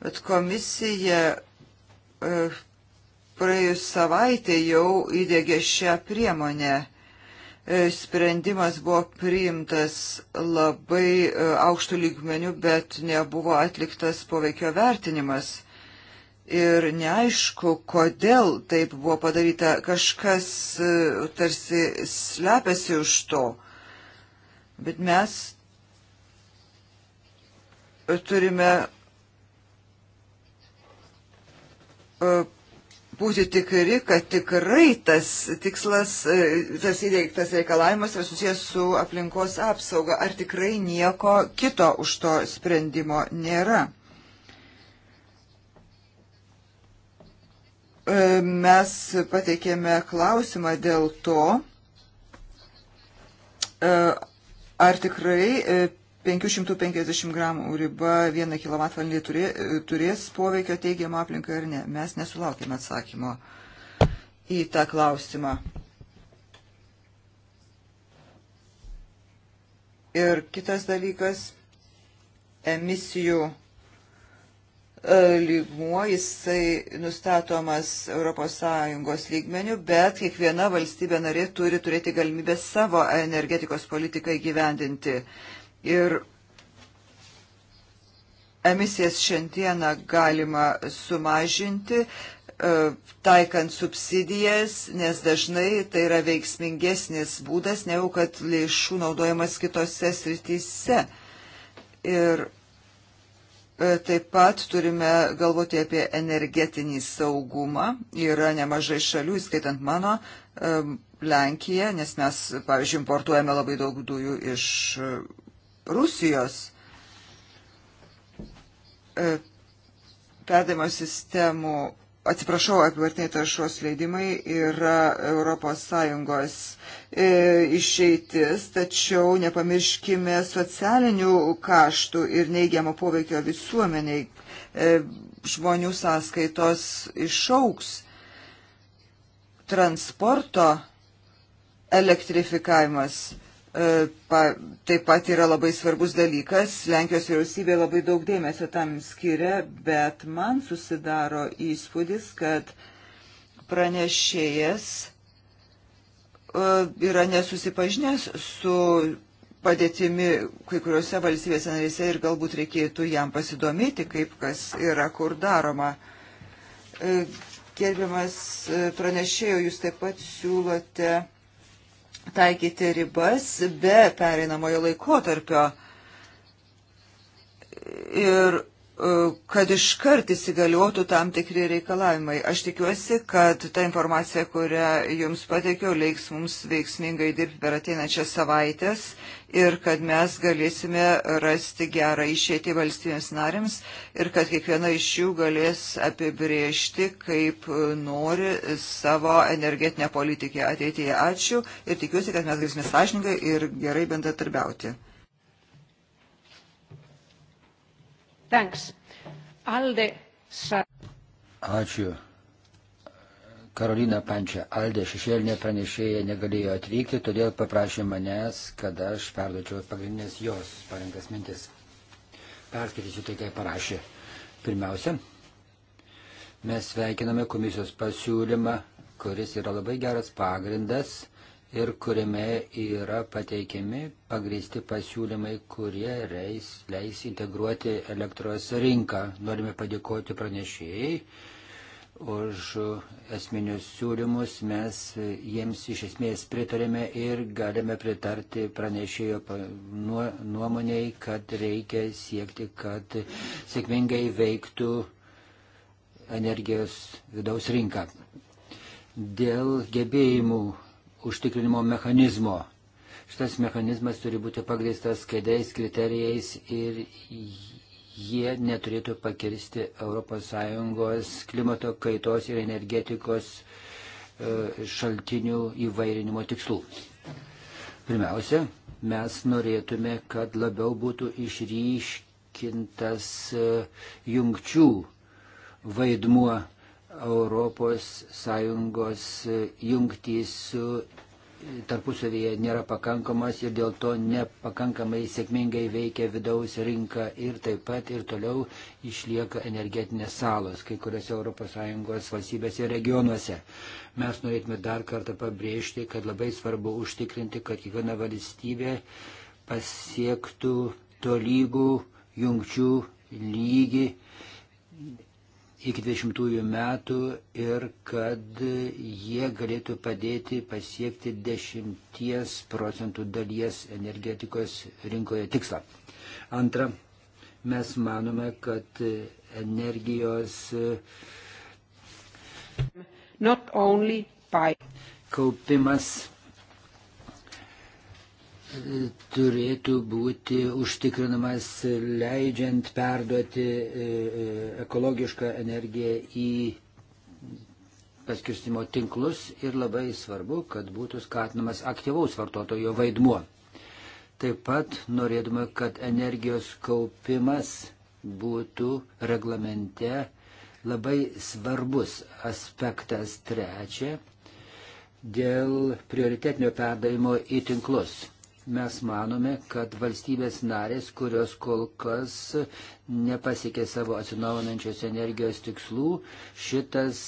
Bet komisija e, praėjus savaitę jau įdėgė šią priemonę. E, sprendimas buvo priimtas labai e, aukštų lygmenių, bet nebuvo atliktas poveikio vertinimas. Ir neaišku, kodėl taip buvo padaryta, kažkas e, tarsi slepiasi už to. Bet mes turime būti tikri, kad tikrai tas tikslas, e, tas įveiktas reikalavimas yra susijęs su aplinkos apsauga, ar tikrai nieko kito už to sprendimo nėra. E, mes pateikėme klausimą dėl to, e, ar tikrai 550 gramų riba 1 kWh turė, turės poveikio teigiamą aplinką ar ne. Mes nesulaukėme atsakymo į tą klausimą. Ir kitas dalykas - emisijų e, lygmuo, jisai nustatomas ES lygmenių, bet kiekviena valstybė narė turi turėti galimybę savo energetikos politiką įgyvendinti ir emisijas šiandieną galima sumažinti, e, taikant subsidijas, nes dažnai tai yra veiksmingesnis būdas, negu kad lėšų naudojamas kitose srityse. Ir e, taip pat turime galvoti apie energetinį saugumą. Yra nemažai šalių, įskaitant mano, e, Lenkiją, nes mes, pavyzdžiui, importuojame labai daug dujų iš Rusijos e, perdavimo sistemų, atsiprašau, apivartiniai taršos leidimai yra ES e, išeitis, tačiau nepamirškime socialinių kaštų ir neigiamo poveikio visuomeniai. E, žmonių sąskaitos išauks. Transporto elektrifikavimas E, taip pat yra labai svarbus dalykas. Lenkijos vyriausybė labai daug dėmesio tam skiria, bet man susidaro įspūdis, kad pranešėjas e, yra nesusipažinęs su padėtimi kai kuriuose valstybėse narėse ir galbūt reikėtų jam pasidomėti, kaip kas yra kur daroma. E, gerbiamas pranešėjo, jūs taip pat siūlote taikyti ribas be pereinamojo laikotarpio. Ir E, kad iškart įsigaliotų tam tikri reikalavimai. Aš tikiuosi, kad ta informacija, kurią jums pateikiau, leiks mums veiksmingai dirbti per ateinančias savaitės ir kad mes galėsime rasti gerą išėti valstybėms narėms ir kad kiekviena iš jų galės apibriežti, kaip nori savo energetinę politikę ateityje. Ačiū ir tikiuosi, kad mes galėsime sąžininkai ir gerai bendratarbiauti. Thanks. Alde. Sa... Ačiū. Karolina Pančia Aldė šešėlinė pranešėja negalėjo atvykti, todėl paprašė manęs, kad aš perduočiau pagrindinės jos parengtas mintis. Perskaitysiu tai, ką parašė. Pirmiausia, mes sveikiname komisijos pasiūlymą, kuris yra labai geras pagrindas ir kuriame yra pateikiami pagristi pasiūlymai, kurie reis, leis integruoti elektros rinką. Norime padėkoti pranešėjai už esminius siūlymus. Mes jiems iš esmės pritarėme ir galime pritarti pranešėjo nuomonėj, kad reikia siekti, kad sėkmingai veiktų energijos vidaus rinka. Dėl gebėjimų užtikrinimo mechanizmo. Šitas mechanizmas turi būti pagrįstas skaidriais kriterijais ir jie neturėtų pakirsti ES klimato kaitos ir energetikos e, šaltinių įvairinimo tikslų. Pirmiausia, mes norėtume, kad labiau būtų išryškintas e, jungčių vaidmuo ES jungtys su tarpusavėje nėra pakankamas ir dėl to nepakankamai sėkmingai veikia vidaus rinka ir taip pat ir toliau išlieka energetinės salos kai kuriuose ES valstybėse ir regionuose. Mes norėtume dar kartą pabrėžti, kad labai svarbu užtikrinti, kad kiekviena valstybė pasiektų tolygų jungčių lygį iki 20 metų ir kad jie galėtų padėti pasiekti 10 procentų dalies energetikos rinkoje tikslą. Antra, mes manome, kad energijos kaupimas turėtų būti užtikrinamas leidžiant perduoti e, e, ekologišką energiją į paskirstimo tinklus ir labai svarbu, kad būtų skatinamas aktyvaus vartotojo vaidmuo. Taip pat norėdama, kad energijos kaupimas būtų reglamente labai svarbus aspektas trečia dėl prioritetinio perdavimo į tinklus mes manome, kad valstybės narės, kurios kol kas nepasiekė savo atsinaujinančios energijos tikslų, šitas,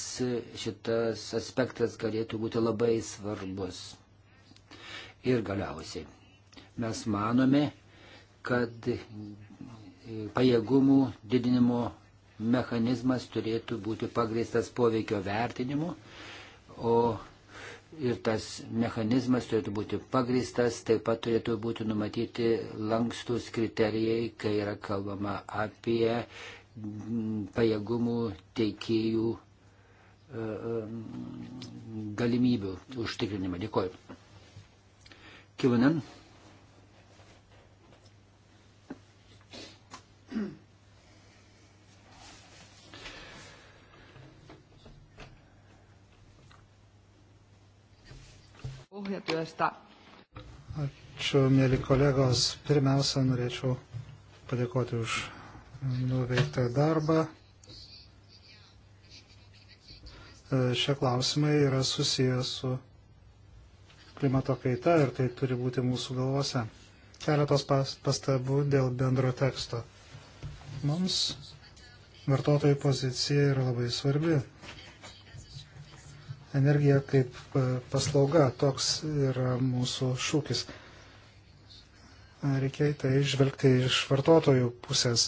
šitas aspektas galėtų būti labai svarbus. Ir galiausiai, mes manome, kad pajėgumų didinimo mechanizmas turėtų būti pagrįstas poveikio vertinimu, o ir tas mechanizmas turėtų būti pagristas, taip pat turėtų būti numatyti lankstus kriterijai, kai yra kalbama apie pajėgumų teikėjų e, e, galimybių užtikrinimą. Dėkuoju. Kilunen. Mm. Pohjatyöstä. Ačiū, mėly kolegos. Pirmiausia, norėčiau padėkoti už nuveiktą darbą. E, šie klausimai yra susijęs su klimato kaita ir tai turi būti mūsų galvose. Keletos pas, pastabų dėl bendro teksto. Mums vartotojų pozicija yra labai svarbi energiją kaip e, paslauga. Toks yra mūsų šūkis. Reikia tai žvelgti iš vartotojų pusės.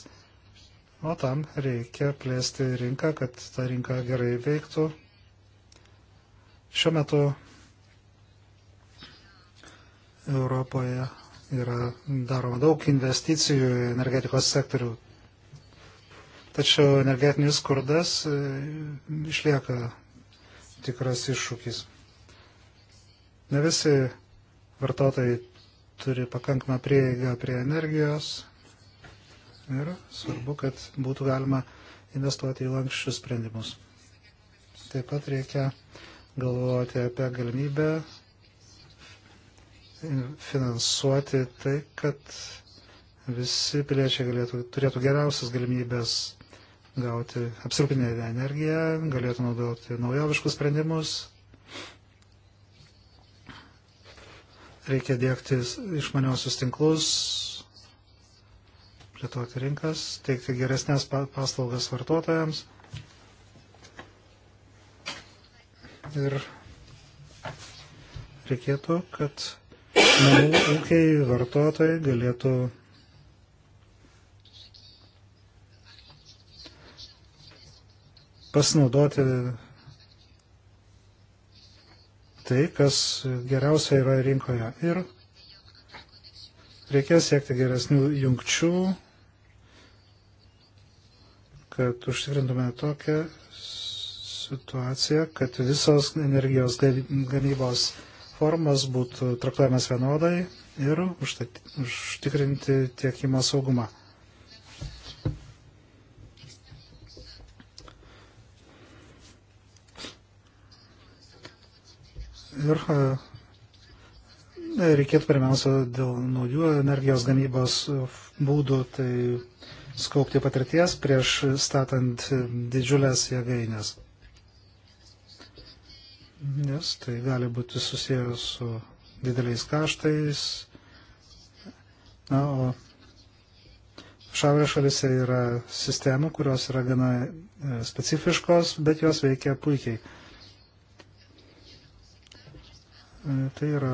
O tam reikia plėsti rinką, kad ta rinka gerai veiktų. Šiuo metu Europoje yra daroma daug investicijų į energetikos sektorių. Tačiau energetinis skurdas e, išlieka tikras iššūkis. Ne visi vartotojai turi pakankamą prieigą prie energijos ir svarbu, kad būtų galima investuoti į lankščius sprendimus. Taip pat reikia galvoti apie galimybę finansuoti tai, kad visi piliečiai galėtų, turėtų geriausias galimybės gauti apsirūpinę energiją, galėtų naudoti naujoviškus sprendimus. Reikia dėkti išmaniosius tinklus, plėtoti rinkas, teikti geresnės paslaugas vartotojams. Ir reikėtų, kad namų ūkiai, vartotojai galėtų pasinaudoti tai, kas geriausia yra rinkoje. Ir reikės siekti geresnių jungčių, kad užtikrintume tokią situaciją, kad visos energijos gamybos formos būtų traktuojamas vienodai ir užtikrinti tiekimo saugumą. Ir e, reikėtų pirmiausia dėl naujų energijos gamybos būdų, tai skaupti patirties prieš statant didžiulės jėgainės. Nes tai gali būti susijęs su dideliais kaštais. Na, o šiaurės šalise yra sistemų, kurios yra gana e, specifiškos, bet jos veikia puikiai. Tai yra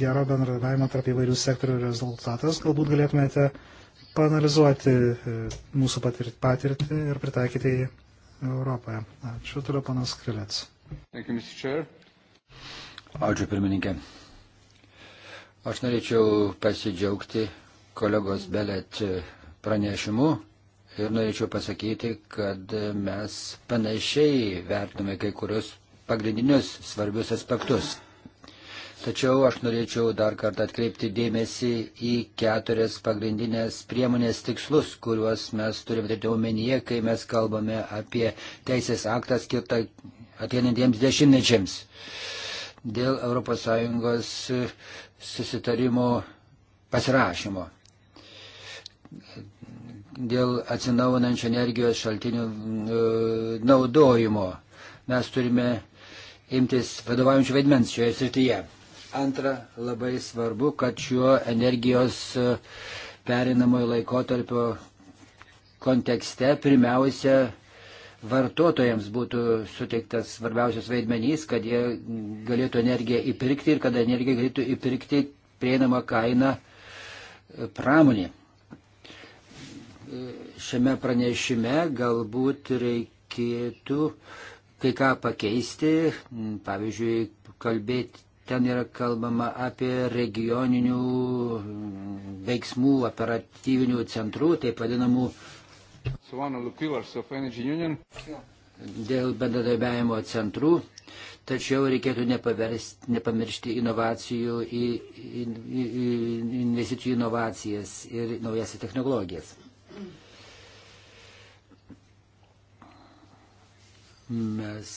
gero bendradavimo tarp įvairių sektorių rezultatas. Galbūt galėtumėte panalizuoti e, mūsų patirtį ir pritaikyti jį Europoje. Ačiū, turiu panas Krilets. Ačiū, pirmininkė. Aš norėčiau pasidžiaugti kolegos Belet pranešimu ir norėčiau pasakyti, kad mes panašiai vertume kai kurios pagrindinius svarbius aspektus. Tačiau aš norėčiau dar kartą atkreipti dėmesį į keturias pagrindinės priemonės tikslus, kuriuos mes turime turėti omenyje, kai mes kalbame apie teisės aktą skirtą ateinantiems dešimtmečiams. Dėl ES susitarimo pasirašymo. Dėl atsinaujinančio energijos šaltinių e, naudojimo mes turime imtis vadovaujančių vaidmens šioje srityje. Antra, labai svarbu, kad šiuo energijos e, perinamojo laikotarpio kontekste pirmiausia vartotojams būtų suteiktas svarbiausias vaidmenys, kad jie galėtų energiją įpirkti ir kad energiją galėtų įpirkti prieinamą kainą e, pramonė. E, šiame pranešime galbūt reikėtų kai ką pakeisti, pavyzdžiui, kalbėti Ten yra kalbama apie regioninių veiksmų operatyvinių centrų, taip vadinamų dėl bendradarbiavimo centrų, tačiau reikėtų nepamiršti inovacijų, į, į, į, investicijų inovacijas ir naujas technologijas. Mes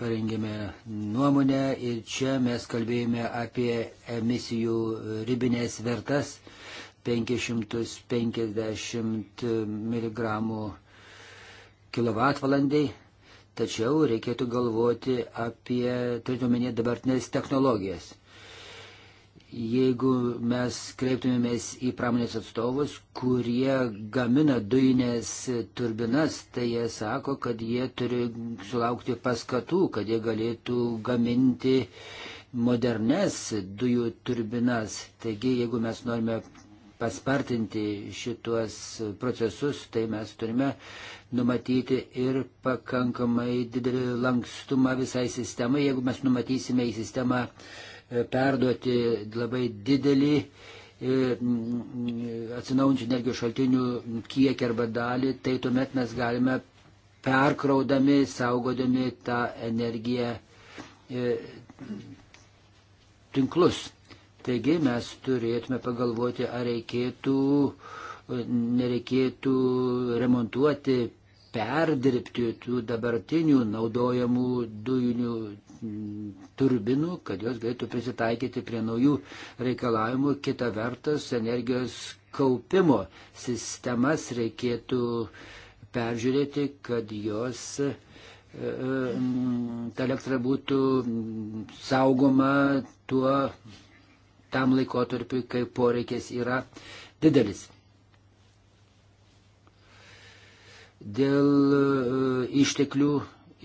parengėme nuomonę ir čia mes kalbėjome apie emisijų ribinės vertas 550 mg kWh, tačiau reikėtų galvoti apie, turint omenyje, dabartinės technologijas jeigu mes kreiptumėmės į pramonės atstovus, kurie gamina dujinės turbinas, tai jie sako, kad jie turi sulaukti paskatų, kad jie galėtų gaminti modernes dujų turbinas. Taigi, jeigu mes norime paspartinti šituos procesus, tai mes turime numatyti ir pakankamai didelį lankstumą visai sistemai. Jeigu mes numatysime į sistemą uh, perduoti labai didelį e, atsinaujančių energijos šaltinių kiekį arba dalį, tai tuomet mes galime perkraudami, saugodami tą energiją e, tinklus. Taigi mes turėtume pagalvoti, ar reikėtų, e, nereikėtų remontuoti, perdirbti tų dabartinių naudojamų dujinių turbinų, kad jos galėtų prisitaikyti prie naujų reikalavimų. Kita vertus, energijos kaupimo sistemas reikėtų peržiūrėti, kad jos e, e, ta elektra būtų saugoma tuo tam laikotarpiu, kai poreikis yra didelis. Dėl e, išteklių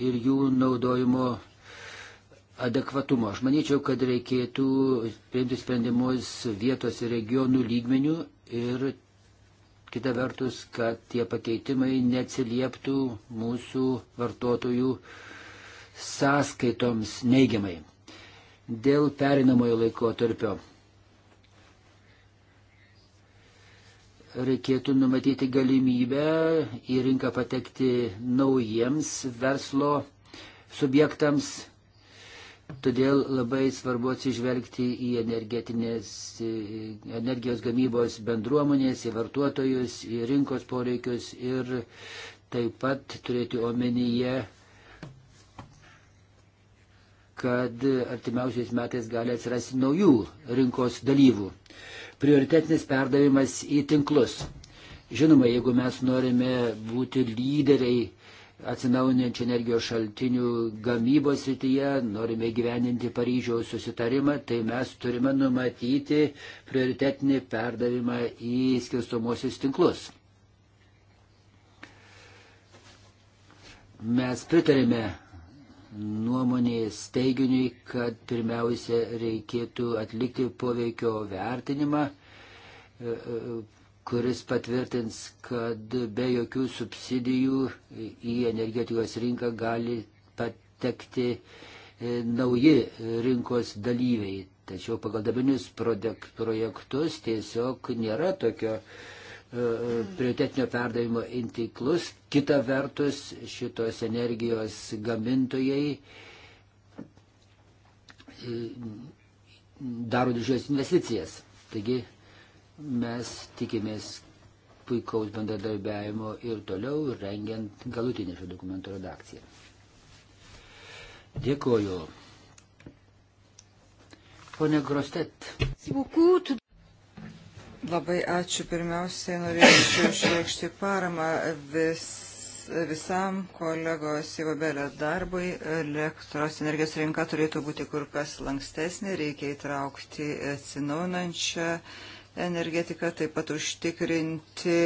ir jų naudojimo adekvatumo. Aš manyčiau, kad reikėtų priimti sprendimus vietos ir regionų lygmenių ir kita vertus, kad tie pakeitimai neatsilieptų mūsų vartotojų sąskaitoms neigiamai. Dėl perinamojo laiko tarpio reikėtų numatyti galimybę į rinką patekti naujiems verslo subjektams Todėl labai svarbu atsižvelgti į energijos gamybos bendruomenės, į vartotojus, į rinkos poreikius ir taip pat turėti omenyje, kad artimiausiais metais gali atsirasti naujų rinkos dalyvų. Prioritetinis perdavimas į tinklus. Žinoma, jeigu mes norime būti lyderiai atsinaujinančių energijos šaltinių gamybos srityje, norime gyveninti Paryžiaus susitarimą, tai mes turime numatyti prioritetinį perdavimą į skirstomosius tinklus. Mes pritarėme nuomonės teiginiui, kad pirmiausia reikėtų atlikti poveikio vertinimą, e, e, kuris patvirtins, kad be jokių subsidijų į energetikos rinką gali patekti e, nauji rinkos dalyviai. Tačiau pagal dabinius projektus tiesiog nėra tokio e, prioritetinio perdavimo intiklus. Kita vertus, šitos energijos gamintojai e, daro didžiulės investicijas. Taigi Mes tikimės puikaus bendradarbiavimo ir toliau rengiant galutinį šio dokumento redakciją. Dėkuoju. Pone Grostet. Labai ačiū. Pirmiausiai norėčiau išreikšti paramą vis, visam kolegos įvabelio darbui. Elektros energijos rinka turėtų būti kur kas lankstesnė, reikia įtraukti atsinaunančią energetiką, taip pat užtikrinti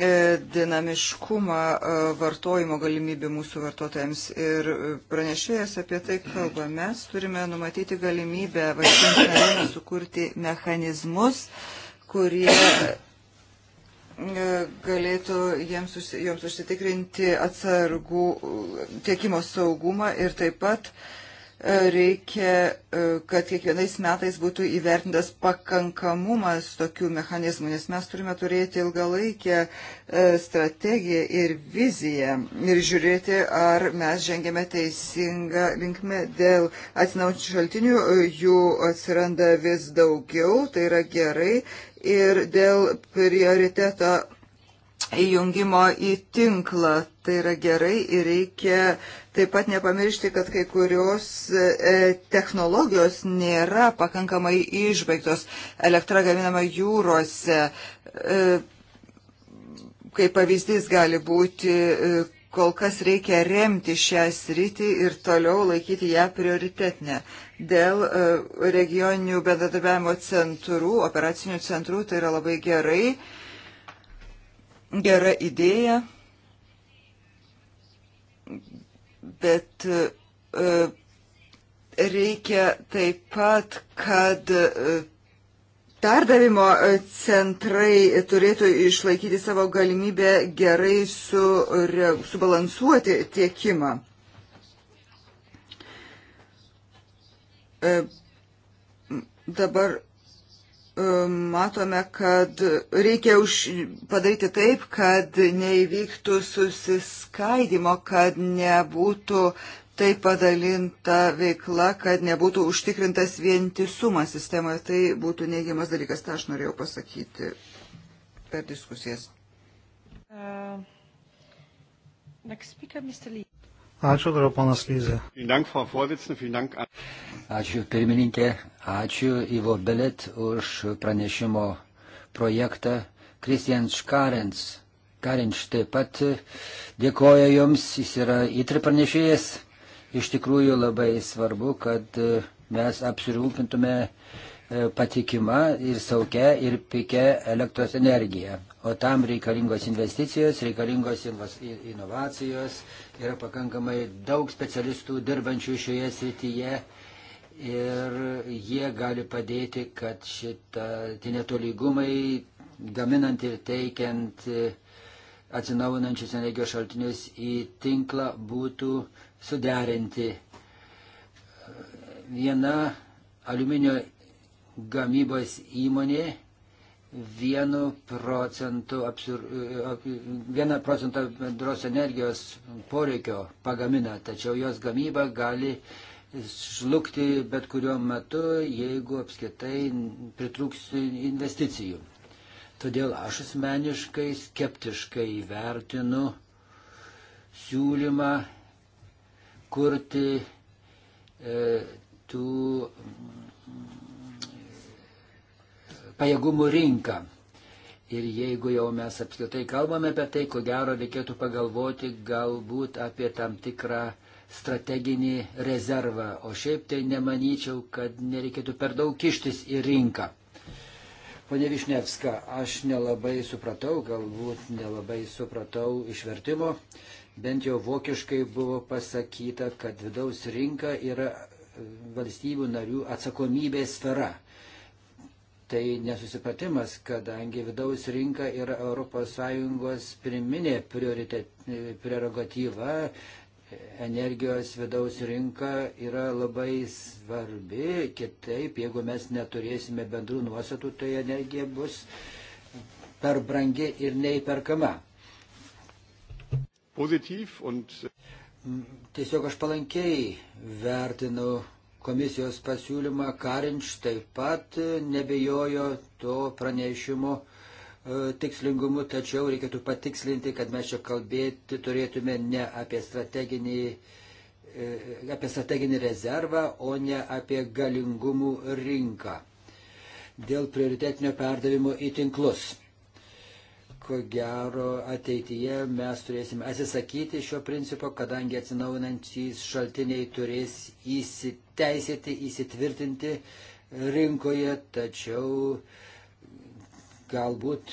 e, dinamiškumą e, vartojimo galimybių mūsų vartotojams. Ir pranešėjas apie tai kalba. Mes turime numatyti galimybę valstybėms narėms sukurti mechanizmus, kurie e, galėtų jiems, joms užsitikrinti atsargų tiekimo saugumą ir taip pat uh, reikia, e, kad kiekvienais metais būtų įvertintas pakankamumas tokių mechanizmų, nes mes turime turėti ilgalaikę e, strategiją ir viziją ir žiūrėti, ar mes žengėme teisingą linkmę dėl atsinaujančių šaltinių, jų atsiranda vis daugiau, tai yra gerai, ir dėl prioriteto įjungimo į tinklą. Tai yra gerai ir reikia taip pat nepamiršti, kad kai kurios e, technologijos nėra pakankamai išbaigtos. Elektra gaminama jūrose. E, kaip pavyzdys gali būti, e, kol kas reikia remti šią sritį ir toliau laikyti ją prioritetinę. Dėl regioninių bendradarbiavimo centrų, operacinių centrų, tai yra labai gerai gera idėja, bet e, reikia taip pat, kad e, perdavimo e, centrai turėtų išlaikyti savo galimybę gerai su, subalansuoti tiekimą. Dabar matome, kad reikia už, padaryti taip, kad neįvyktų susiskaidimo, kad nebūtų tai padalinta veikla, kad nebūtų užtikrintas vientisumas sistemoje. Tai būtų neigiamas dalykas, tą aš norėjau pasakyti per diskusijas. Uh, next speaker, Mr. Lee. Ačiū, turiu panas Lyzė. Ačiū pirmininkė, ačiū Ivo Belet už pranešimo projektą. Kristian Škarens, Karinč taip pat dėkoja Jums, jis yra įtri pranešėjas. Iš tikrųjų labai svarbu, kad mes apsirūpintume patikima ir saugia ir pigia elektros energija o tam reikalingos investicijos, reikalingos inovacijos, yra pakankamai daug specialistų dirbančių šioje srityje ir jie gali padėti, kad šitą tie netolygumai gaminant ir teikiant e, atsinaujinančius energijos šaltinius į tinklą būtų suderinti. Viena aliuminio gamybos įmonė vienu procentu, e, apsir, vieną procentą bendros energijos poreikio pagamina, tačiau jos gamyba gali žlugti bet kuriuo metu, jeigu apskritai pritrūks investicijų. Todėl aš asmeniškai skeptiškai vertinu siūlymą kurti e, tų pajėgumų rinką. Ir jeigu jau mes apskritai kalbame apie tai, ko gero reikėtų pagalvoti galbūt apie tam tikrą strateginį rezervą. O šiaip tai nemanyčiau, kad nereikėtų per daug kištis į rinką. Pone Višnevska, aš nelabai supratau, galbūt nelabai supratau išvertimo, bent jau vokiškai buvo pasakyta, kad vidaus rinka yra valstybių narių atsakomybės sfera. Tai nesusipratimas, kadangi vidaus rinka yra ES pirminė prerogatyva, energijos vidaus rinka yra labai svarbi, kitaip, jeigu mes neturėsime bendrų nuostatų, tai energija bus per brangi ir neįperkama. Pozityv und... Tiesiog aš palankiai vertinu komisijos pasiūlymą, Karinč taip pat nebejojo to pranešimo e, tikslingumu, tačiau reikėtų patikslinti, kad mes čia kalbėti turėtume ne apie strateginį, e, apie strateginį rezervą, o ne apie galingumų rinką dėl prioritetinio perdavimo į tinklus. Ko gero ateityje mes turėsime atsisakyti šio principo, kadangi atsinaujinantys šaltiniai turės įsitikinti teisėti įsitvirtinti rinkoje, tačiau galbūt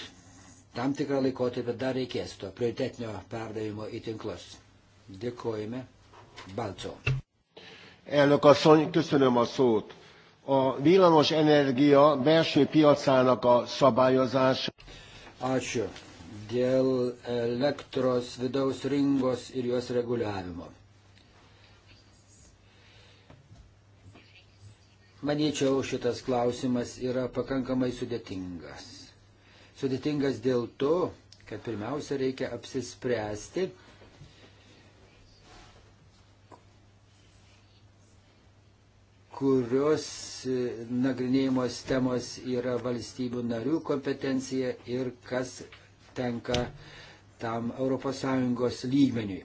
tam tikrą laikotarpį dar reikės to prioritetinio perdavimo į tinklus. Dėkojame. Balco. Elnök asszony, köszönöm a szót. A villamos energia belső piacának a szabályozása. Ačiū. Dėl elektros vidaus rinkos ir jos reguliavimo. Manyčiau, šitas klausimas yra pakankamai sudėtingas. Sudėtingas dėl to, kad pirmiausia reikia apsispręsti, kurios e, nagrinėjimos temos yra valstybių narių kompetencija ir kas tenka tam ES lygmeniui.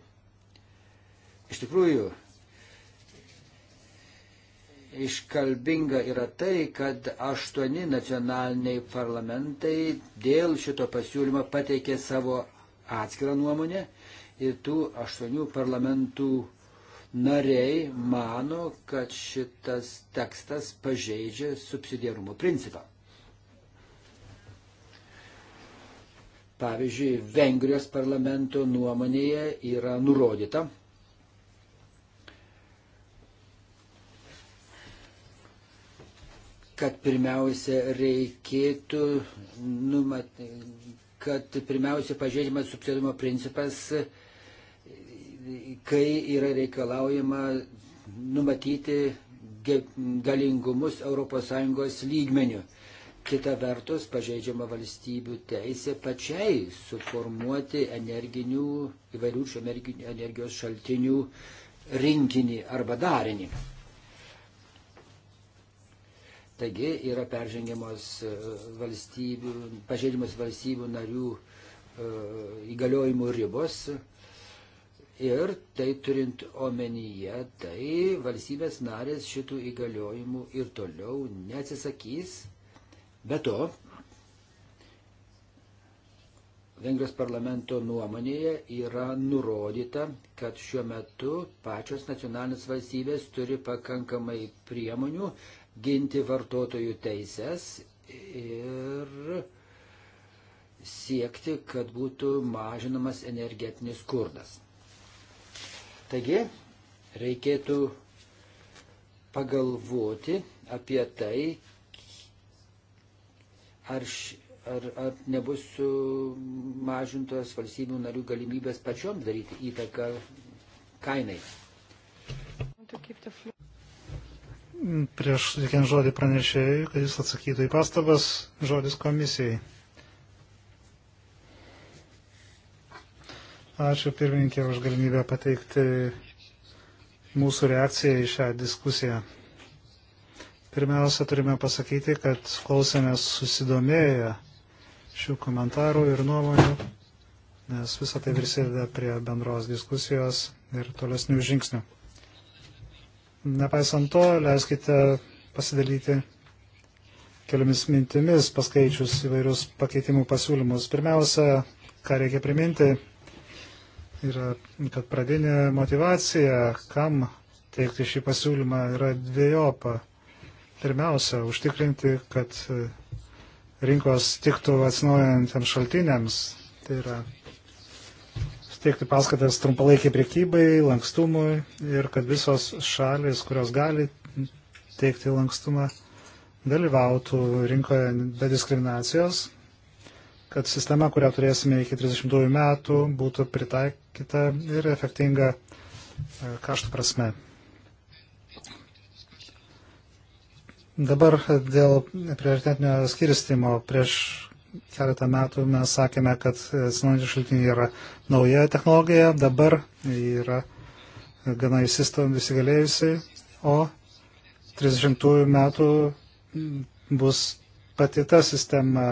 Iš tikrųjų, iškalbinga yra tai, kad aštuoni nacionaliniai parlamentai dėl šito pasiūlymo pateikė savo atskirą nuomonę ir tų aštuonių parlamentų nariai mano, kad šitas tekstas pažeidžia subsidiarumo principą. Pavyzdžiui, Vengrijos parlamento nuomonėje yra nurodyta, kad pirmiausia reikėtų numatyti, kad pirmiausia pažeidžiamas subsidijumo principas, kai yra reikalaujama numatyti galingumus ES lygmenių. Kita vertus, pažeidžiama valstybių teisė pačiai suformuoti energinių, įvairių šių energijos šaltinių rinkinį arba darinį. Taigi yra peržengiamos e, valstybių, pažeidžiamos valstybių narių e, įgaliojimų ribos. Ir tai turint omenyje, tai valstybės narės šitų įgaliojimų ir toliau neatsisakys. Be to, Vengrijos parlamento nuomonėje yra nurodyta, kad šiuo metu pačios nacionalinės valstybės turi pakankamai priemonių, ginti vartotojų teises ir siekti, kad būtų mažinamas energetinis skurdas. Taigi, reikėtų pagalvoti apie tai, ar, ar, ar nebus sumažintos valstybių narių galimybės pačiom daryti įtaką kainai prieš suteikiant žodį pranešėjui, kad jis atsakytų į pastabas, žodis komisijai. Ačiū pirmininkė už galimybę pateikti mūsų reakciją į šią diskusiją. Pirmiausia, turime pasakyti, kad klausėmės susidomėję šių komentarų ir nuomonių, nes visą tai prisideda prie bendros diskusijos ir tolesnių žingsnių. Nepaisant to, leiskite pasidalyti keliomis mintimis paskaičius įvairius pakeitimų pasiūlymus. Pirmiausia, ką reikia priminti, yra, kad pradinė motivacija, kam teikti šį pasiūlymą, yra dviejopa. Pirmiausia, užtikrinti, kad rinkos tiktų atsinaujantiems šaltiniams, tai yra teikti paskatas trumpalaikiai priekybai, lankstumui ir kad visos šalis, kurios gali teikti lankstumą, dalyvautų rinkoje be diskriminacijos, kad sistema, kurią turėsime iki 30 metų, būtų pritaikyta ir efektinga e, kaštų prasme. Dabar dėl prioritetinio skirstimo prieš keletą metų mes sakėme, kad atsinaujinti šaltiniai yra nauja technologija, dabar yra gana įsigalėjusi, o 30 metų bus pati ta sistema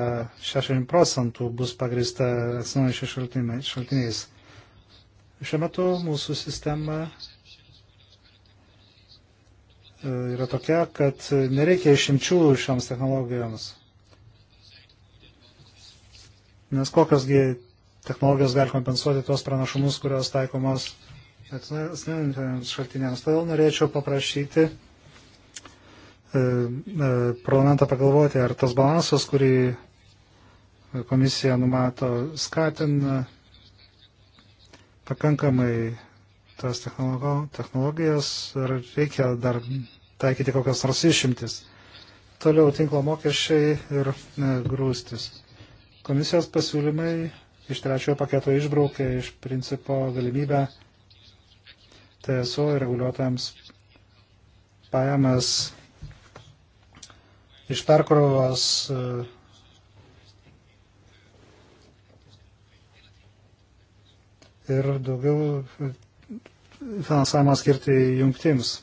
60 procentų bus pagrįsta atsinaujinčiais šaltiniais. Šiuo metu mūsų sistema e, yra tokia, kad nereikia išimčių šioms technologijoms. Nes kokiosgi technologijos gali kompensuoti tuos pranašumus, kurios taikomos atsinaujinantiems šaltiniams. Todėl norėčiau paprašyti e, e, parlamentą pagalvoti, ar tas balansas, kurį komisija numato, skatina pakankamai tas technologijas, ar reikia dar taikyti kokias nors išimtis. Toliau tinklo mokesčiai ir e, grūstis. Komisijos pasiūlymai iš trečiojo paketo išbraukė iš principo galimybę TSO ir reguliuotojams pajamas iš perkrovos e, ir daugiau finansavimą skirti jungtims.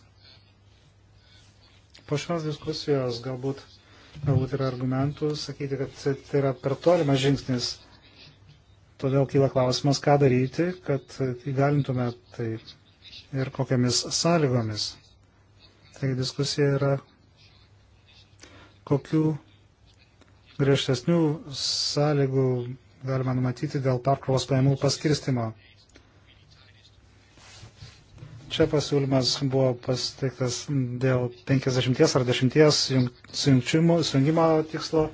Po šios diskusijos galbūt galbūt yra argumentų sakyti, kad tai yra per tolimas žingsnis. Todėl kyla klausimas, ką daryti, kad įgalintume tai ir kokiamis sąlygomis. Taigi diskusija yra, kokių griežtesnių sąlygų galima numatyti dėl perkrovos pajamų paskirstimo. Čia pasiūlymas buvo pasteiktas dėl 50 ar 10 sujungimo tikslo.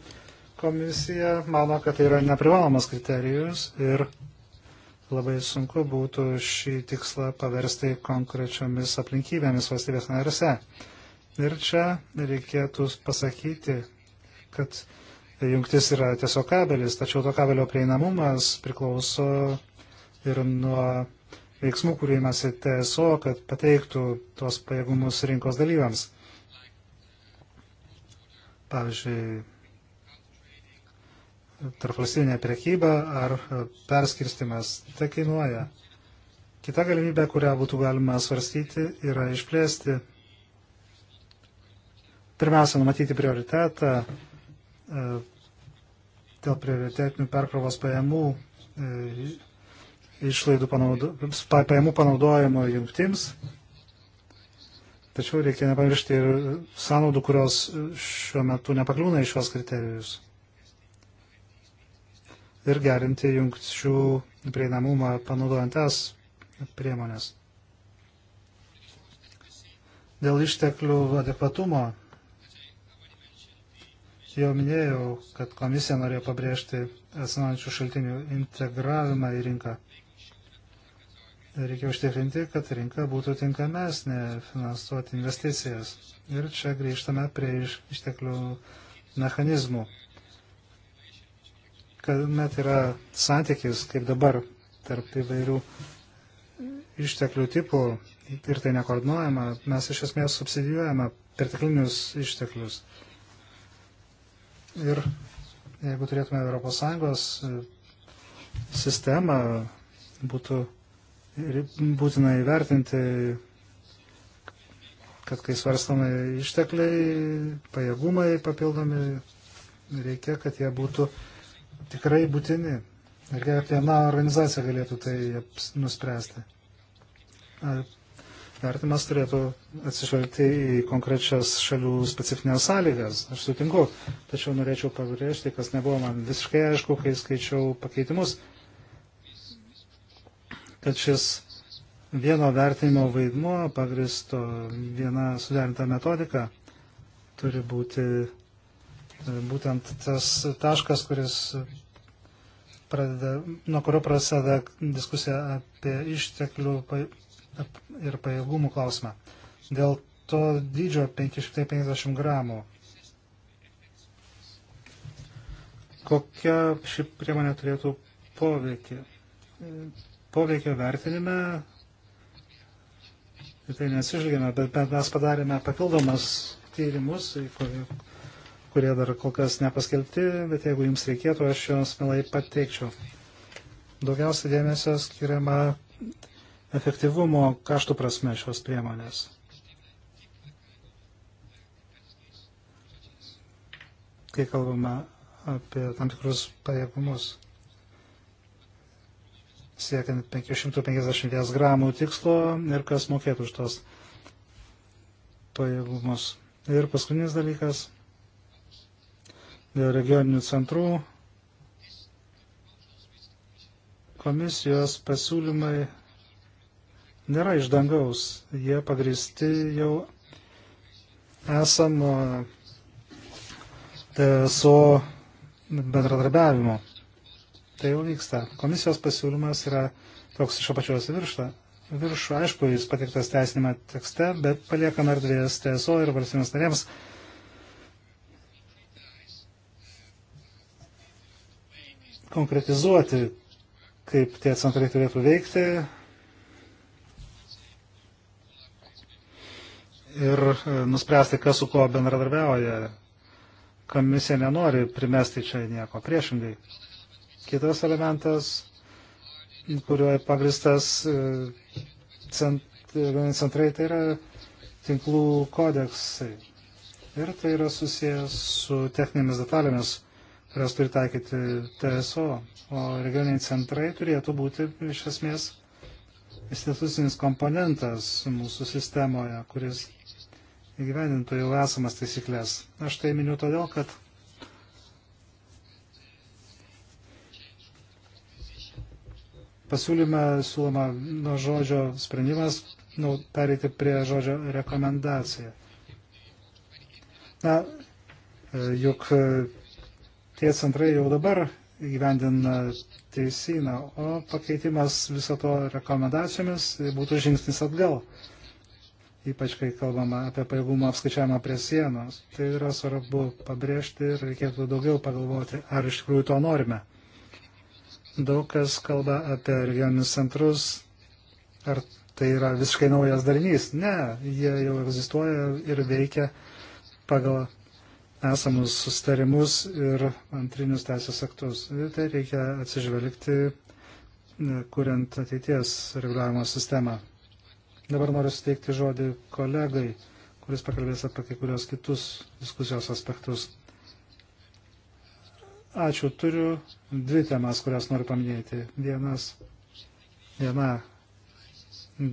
Komisija mano, kad tai yra neprivalomas kriterijus ir labai sunku būtų šį tikslą paversti konkrečiomis aplinkybėmis valstybės narėse. Ir čia reikėtų pasakyti, kad jungtis yra tiesiog kabelis, tačiau to kabelio prieinamumas priklauso ir nuo veiksmų, kurį mes į TSO, kad pateiktų tuos pajėgumus rinkos dalyviams. Pavyzdžiui, tarpvalstybinė prekyba ar perskirstimas. Tai kainuoja. Kita galimybė, kurią būtų galima svarstyti, yra išplėsti. Pirmiausia, numatyti prioritetą e, dėl prioritetinių perkrovos pajamų e, išlaidų panaudo, pajamų panaudojimo jungtims. Tačiau reikia nepamiršti ir sąnaudų, kurios šiuo metu nepakliūna į šios kriterijus. Ir gerinti jungčių prieinamumą panaudojant es priemonės. Dėl išteklių adekvatumo jau minėjau, kad komisija norėjo pabrėžti esančių šaltinių integravimą į rinką reikia užtikrinti, kad rinka būtų tinkamesnė finansuoti investicijas. Ir čia grįžtame prie išteklių mechanizmų. Kad net yra santykis, kaip dabar, tarp įvairių išteklių tipų ir tai nekoordinuojama, mes iš esmės subsidijuojame perteklinius išteklius. Ir jeigu turėtume ES e, sistemą, būtų ir būtina įvertinti, kad kai svarstami ištekliai, pajėgumai papildomi, reikia, kad jie būtų tikrai būtini. Ir kiekviena organizacija galėtų tai nuspręsti. Ar vertimas turėtų atsižvelgti į konkrečias šalių specifines sąlygas. Aš sutinku, tačiau norėčiau pabrėžti, kas nebuvo man visiškai aišku, kai skaičiau pakeitimus kad šis vieno vertinimo vaidmuo pagristo viena suderinta metodika turi būti e, būtent tas taškas, kuris pradeda, nuo kurio prasideda diskusija apie išteklių ir pajėgumų klausimą. Dėl to dydžio 550 gramų. Kokia ši priemonė turėtų poveikį? poveikio vertinime į tai nesižvelgėme, bet, bet mes padarėme papildomas tyrimus, kurie, kurie dar kol kas nepaskelbti, bet jeigu jums reikėtų, aš juos melai pateikčiau. Daugiausia dėmesio skiriama efektyvumo kaštų prasme šios priemonės. Kai kalbame apie tam tikrus pajėgumus siekiant 550 gramų tikslo ir kas mokėtų už tos pajėgumus. Ir paskutinis dalykas dėl regioninių centrų komisijos pasiūlymai nėra iš dangaus, jie pagristi jau esamo TSO bendradarbiavimo tai jau vyksta. Komisijos pasiūlymas yra toks iš apačios viršta. Viršų, aišku, jis patiktas teisinime tekste, bet paliekam erdvės TSO ir valstybės narėms. konkretizuoti, kaip tie centrai turėtų veikti ir e, nuspręsti, kas su kuo bendradarbiauja. Komisija nenori primesti čia nieko priešingai. Kitas elementas, kuriuo pagristas e, centrai, tai yra tinklų kodeksai. Ir tai yra susijęs su techninėmis detalėmis, kurias turi taikyti TSO. O regioniniai centrai turėtų būti iš esmės institucinis komponentas mūsų sistemoje, kuris įgyvendintų jau esamas taisyklės. Aš tai miniu todėl, kad Pasiūlyme siūloma nuo žodžio sprendimas nu, pereiti prie žodžio rekomendacija. Na, e, juk e, tie centrai jau dabar gyvendina teisyną, o pakeitimas viso to rekomendacijomis būtų žingsnis atgal ypač kai kalbama apie pajėgumo apskaičiavimą prie sienos. Tai yra svarbu pabrėžti ir reikėtų daugiau pagalvoti, ar iš tikrųjų to norime. Daug kas kalba apie regioninius centrus. Ar tai yra visiškai naujas darinys? Ne, jie jau egzistuoja ir veikia pagal esamus sustarimus ir antrinius teisės aktus. Ir tai reikia atsižvelgti, e, kuriant ateities reguliavimo sistemą. Dabar noriu suteikti žodį kolegai, kuris pakalbės apie kai kurios kitus diskusijos aspektus. Ačiū. Turiu dvi temas, kurias noriu paminėti. Vienas, viena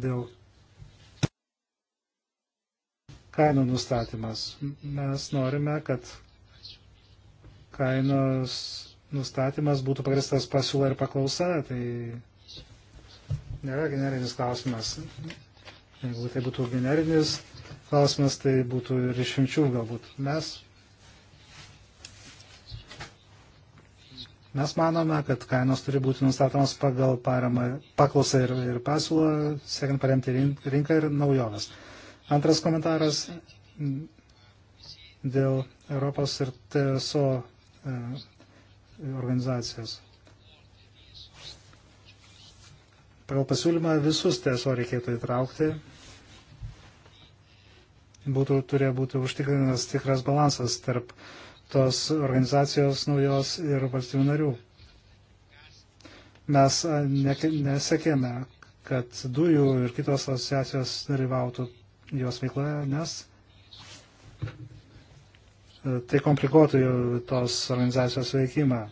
dėl kainų nustatymas. Mes norime, kad kainos nustatymas būtų pagristas pasiūla ir paklausa. Tai nėra generinis klausimas. Jeigu tai būtų generinis klausimas, tai būtų ir išimčių galbūt. Mes Mes manome, kad kainos turi būti nustatomos pagal paramą, paklausą ir, ir pasiūlą, siekiant paremti rinką ir naujoves. Antras komentaras dėl Europos ir TSO e, organizacijos. Pagal pasiūlymą visus TSO reikėtų įtraukti. Būtų, turėjo būti užtikrintas tikras balansas tarp uh, tos organizacijos naujos ir valstybių narių. Mes nesekėme, kad dujų ir kitos asociacijos dalyvautų jos veikloje, nes e, tai komplikuotų tos organizacijos veikimą.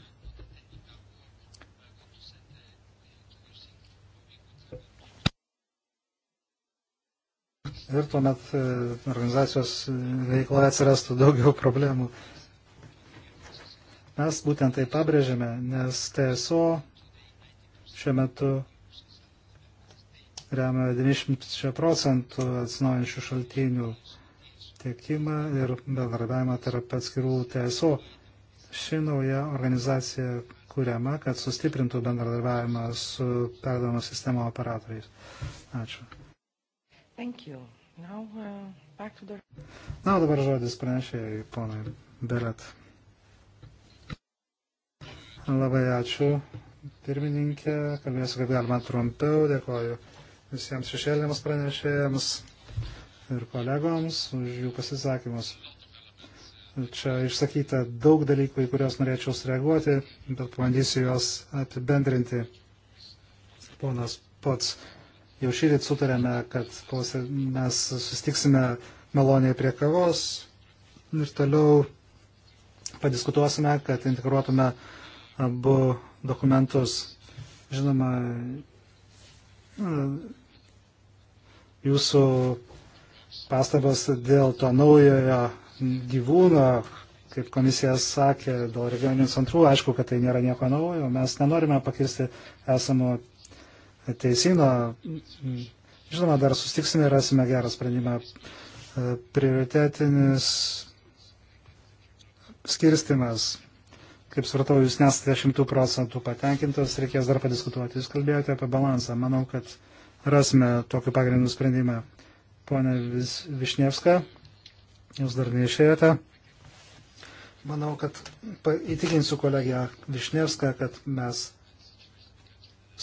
Ir tuomet e, organizacijos veikloje atsirastų daugiau problemų. Mes būtent tai pabrėžiame, nes TSO šiuo metu remia 90 procentų atsinaujančių šaltinių tiekimą ir bendradarbiavimą tarp atskirų TSO. Ši nauja organizacija kuriama, kad sustiprintų bendradarbiavimą su perdavimo sistemo operatoriais. Ačiū. Now, uh, the... Na, dabar žodis pranešėjai, ponai Beret. Labai ačiū, pirmininkė. Kalbėsiu, kad galima trumpiau. Dėkoju visiems šešėlėms pranešėjams ir kolegoms už jų pasisakymus. Čia išsakyta daug dalykų, į kuriuos norėčiau sureaguoti, bet pabandysiu juos apibendrinti. Ponas pats jau šįryt sutarėme, kad mes sustiksime maloniai prie kavos ir toliau padiskutuosime, kad integruotume uh, abu dokumentus. Žinoma, e, jūsų pastabas dėl to naujojo gyvūno, kaip komisija sakė, dėl regioninių centrų, aišku, kad tai nėra nieko naujo. Mes nenorime pakirsti esamo teisino. Žinoma, dar sustiksime ir rasime gerą sprendimą. E, prioritetinis skirstimas Kaip svartau, jūs nesate šimtų procentų patenkintas, reikės dar padiskutuoti. Jūs kalbėjote apie balansą. Manau, kad rasime tokiu pagrindu sprendimą. Pone Višnievska, jūs dar neišėjote. Manau, kad įtikinsiu kolegę Višnievską, kad mes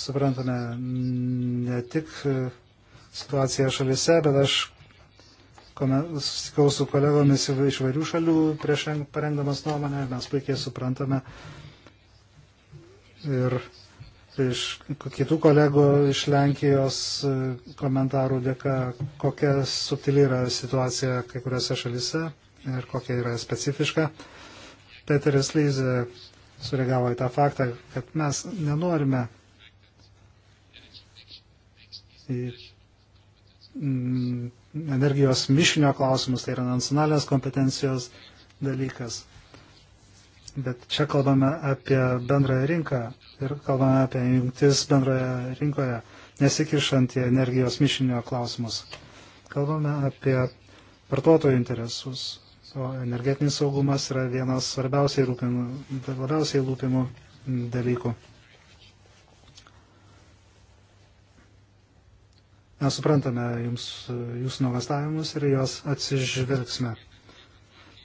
suprantame ne tik e, situaciją šalise, bet aš susitikau su kolegomis iš vairių šalių prieš parengdamas nuomonę ir mes puikiai suprantame. Ir iš kitų kolegų iš Lenkijos e, komentarų dėka, kokia subtili yra situacija kai kuriuose šalise ir kokia yra specifiška. Peteris Lyze sureagavo į tą faktą, kad mes nenorime į mm, energijos mišinio klausimus, tai yra nacionalinės kompetencijos dalykas. Bet čia kalbame apie bendrąją rinką ir kalbame apie jungtis bendroje rinkoje, nesikišant į energijos mišinio klausimus. Kalbame apie vartotojų interesus, o energetinis saugumas yra vienas svarbiausiai rūpimų, labiausiai rūpimų dalykų. Mes suprantame jums, jūsų nuogastavimus ir juos atsižvelgsime.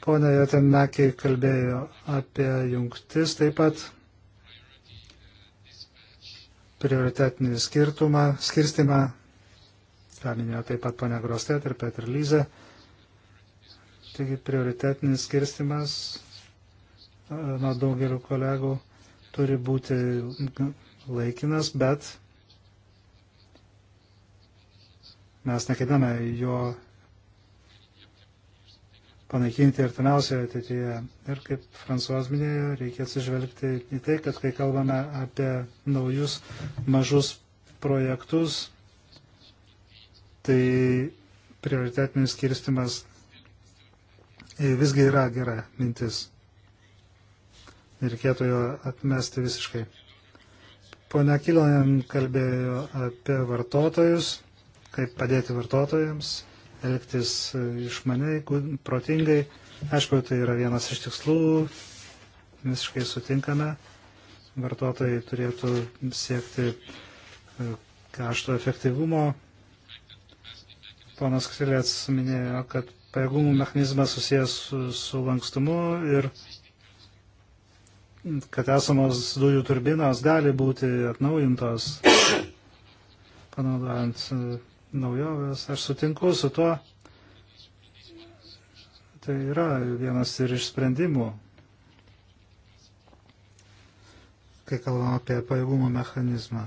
Pone Jotemekį kalbėjo apie jungtis taip pat prioritetinį skirtumą, skirstimą, ką minėjo taip pat ponia Grostet ir Petr Lyze. Taigi prioritetinis skirstimas e, nuo daugelių kolegų turi būti laikinas, bet Mes nekėdame jo panaikinti artimiausioje ateityje. Ir kaip Fransuos minėjo, reikia atsižvelgti į tai, kad kai kalbame apie naujus mažus projektus, tai prioritetinis skirstimas visgi yra gera mintis. Nereikėtų jo atmesti visiškai. Pone Kilonėm kalbėjo apie vartotojus kaip padėti vartotojams, elgtis e, išmaniai, protingai. Aišku, tai yra vienas iš tikslų, visiškai sutinkame. Vartotojai turėtų siekti e, kašto efektyvumo. Ponas Ksilėts minėjo, kad pajėgumų mechanizmas susijęs su, su lankstumu ir kad esamos dujų turbinos gali būti atnaujintos, panaudojant e, naujoves. Aš sutinku su tuo. Tai yra vienas ir iš sprendimų, kai kalbam apie pajėgumo mechanizmą.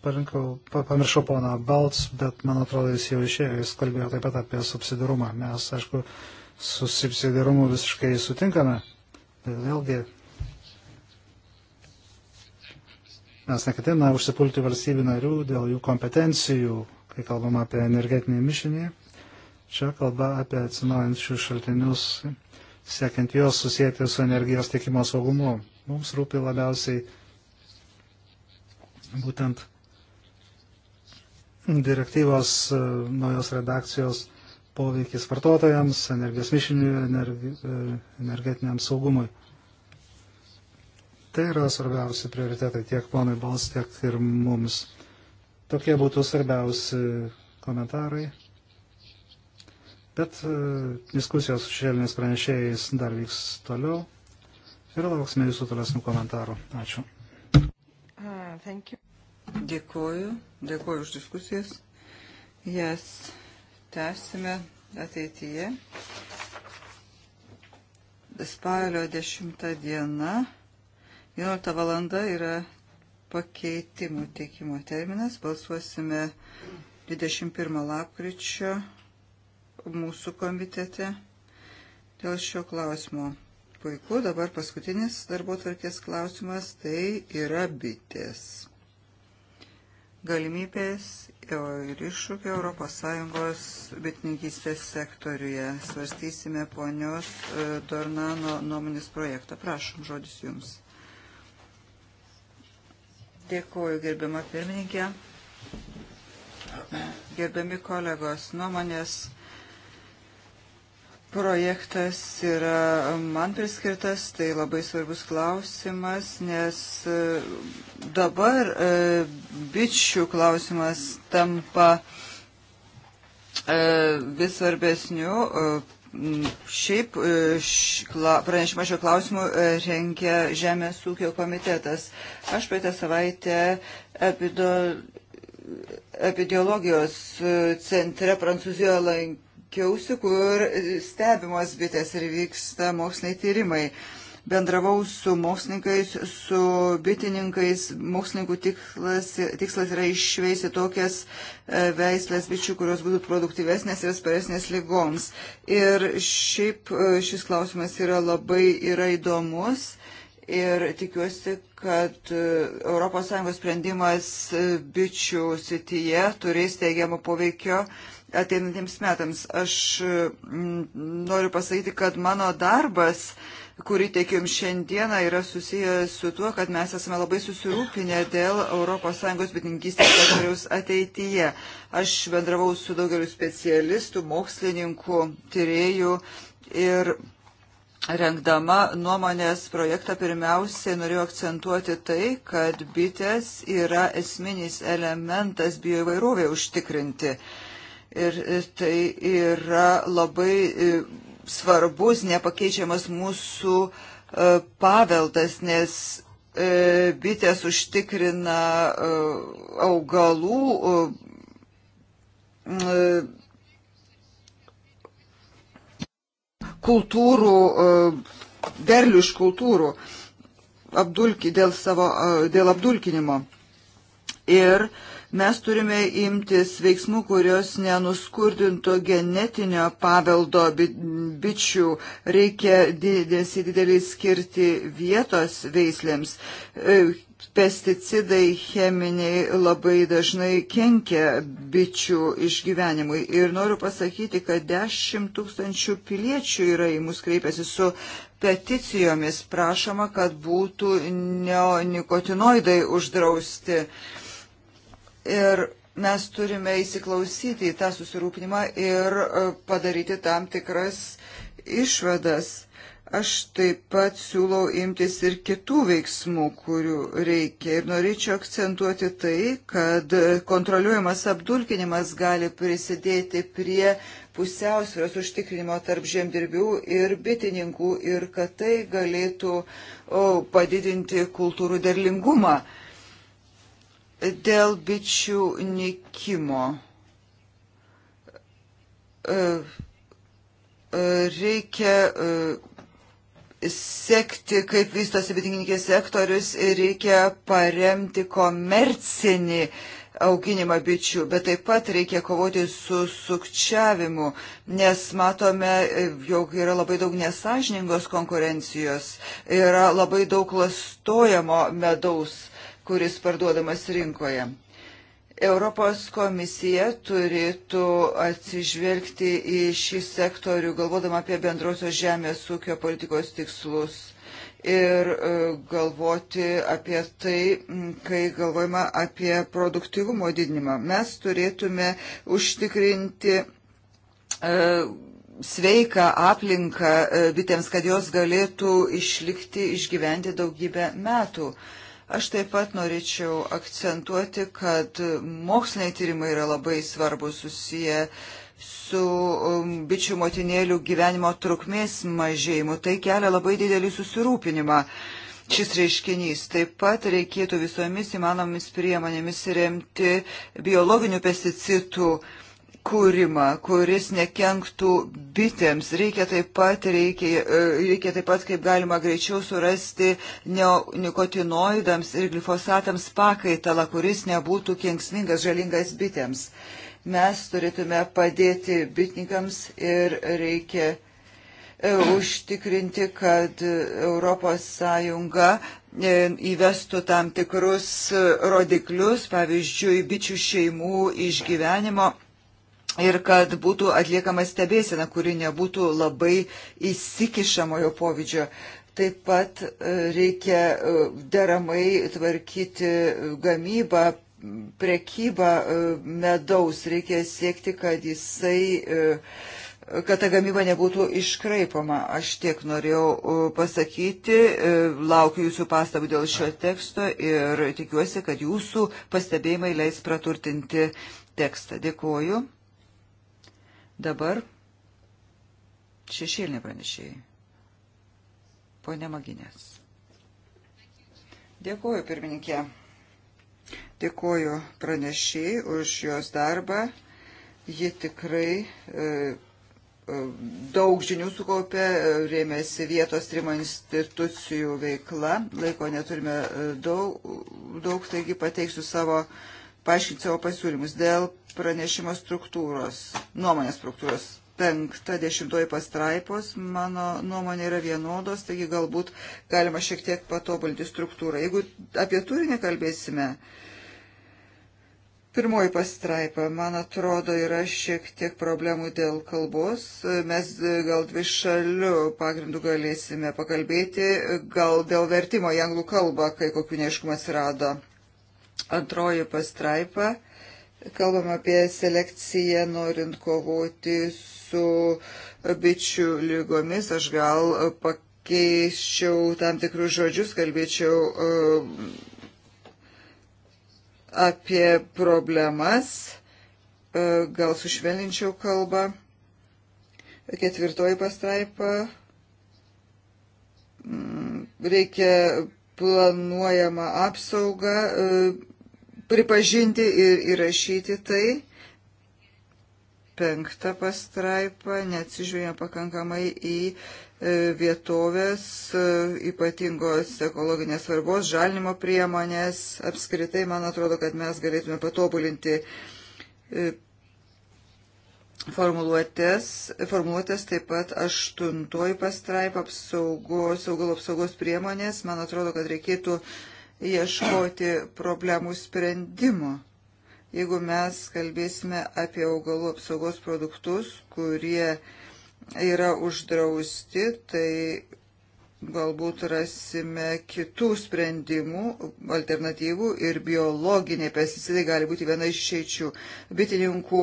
parinkau, pamiršau poną Balts, bet man atrodo jis jau išėjo, jis kalbėjo taip pat apie subsidarumą. Mes, aišku, su subsidarumu visiškai sutinkame, bet vėlgi Mes neketiname užsipulti valstybių narių dėl jų kompetencijų, kai kalbam apie energetinį mišinį. Čia kalba apie atsinaujančius šaltinius, siekiant juos susijęti su energijos tiekimo saugumu. Mums rūpi labiausiai būtent direktyvos e, naujos redakcijos poveikis vartotojams, energijos mišiniui, energi, e, energetiniam saugumui. Tai yra svarbiausi prioritetai tiek ponui Bals, tiek ir mums. Tokie būtų svarbiausi komentarai. Bet e, diskusijos su šešėliniais pranešėjais dar vyks toliau ir lauksime jūsų tolesnių komentarų. Ačiū. Uh, dėkuoju, dėkuoju už diskusijas. Jas tęsime ateityje. Spalio 10 diena. 11 valanda yra pakeitimų teikimo terminas. Balsuosime 21 lapkričio mūsų komitete dėl šio klausimo. Puiku, dabar paskutinis darbo tvarkės klausimas tai yra bitės. Galimybės ir iššūkio ES bitininkystės sektoriuje. Svarstysime ponios e, Dornano nuomonės projektą. Prašom, žodis jums. Dėkuoju, gerbiama pirmininkė. Gerbiami kolegos, nuomonės projektas yra man priskirtas, tai labai svarbus klausimas, nes e, dabar e, bičių klausimas tampa e, vis svarbesniu Mm, šiaip e, pranešimą šio klausimu e, rengia Žemės ūkio komitetas. Aš praeitą savaitę epido, epidemiologijos e, centre Prancūzijoje lankiausi, kur stebimos bitės ir vyksta moksliniai tyrimai bendravau su mokslininkais, su bitininkais. Mokslininkų tikslas, tikslas yra išveisti tokias e, veislės bičių, kurios būtų produktyvesnės ir sparesnės lygoms. Ir šiaip e, šis klausimas yra labai yra įdomus. Ir tikiuosi, kad ES sprendimas e, bičių sityje turės teigiamą poveikio ateinantiems metams. Aš noriu pasakyti, kad mano darbas kurį teikiam šiandieną, yra susijęs su tuo, kad mes esame labai susirūpinę dėl ES bitininkystės sektoriaus ateityje. Aš bendravau su daugeliu specialistų, mokslininkų, tyriejų ir rengdama nuomonės projektą pirmiausiai norėjau akcentuoti tai, kad bitės yra esminis elementas bioįvairovė užtikrinti. Ir tai yra labai svarbus, nepakeičiamas mūsų e, paveldas, nes e, bitės užtikrina e, augalų kultūrų, derlių iš kultūrų apdulki, dėl, savo, dėl apdulkinimo. Ir uh, Mes turime imtis veiksmų, kurios nenuskurdintų genetinio paveldo bičių. Reikia didesį didelį skirti vietos veislėms e, pesticidai cheminiai labai dažnai kenkia bičių išgyvenimui. Ir noriu pasakyti, kad 10 tūkstančių piliečių yra į mus kreipiasi su peticijomis prašoma, kad būtų neonikotinoidai uždrausti. Uh, Ir mes turime įsiklausyti į tą susirūpinimą ir e, padaryti tam tikras išvadas. Aš taip pat siūlau imtis ir kitų veiksmų, kurių reikia. Ir norėčiau akcentuoti tai, kad kontroliuojamas apdulkinimas gali prisidėti prie pusiausvėros užtikrinimo tarp žemdirbių ir bitininkų ir kad tai galėtų o, padidinti kultūrų derlingumą. Dėl bičių nikimo e, e, reikia e, sekti, kaip vystosi bitininkės sektorius ir reikia paremti komercinį auginimą bičių, bet taip pat reikia kovoti su sukčiavimu, nes matome, jog yra labai daug nesažningos konkurencijos, yra labai daug klastojamo medaus kuris parduodamas rinkoje. Europos komisija turėtų atsižvelgti į šį sektorių, galvodama apie bendrosios žemės ūkio politikos tikslus ir e, galvoti apie tai, kai galvojama apie produktivumo didinimą. Mes turėtume užtikrinti e, sveiką aplinką e, bitėms, kad jos galėtų išlikti, išgyventi daugybę metų. Aš taip pat norėčiau akcentuoti, kad moksliniai tyrimai yra labai svarbus susiję su um, bičių motinėlių gyvenimo trukmės mažėjimu. Tai kelia labai didelį susirūpinimą šis reiškinys. Taip pat reikėtų visomis įmanomis priemonėmis remti biologinių pesticidų kūrimą, kuris nekenktų bitėms. Reikia taip pat, reikia, e, reikia taip pat kaip galima greičiau surasti neonikotinoidams ir glifosatams pakaitalą, kuris nebūtų kenksmingas, žalingas bitėms. Mes turėtume padėti bitininkams ir reikia e, užtikrinti, kad ES e, įvestų tam tikrus rodiklius, pavyzdžiui, bičių šeimų išgyvenimo ir kad būtų atliekama stebėsena, kuri nebūtų labai įsikišamojo povidžio. Taip pat e, reikia e, deramai tvarkyti gamybą, prekybą e, medaus, reikia siekti, kad jisai kad ta gamyba nebūtų iškraipama. Aš tiek norėjau pasakyti, laukiu jūsų pastabų dėl šio teksto ir tikiuosi, kad jūsų pastebėjimai leis praturtinti tekstą. Dėkuoju. Dabar šešėlinė pranešėjai. Pone Maginės. Dėkuoju, pirmininkė. Dėkuoju pranešėjai už jos darbą. Ji tikrai e, e daug žinių sukaupė, rėmėsi vietos trimo institucijų veikla. Laiko neturime e, daug, daug taigi pateiksiu savo e, paaiškinti savo pasiūlymus dėl pranešimo struktūros, nuomonės struktūros. Penkta, dešimtoji pastraipos, mano nuomonė yra vienodos, taigi galbūt galima šiek tiek patobulinti struktūrą. Jeigu apie turinį kalbėsime, Pirmoji pastraipa, man atrodo, yra šiek tiek problemų dėl kalbos. Mes gal dvi šalių pagrindų galėsime pakalbėti, gal dėl vertimo į anglų kalbą, kai kokių neiškumų atsirado antroji pastraipa. Kalbam apie selekciją, norint kovoti su bičių lygomis. Aš gal pakeisčiau tam tikrus žodžius, kalbėčiau um, apie problemas, uh, gal sušvelinčiau kalbą. Ketvirtoji pastraipa. Mm, reikia planuojama apsauga uh, pripažinti ir įrašyti tai. Penktą pastraipą neatsižiūrėjome pakankamai į e, vietovės e, ypatingos ekologinės svarbos, žalinimo priemonės. Apskritai, man atrodo, kad mes galėtume patobulinti e, formuluotės, formuluotės taip pat aštuntoji pastraip apsaugos, augalų apsaugos priemonės. Man atrodo, kad reikėtų uh, ieškoti problemų sprendimo. Jeigu mes kalbėsime apie augalų apsaugos produktus, kurie yra uždrausti, tai galbūt rasime kitų sprendimų, alternatyvų ir biologiniai pesticidai gali būti viena iš išeičių. Bitininkų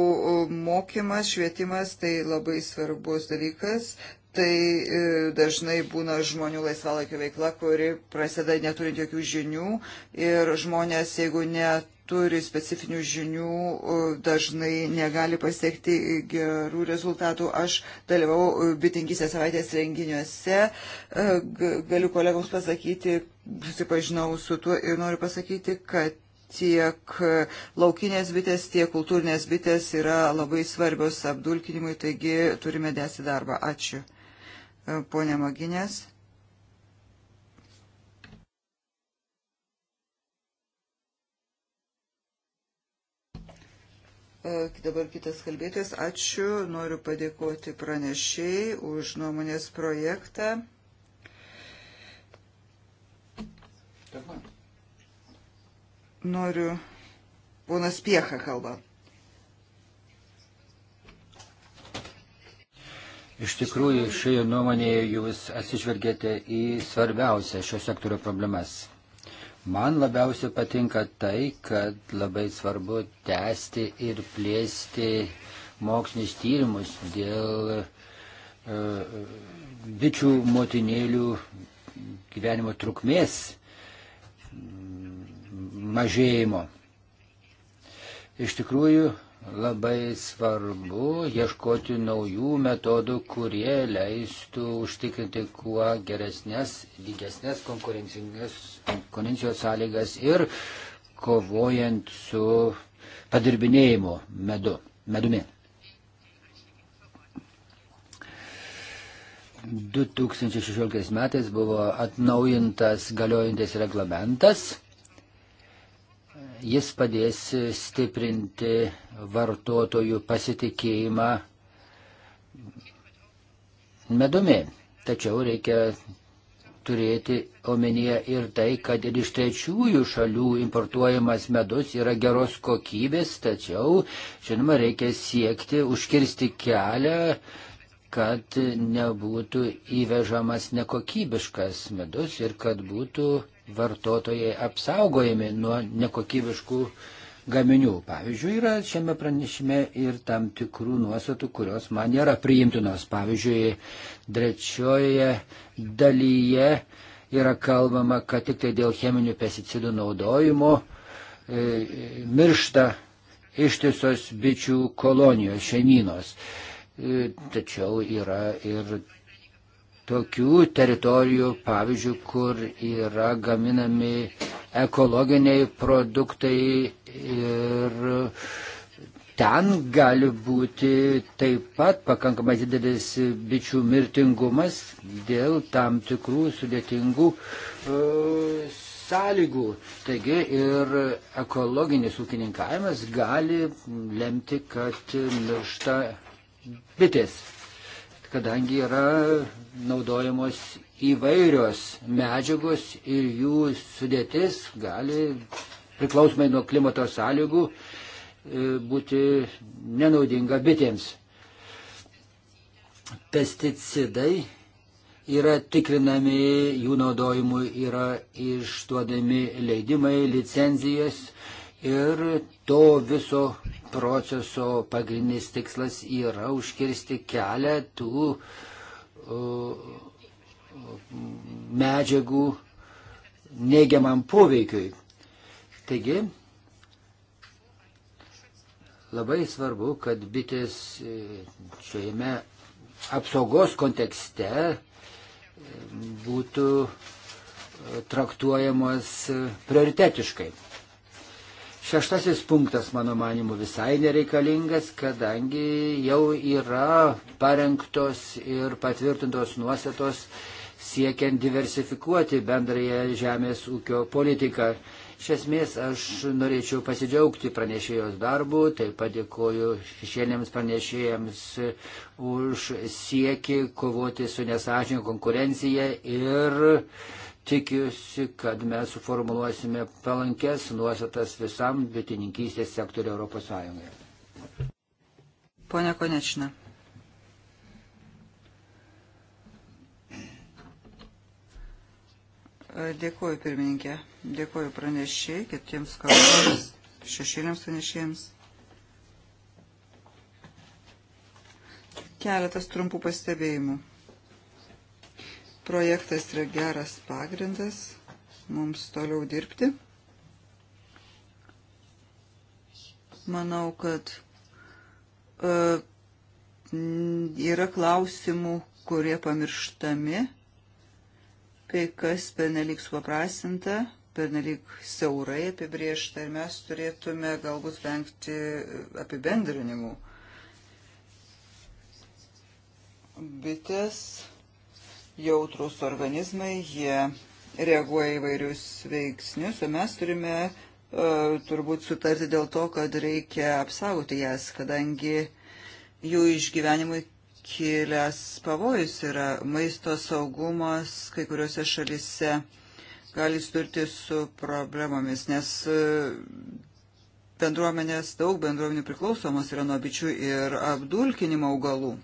mokymas, švietimas tai labai svarbus dalykas, tai e, dažnai būna žmonių laisvalaikio veikla, kuri prasideda neturint jokių žinių ir žmonės, jeigu neturi specifinių žinių, e, dažnai negali pasiekti gerų rezultatų. Aš dalyvau e, bitingysės savaitės renginiuose, galiu kolegoms pasakyti, susipažinau su tuo ir noriu pasakyti, kad tiek laukinės bitės, tiek kultūrinės bitės yra labai svarbios apdulkinimui, taigi turime dėsi darbą. Ačiū. Pone Maginės. E, dabar kitas kalbėtas. Ačiū. Noriu padėkoti pranešiai už nuomonės projektą. Noriu. Ponas Piecha kalba. Iš tikrųjų, šioje nuomonėje jūs atsižvelgėte į svarbiausią šio sektorio problemas. Man labiausiai patinka tai, kad labai svarbu tęsti ir plėsti mokslinis tyrimus dėl uh, bičių motinėlių gyvenimo trukmės mažėjimo. Iš tikrųjų, Labai svarbu ieškoti naujų metodų, kurie leistų užtikrinti kuo geresnės, lygesnės konkurencijos sąlygas ir kovojant su padirbinėjimu medu, medumi. 2016 metais buvo atnaujintas galiojantis reglamentas Jis padės stiprinti vartotojų pasitikėjimą medumi. Tačiau reikia turėti omenyje ir tai, kad ir iš trečiųjų šalių importuojamas medus yra geros kokybės, tačiau, žinoma, reikia siekti užkirsti kelią, kad nebūtų įvežamas nekokybiškas medus ir kad būtų vartotojai apsaugojami nuo nekokybiškų gaminių. Pavyzdžiui, yra šiame pranešime ir tam tikrų nuostatų, kurios man nėra priimtinos. Pavyzdžiui, trečioje dalyje yra kalbama, kad tik tai dėl cheminių pesticidų naudojimo e, miršta ištisos bičių kolonijos šeimynos. E, tačiau yra ir tokių teritorijų, pavyzdžiui, kur yra gaminami ekologiniai produktai ir ten gali būti taip pat pakankamai didelis bičių mirtingumas dėl tam tikrų sudėtingų e, sąlygų. Taigi ir ekologinis ūkininkavimas gali lemti, kad miršta bitės, kadangi yra naudojamos įvairios medžiagos ir jų sudėtis gali priklausomai nuo klimato sąlygų e, būti nenaudinga bitėms. Pesticidai yra tikrinami, jų naudojimui yra išduodami leidimai, licenzijas ir to viso proceso pagrindinis tikslas yra užkirsti kelią tų uh, E, medžiagų neigiamam poveikiui. Taigi, labai svarbu, kad bitės e, šiame apsaugos kontekste e, būtų traktuojamos prioritetiškai. Šeštasis punktas, mano manimu, visai nereikalingas, kadangi jau yra parengtos ir patvirtintos nuostatos siekiant diversifikuoti bendrąją žemės ūkio politiką. Iš esmės aš norėčiau pasidžiaugti pranešėjos darbu, taip pat dėkoju šešėlėms pranešėjams už sieki kovoti su nesažinė konkurencija ir uh, tikiuosi, kad mes suformuluosime palankes nuostatas visam bitininkystės sektoriu Europos Sąjungoje. Pone Konečina. Dėkuoju pirmininkė, dėkuoju pranešėjai, kitiems kalbams, šešėliams pranešėjams. Keletas trumpų pastebėjimų. Projektas yra geras pagrindas mums toliau dirbti. Manau, kad uh, yra klausimų, kurie pamirštami, kai kas pernelyg supaprasinta, pernelyg siaurai apibriešta ir mes turėtume galbūt vengti apibendrinimų. Bitės jautrus organizmai, jie reaguoja įvairius veiksnius, o mes turime uh, turbūt sutarti dėl to, kad reikia apsaugoti jas, kadangi jų išgyvenimui kilęs pavojus yra maisto saugumas kai kuriuose šalise gali sturti su problemomis, nes e, bendruomenės, daug bendruomenių priklausomos yra nuo bičių ir apdulkinimo augalų.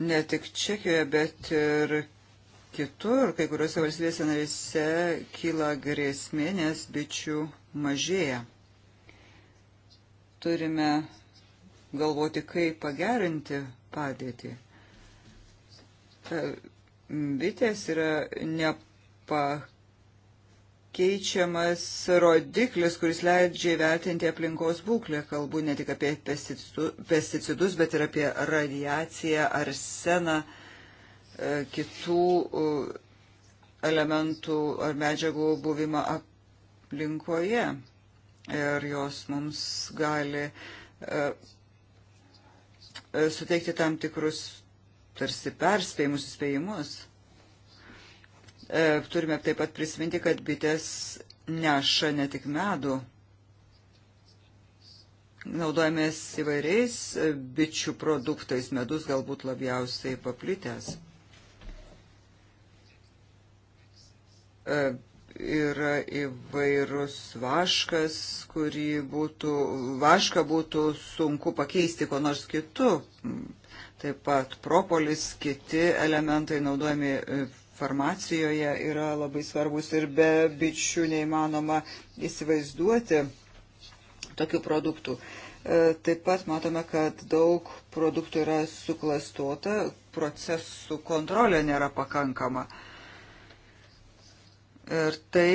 ne tik Čekijoje, bet ir kitur, kai kuriuose valstybėse narėse kyla grėsmė, nes bičių mažėja. Turime galvoti, kaip pagerinti padėtį. E, bitės yra nepa keičiamas rodiklis, kuris leidžia įvertinti aplinkos būklę. Kalbu ne tik apie pesticidus, bet ir apie radiaciją, arseną, e, kitų e, elementų ar medžiagų buvimą aplinkoje. Ir jos mums gali e, suteikti tam tikrus tarsi perspėjimus, įspėjimus. E, turime taip pat prisiminti, kad bitės neša ne tik medų. Naudojamės įvairiais e, bičių produktais, medus galbūt labiausiai paplitęs. E, yra įvairus vaškas, kurį būtų, vašką būtų sunku pakeisti ko nors kitu. Taip pat propolis, kiti elementai naudojami farmacijoje yra labai svarbus ir be bičių neįmanoma įsivaizduoti tokių produktų. E, taip pat matome, kad daug produktų yra suklastota, procesų kontrolė nėra pakankama. Ir tai e,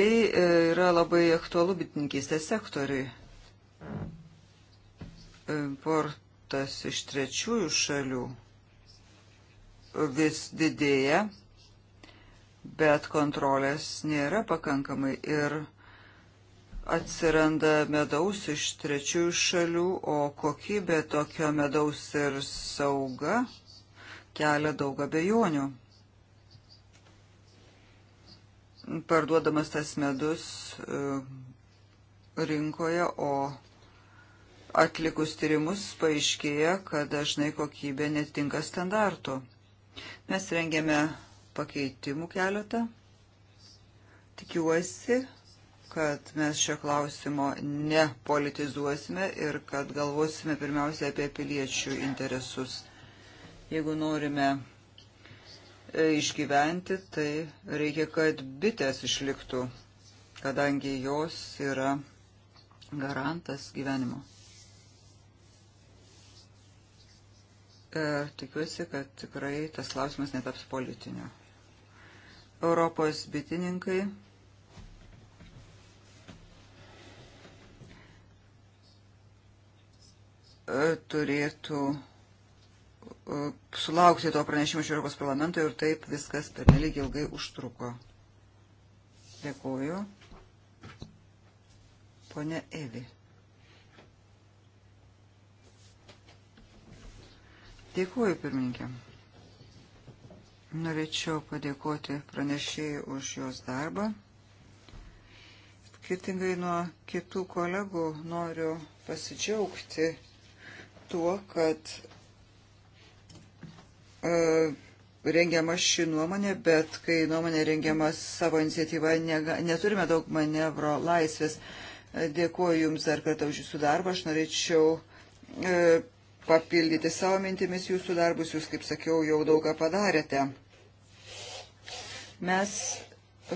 yra labai aktualu bitininkystės sektoriui. Importas iš trečiųjų šalių vis didėja bet kontrolės nėra pakankamai ir atsiranda medaus iš trečiųjų šalių, o kokybė tokio medaus ir sauga kelia daug abejonių. Parduodamas tas medus e, rinkoje, o atlikus tyrimus paaiškėja, kad dažnai kokybė netinka standartų. Mes rengėme pakeitimų keletą. Tikiuosi, kad mes šio klausimo nepolitizuosime ir kad galvosime pirmiausia apie piliečių interesus. Jeigu norime e, išgyventi, tai reikia, kad bitės išliktų, kadangi jos yra garantas gyvenimo. Ir e, tikiuosi, kad tikrai tas klausimas netaps politiniu. Europos bitininkai e, turėtų e, sulaukti to pranešimo iš Europos parlamento ir taip viskas per nelig ilgai užtruko. Dėkuoju. Pone Evi. Dėkuoju pirmininkėm. Norėčiau padėkoti pranešėjai už jos darbą. Skirtingai nuo kitų kolegų noriu pasidžiaugti tuo, kad e, rengiama ši nuomonė, bet kai nuomonė rengiama savo iniciatyva, nega, neturime daug manevro laisvės. Dėkuoju Jums dar kartą už Jūsų darbą. Aš norėčiau e, papildyti savo mintimis Jūsų darbus. Jūs, kaip sakiau, jau daugą padarėte. Mes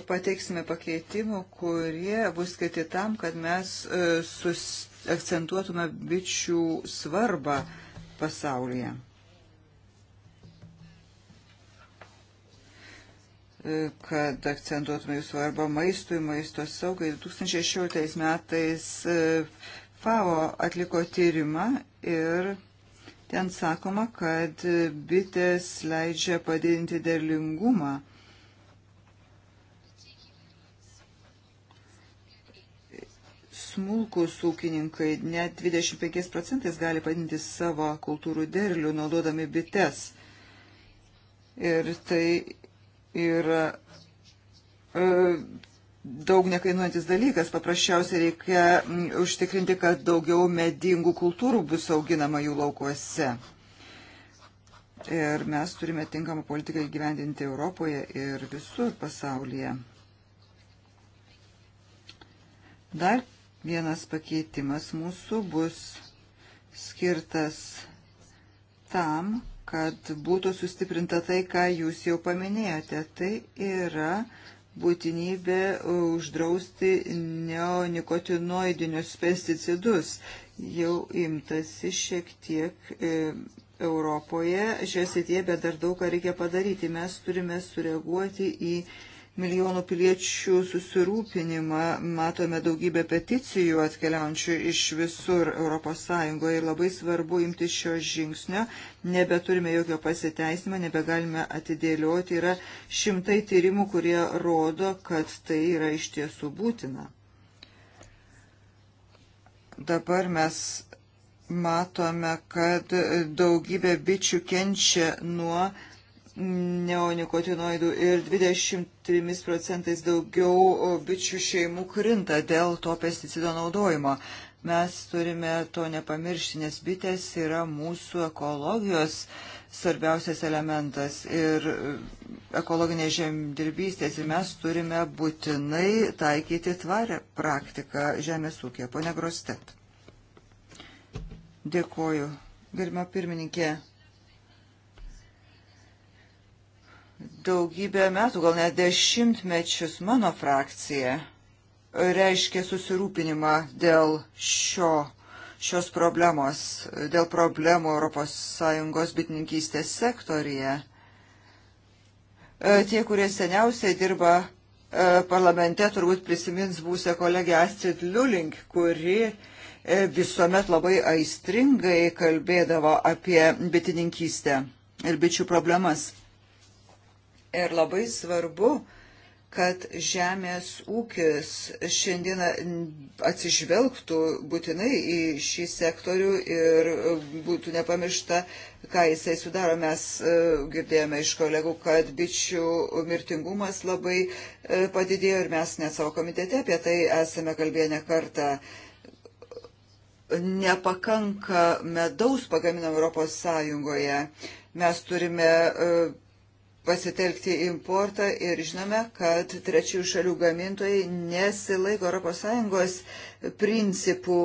pateiksime pakeitimų, kurie bus skirti tam, kad mes e, akcentuotume bičių svarbą pasaulyje. E, kad akcentuotume jų svarbą maistui, maisto saugai. 2016 metais e, FAO atliko tyrimą ir ten sakoma, kad bitės leidžia padidinti derlingumą smulkus ūkininkai net 25 procentais gali padinti savo kultūrų derlių naudodami bites. Ir tai yra e, daug nekainuojantis dalykas. Paprasčiausiai reikia m, užtikrinti, kad daugiau medingų kultūrų bus auginama jų laukuose. Ir mes turime tinkamą politiką įgyvendinti Europoje ir visur pasaulyje. Dar Vienas pakeitimas mūsų bus skirtas tam, kad būtų sustiprinta tai, ką jūs jau paminėjote. Tai yra būtinybė uždrausti neonikotinoidinius pesticidus. Jau imtasi šiek tiek e, Europoje šioje srityje, bet dar daug ką reikia padaryti. Mes turime sureaguoti į milijonų piliečių susirūpinimą. Matome daugybę peticijų atkeliaujančių iš visur ES ir labai svarbu imti šio žingsnio. Nebeturime jokio pasiteisimo, nebegalime atidėlioti. Yra šimtai tyrimų, kurie rodo, kad tai yra iš tiesų būtina. Dabar mes matome, kad daugybė bičių kenčia nuo neonikotinoidų ir 23 procentais daugiau bičių šeimų krinta dėl to pesticido naudojimo. Mes turime to nepamiršti, nes bitės yra mūsų ekologijos svarbiausias elementas ir e, ekologinės žemdirbystės ir mes turime būtinai taikyti tvarę praktiką žemės ūkė. Pone Grostet. Dėkoju. Gerbimo pirmininkė. daugybę metų, gal net dešimtmečius mano frakcija reiškia susirūpinimą dėl šio, šios problemos, dėl problemų ES bitininkystės sektorija. E, tie, kurie seniausiai dirba e, parlamente, turbūt prisimins būsę kolegę Astrid Liulink, kuri e, visuomet labai aistringai kalbėdavo apie bitininkystę ir bičių problemas. Ir labai svarbu, kad žemės ūkis šiandieną atsižvelgtų būtinai į šį sektorių ir būtų nepamiršta, ką jisai sudaro. Mes e, girdėjome iš kolegų, kad bičių mirtingumas labai e, padidėjo ir mes net savo komitete apie tai esame kalbėję ne kartą. Nepakanka medaus pagaminam Europos Sąjungoje. Mes turime e, pasitelkti importą ir žinome, kad trečiųjų šalių gamintojai nesilaiko ES principų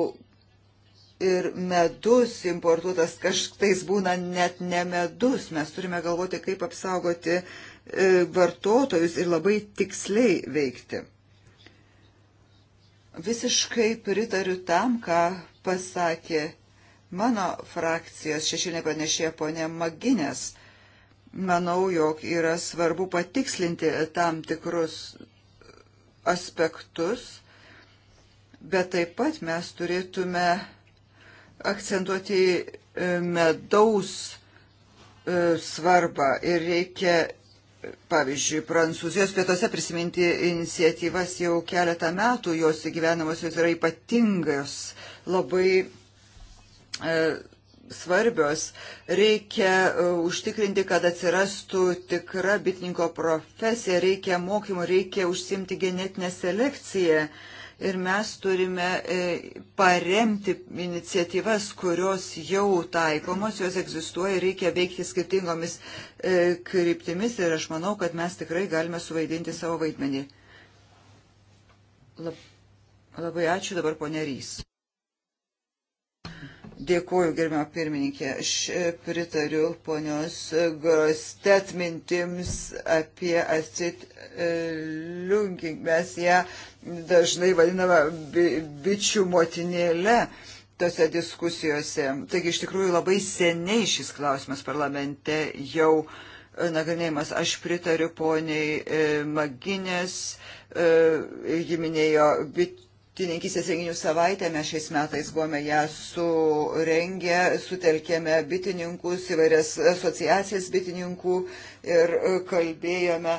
ir medus importuotas kažkais būna net ne medus. Mes turime galvoti, kaip apsaugoti e, vartotojus ir labai tiksliai veikti. Visiškai pritariu tam, ką pasakė mano frakcijos šešinė panešė ponė Maginės manau, jog yra svarbu patikslinti tam tikrus aspektus, bet taip pat mes turėtume akcentuoti e, medaus e, svarbą ir reikia, pavyzdžiui, Prancūzijos pietuose prisiminti iniciatyvas jau keletą metų, jos įgyvenamos jos yra ypatingos, labai e, svarbios. Reikia e, užtikrinti, kad atsirastų tikra bitininko profesija, reikia mokymų, reikia užsimti genetinę selekciją. Ir mes turime e, paremti iniciatyvas, kurios jau taikomos, jos egzistuoja, reikia veikti skirtingomis e, kryptimis ir aš manau, kad mes tikrai galime suvaidinti savo vaidmenį. Lab, labai ačiū dabar ponerys. Dėkuoju, gerbimo pirmininkė. Aš e, pritariu ponios Grostet mintims apie acid e, liunking. Mes ją dažnai vadiname bičių motinėlė tose diskusijose. Taigi iš tikrųjų labai seniai šis klausimas parlamente jau e, nagrinėjimas. Aš pritariu poniai Maginės, ji minėjo bičių bitininkysės renginių savaitę. Mes šiais metais buvome ją surengę, sutelkėme bitininkus, įvairias asociacijas bitininkų ir e, kalbėjome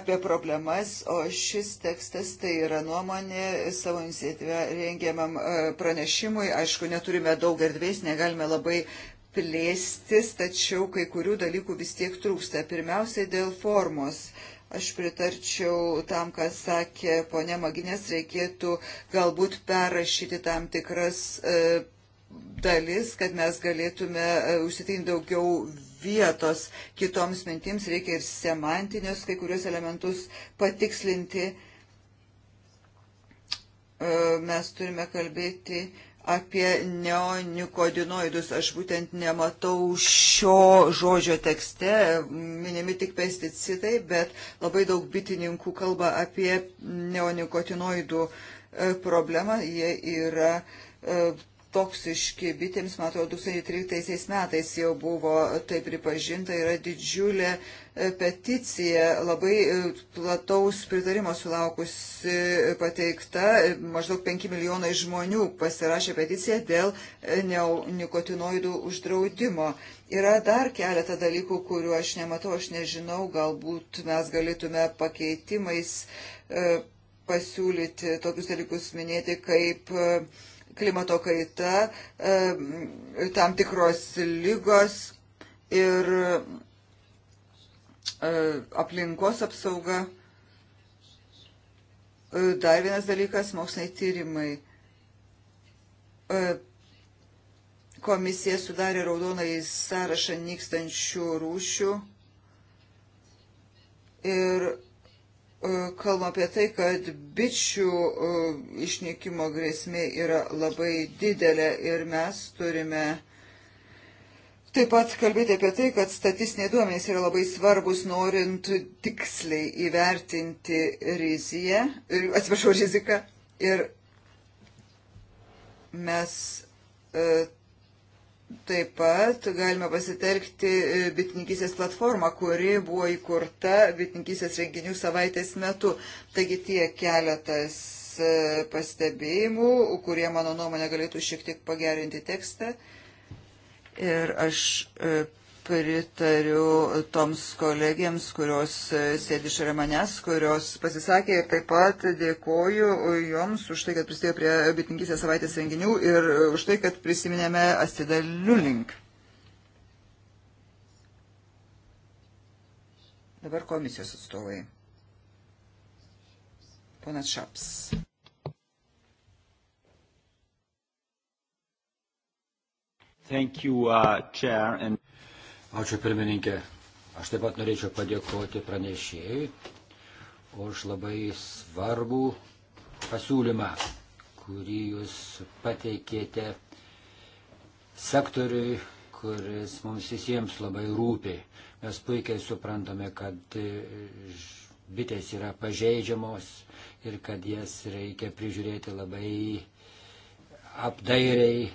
apie problemas, o šis tekstas tai yra nuomonė savo iniciatyvę rengiamam e, pranešimui. Aišku, neturime daug erdvės, negalime labai plėstis, tačiau kai kurių dalykų vis tiek trūksta. Pirmiausiai dėl formos Aš pritarčiau tam, kas sakė ponė Maginės, reikėtų galbūt perrašyti tam tikras e, dalis, kad mes galėtume e, užsitikrinti daugiau vietos kitoms mintims, reikia ir semantinius kai kurios elementus patikslinti. E, mes turime kalbėti apie neonikotinoidus. Aš būtent nematau šio žodžio tekste, minimi tik pesticidai, bet labai daug bitininkų kalba apie neonikotinoidų e, problemą. Jie yra e, toksiški bitėms, man atrodo, 2013 metais jau buvo tai pripažinta, yra didžiulė e, peticija, labai e, plataus pritarimo sulaukusi e, pateikta, maždaug 5 milijonai žmonių pasirašė peticiją dėl neonikotinoidų uždraudimo. Yra dar keletą dalykų, kurių aš nematau, aš nežinau, galbūt mes galėtume pakeitimais pasiūlyti tokius dalykus minėti kaip uh, klimato kaita, e, tam tikros lygos ir e, aplinkos apsauga. E, dar vienas dalykas - moksliniai tyrimai. Komisija sudarė raudonąjį sąrašą nykstančių rūšių ir E, kalbam apie tai, kad bičių e, išnykimo grėsmė yra labai didelė ir mes turime taip pat kalbėti apie tai, kad statistiniai duomenys yra labai svarbus, norint tiksliai įvertinti riziją, atsiprašau, riziką. Ir mes e, Taip pat galime pasitelkti e, bitininkysės platformą, kuri buvo įkurta bitininkysės renginių savaitės metu. Taigi tie keletas e, pastebėjimų, kurie mano nuomonė galėtų šiek tiek pagerinti tekstą. Ir aš e, pritariu toms kolegiams, kurios sėdi šalia manęs, kurios pasisakė ir taip pat dėkoju joms už tai, kad prisidėjo prie bitininkysės savaitės renginių ir už tai, kad prisiminėme Astidalių link. Dabar komisijos atstovai. Ponas Šaps. Thank you, uh, Chair. And... Ačiū pirmininkė. Aš taip pat norėčiau padėkoti pranešėjai už labai svarbų pasiūlymą, kurį jūs pateikėte sektoriui, kuris mums visiems labai rūpi. Mes puikiai suprantame, kad bitės yra pažeidžiamos ir kad jas reikia prižiūrėti labai apdairiai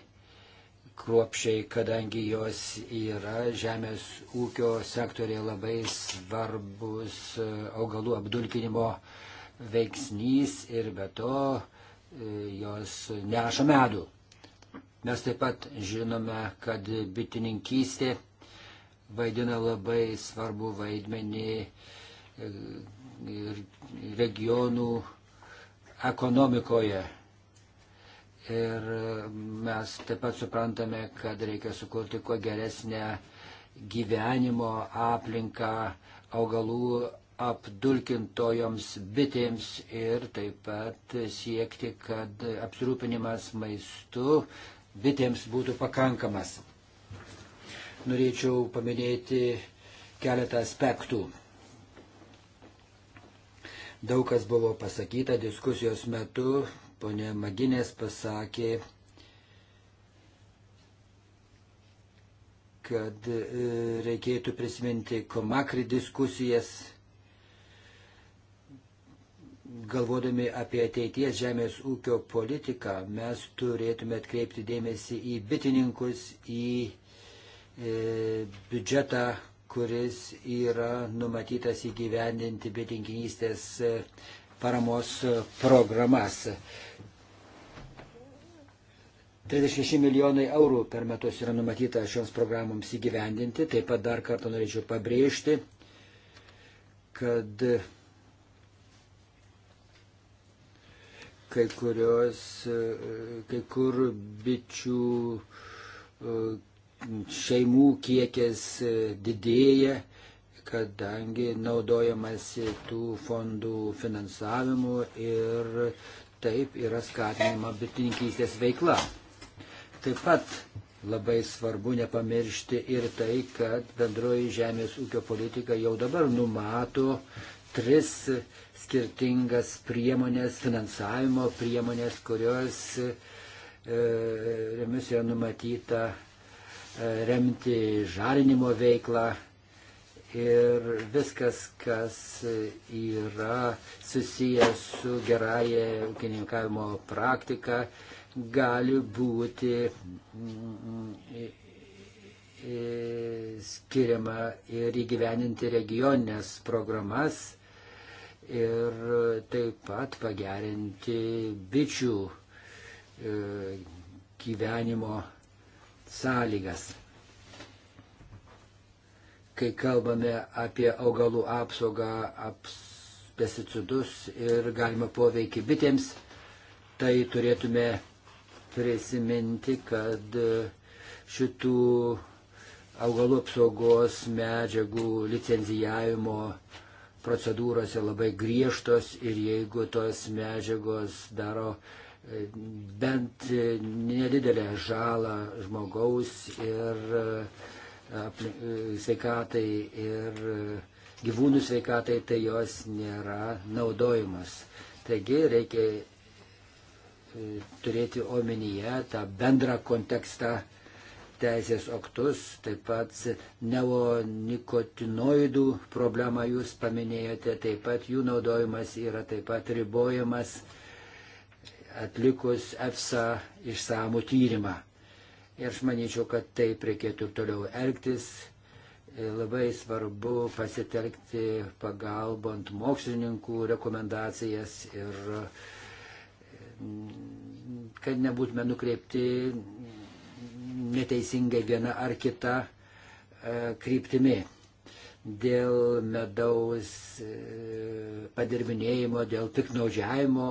kruopšiai, kadangi jos yra žemės ūkio sektorėje labai svarbus e, augalų apdulkinimo veiksnys ir be to e, jos neša medų. Mes taip pat žinome, kad bitininkystė vaidina labai svarbu vaidmenį e, regionų ekonomikoje Ir e, mes taip pat suprantame, kad reikia sukurti kuo geresnę gyvenimo aplinką augalų apdulkintojoms bitėms ir taip pat siekti, kad apsirūpinimas maistu bitėms būtų pakankamas. Norėčiau paminėti keletą aspektų. Daug kas buvo pasakyta diskusijos metu, ponė Maginės pasakė, kad e, reikėtų prisiminti komakri diskusijas, galvodami apie ateities žemės ūkio politiką, mes turėtume atkreipti dėmesį į bitininkus, į e, biudžetą, kuris yra numatytas įgyvendinti bitinkinystės e, paramos programas. 36 milijonai eurų per metus yra numatyta šioms programoms įgyvendinti. Taip pat dar kartą norėčiau pabrėžti, kad kai kurios, kai kur bičių e, šeimų kiekis didėja kadangi naudojamasi tų fondų finansavimu ir taip yra skatinama bitininkystės veikla. Taip pat labai svarbu nepamiršti ir tai, kad bendroji žemės ūkio politika jau dabar numato tris skirtingas priemonės, finansavimo priemonės, kurios e, remis yra numatyta e, remti žalinimo veiklą, ir viskas, kas yra susijęs su gerąją ūkininkavimo praktika, gali būti mm, mm, skiriama ir įgyveninti regioninės programas ir taip pat pagerinti bičių e, gyvenimo sąlygas kai kalbame apie augalų apsaugą, aps, pesticidus ir galima poveikį bitėms, tai turėtume prisiminti, kad e, šitų augalų apsaugos medžiagų licenzijavimo procedūros yra labai griežtos ir jeigu tos medžiagos daro e, bent nedidelę žalą žmogaus ir uh, E, sveikatai ir e, gyvūnų sveikatai, tai jos nėra naudojamos. Taigi reikia e, turėti omenyje tą bendrą kontekstą teisės aktus, taip pat neonikotinoidų problemą jūs paminėjote, taip pat jų naudojimas yra taip pat ribojamas atlikus EFSA išsamų tyrimą. Ir aš manyčiau, kad taip reikėtų ir toliau elgtis. Labai svarbu pasitelkti pagalbant mokslininkų rekomendacijas ir mm, kad nebūtume nukreipti neteisingai viena ar kita e, kryptimi. Dėl medaus e, padirbinėjimo, dėl piknaudžiavimo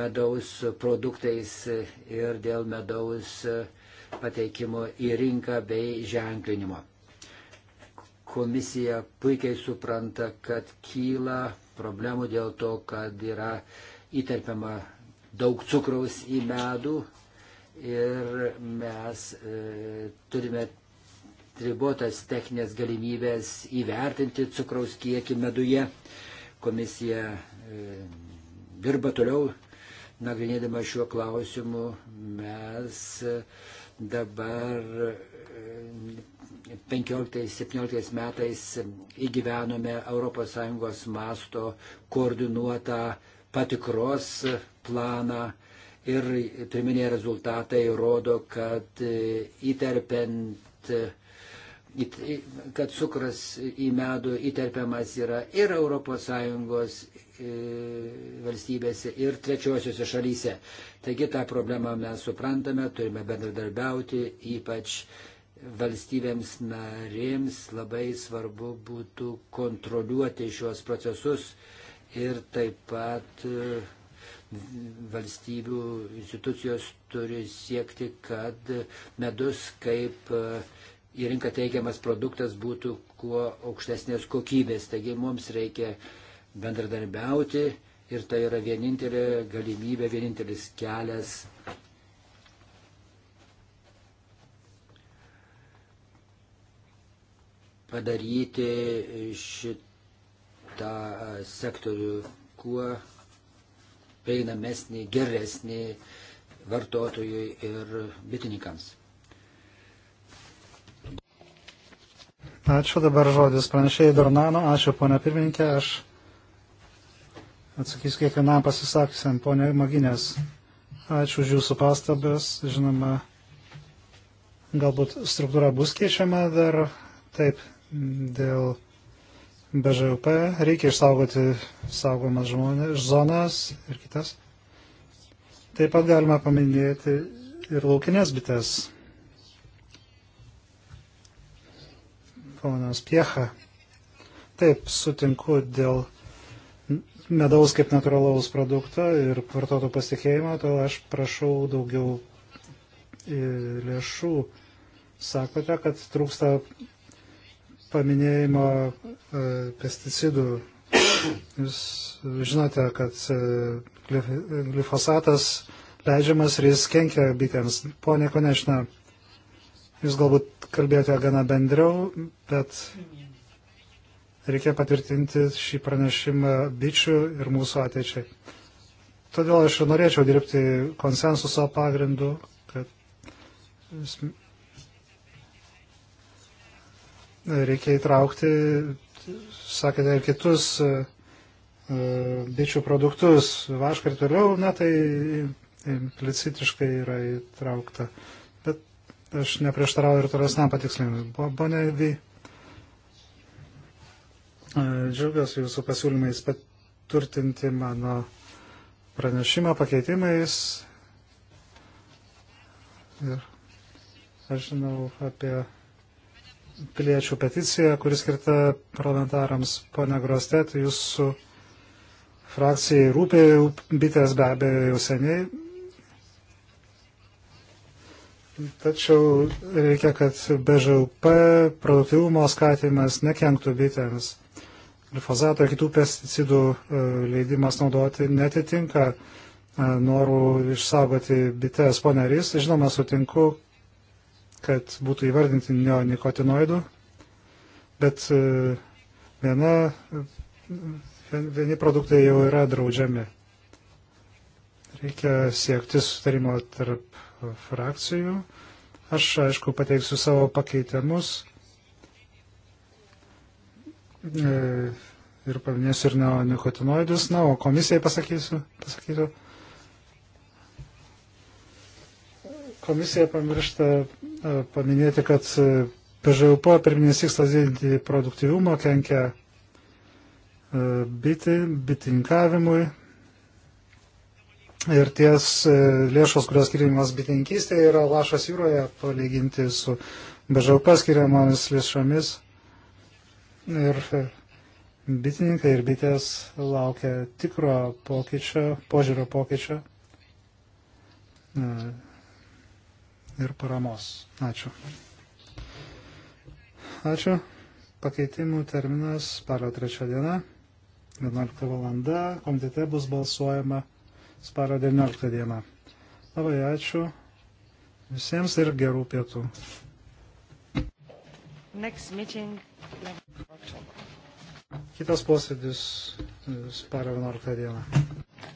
medaus produktais ir dėl medaus uh, pateikimo į rinką bei ženklinimo. Komisija puikiai supranta, kad kyla problemų dėl to, kad yra įterpiama daug cukraus į medų ir mes e, turime ribotas techninės galimybės įvertinti cukraus kiekį meduje. Komisija e, dirba toliau, nagrinėdama šiuo klausimu mes e, Dabar 15-17 e, metais įgyvenome ES masto koordinuotą patikros planą ir pirminiai rezultatai rodo, kad e, įterpiant e, kad cukras į medų įterpiamas yra ir ES, E, valstybėse ir trečiosiuose šalyse. Taigi tą problemą mes suprantame, turime bendradarbiauti, ypač valstybėms narėms labai svarbu būtų kontroliuoti šios procesus ir taip pat e, valstybių institucijos turi siekti, kad medus kaip e, į rinką teikiamas produktas būtų kuo aukštesnės kokybės. Taigi mums reikia uh, bendradarbiauti ir tai yra vienintelė galimybė, vienintelis kelias. padaryti šitą sektorių kuo prieinamesnį, geresnį vartotojui ir bitininkams. Ačiū dabar žodis pranešėjai Dornano, ačiū ponia pirmininkė, aš atsakys kiekvienam pasisakysiam, ponė Maginės. Ačiū už jūsų pastabas. Žinoma, galbūt struktūra bus keičiama dar taip dėl BŽUP. Reikia išsaugoti saugomas žmonės, zonas ir kitas. Taip pat galima paminėti ir laukinės bites. Ponas Piecha. Taip, sutinku dėl medaus kaip natūralaus produkto ir vartotojų pasitikėjimo, to aš prašau daugiau lėšų. Sakote, kad trūksta paminėjimo e, pesticidų. Jūs žinote, kad e, glifosatas leidžiamas ir jis kenkia bitėms. Pone Konešna, jūs galbūt kalbėjote gana bendriau, bet reikia patvirtinti šį pranešimą bičių ir mūsų ateičiai. Todėl aš norėčiau dirbti konsensuso pagrindu, kad reikia įtraukti, sakėte, ir kitus e, bičių produktus, vašką ir toliau, na tai implicitiškai yra įtraukta. Bet aš neprieštarauju ir tolesnam patikslinimui. Bonė Vy. Bo, Džiaugiuosi jūsų pasiūlymais paturtinti mano pranešimą pakeitimais. Ir aš žinau apie piliečių peticiją, kuris skirta parlamentarams. Pone Grostet, jūsų frakcijai rūpė bitės be abejo jau seniai. Tačiau reikia, kad BŽUP produktivumo skatimas nekenktų bitėms glifozato ir kitų pesticidų e, leidimas naudoti netitinka e, norų išsaugoti bites ponerys. Žinoma, sutinku, kad būtų įvardinti neonikotinoidų, bet e, viena, vieni produktai jau yra draudžiami. Reikia siekti sutarimo tarp frakcijų. Aš, aišku, pateiksiu savo pakeitimus E, ir paminėsiu ir neonikotinoidus, na, o komisijai pasakysiu, pasakysiu. Komisija pamiršta e, paminėti, kad PŽUP e, pirminis tikslas didinti produktyvumą kenkia bitį, bitininkavimui. Ir ties lėšos, kurios skiriamas bitininkystėje, yra lašas jūroje palyginti su BŽUP skiriamomis lėšomis Ir bitininkai ir bitės laukia tikro pokyčio, požiūrio pokyčio e, ir paramos. Ačiū. Ačiū. Pakeitimų terminas spalio 3 diena, 11 valanda, komitete bus balsuojama spalio 19 diena. Labai ačiū visiems ir gerų pietų. Meeting... Kitas posėdis e, spalio 11 dieną.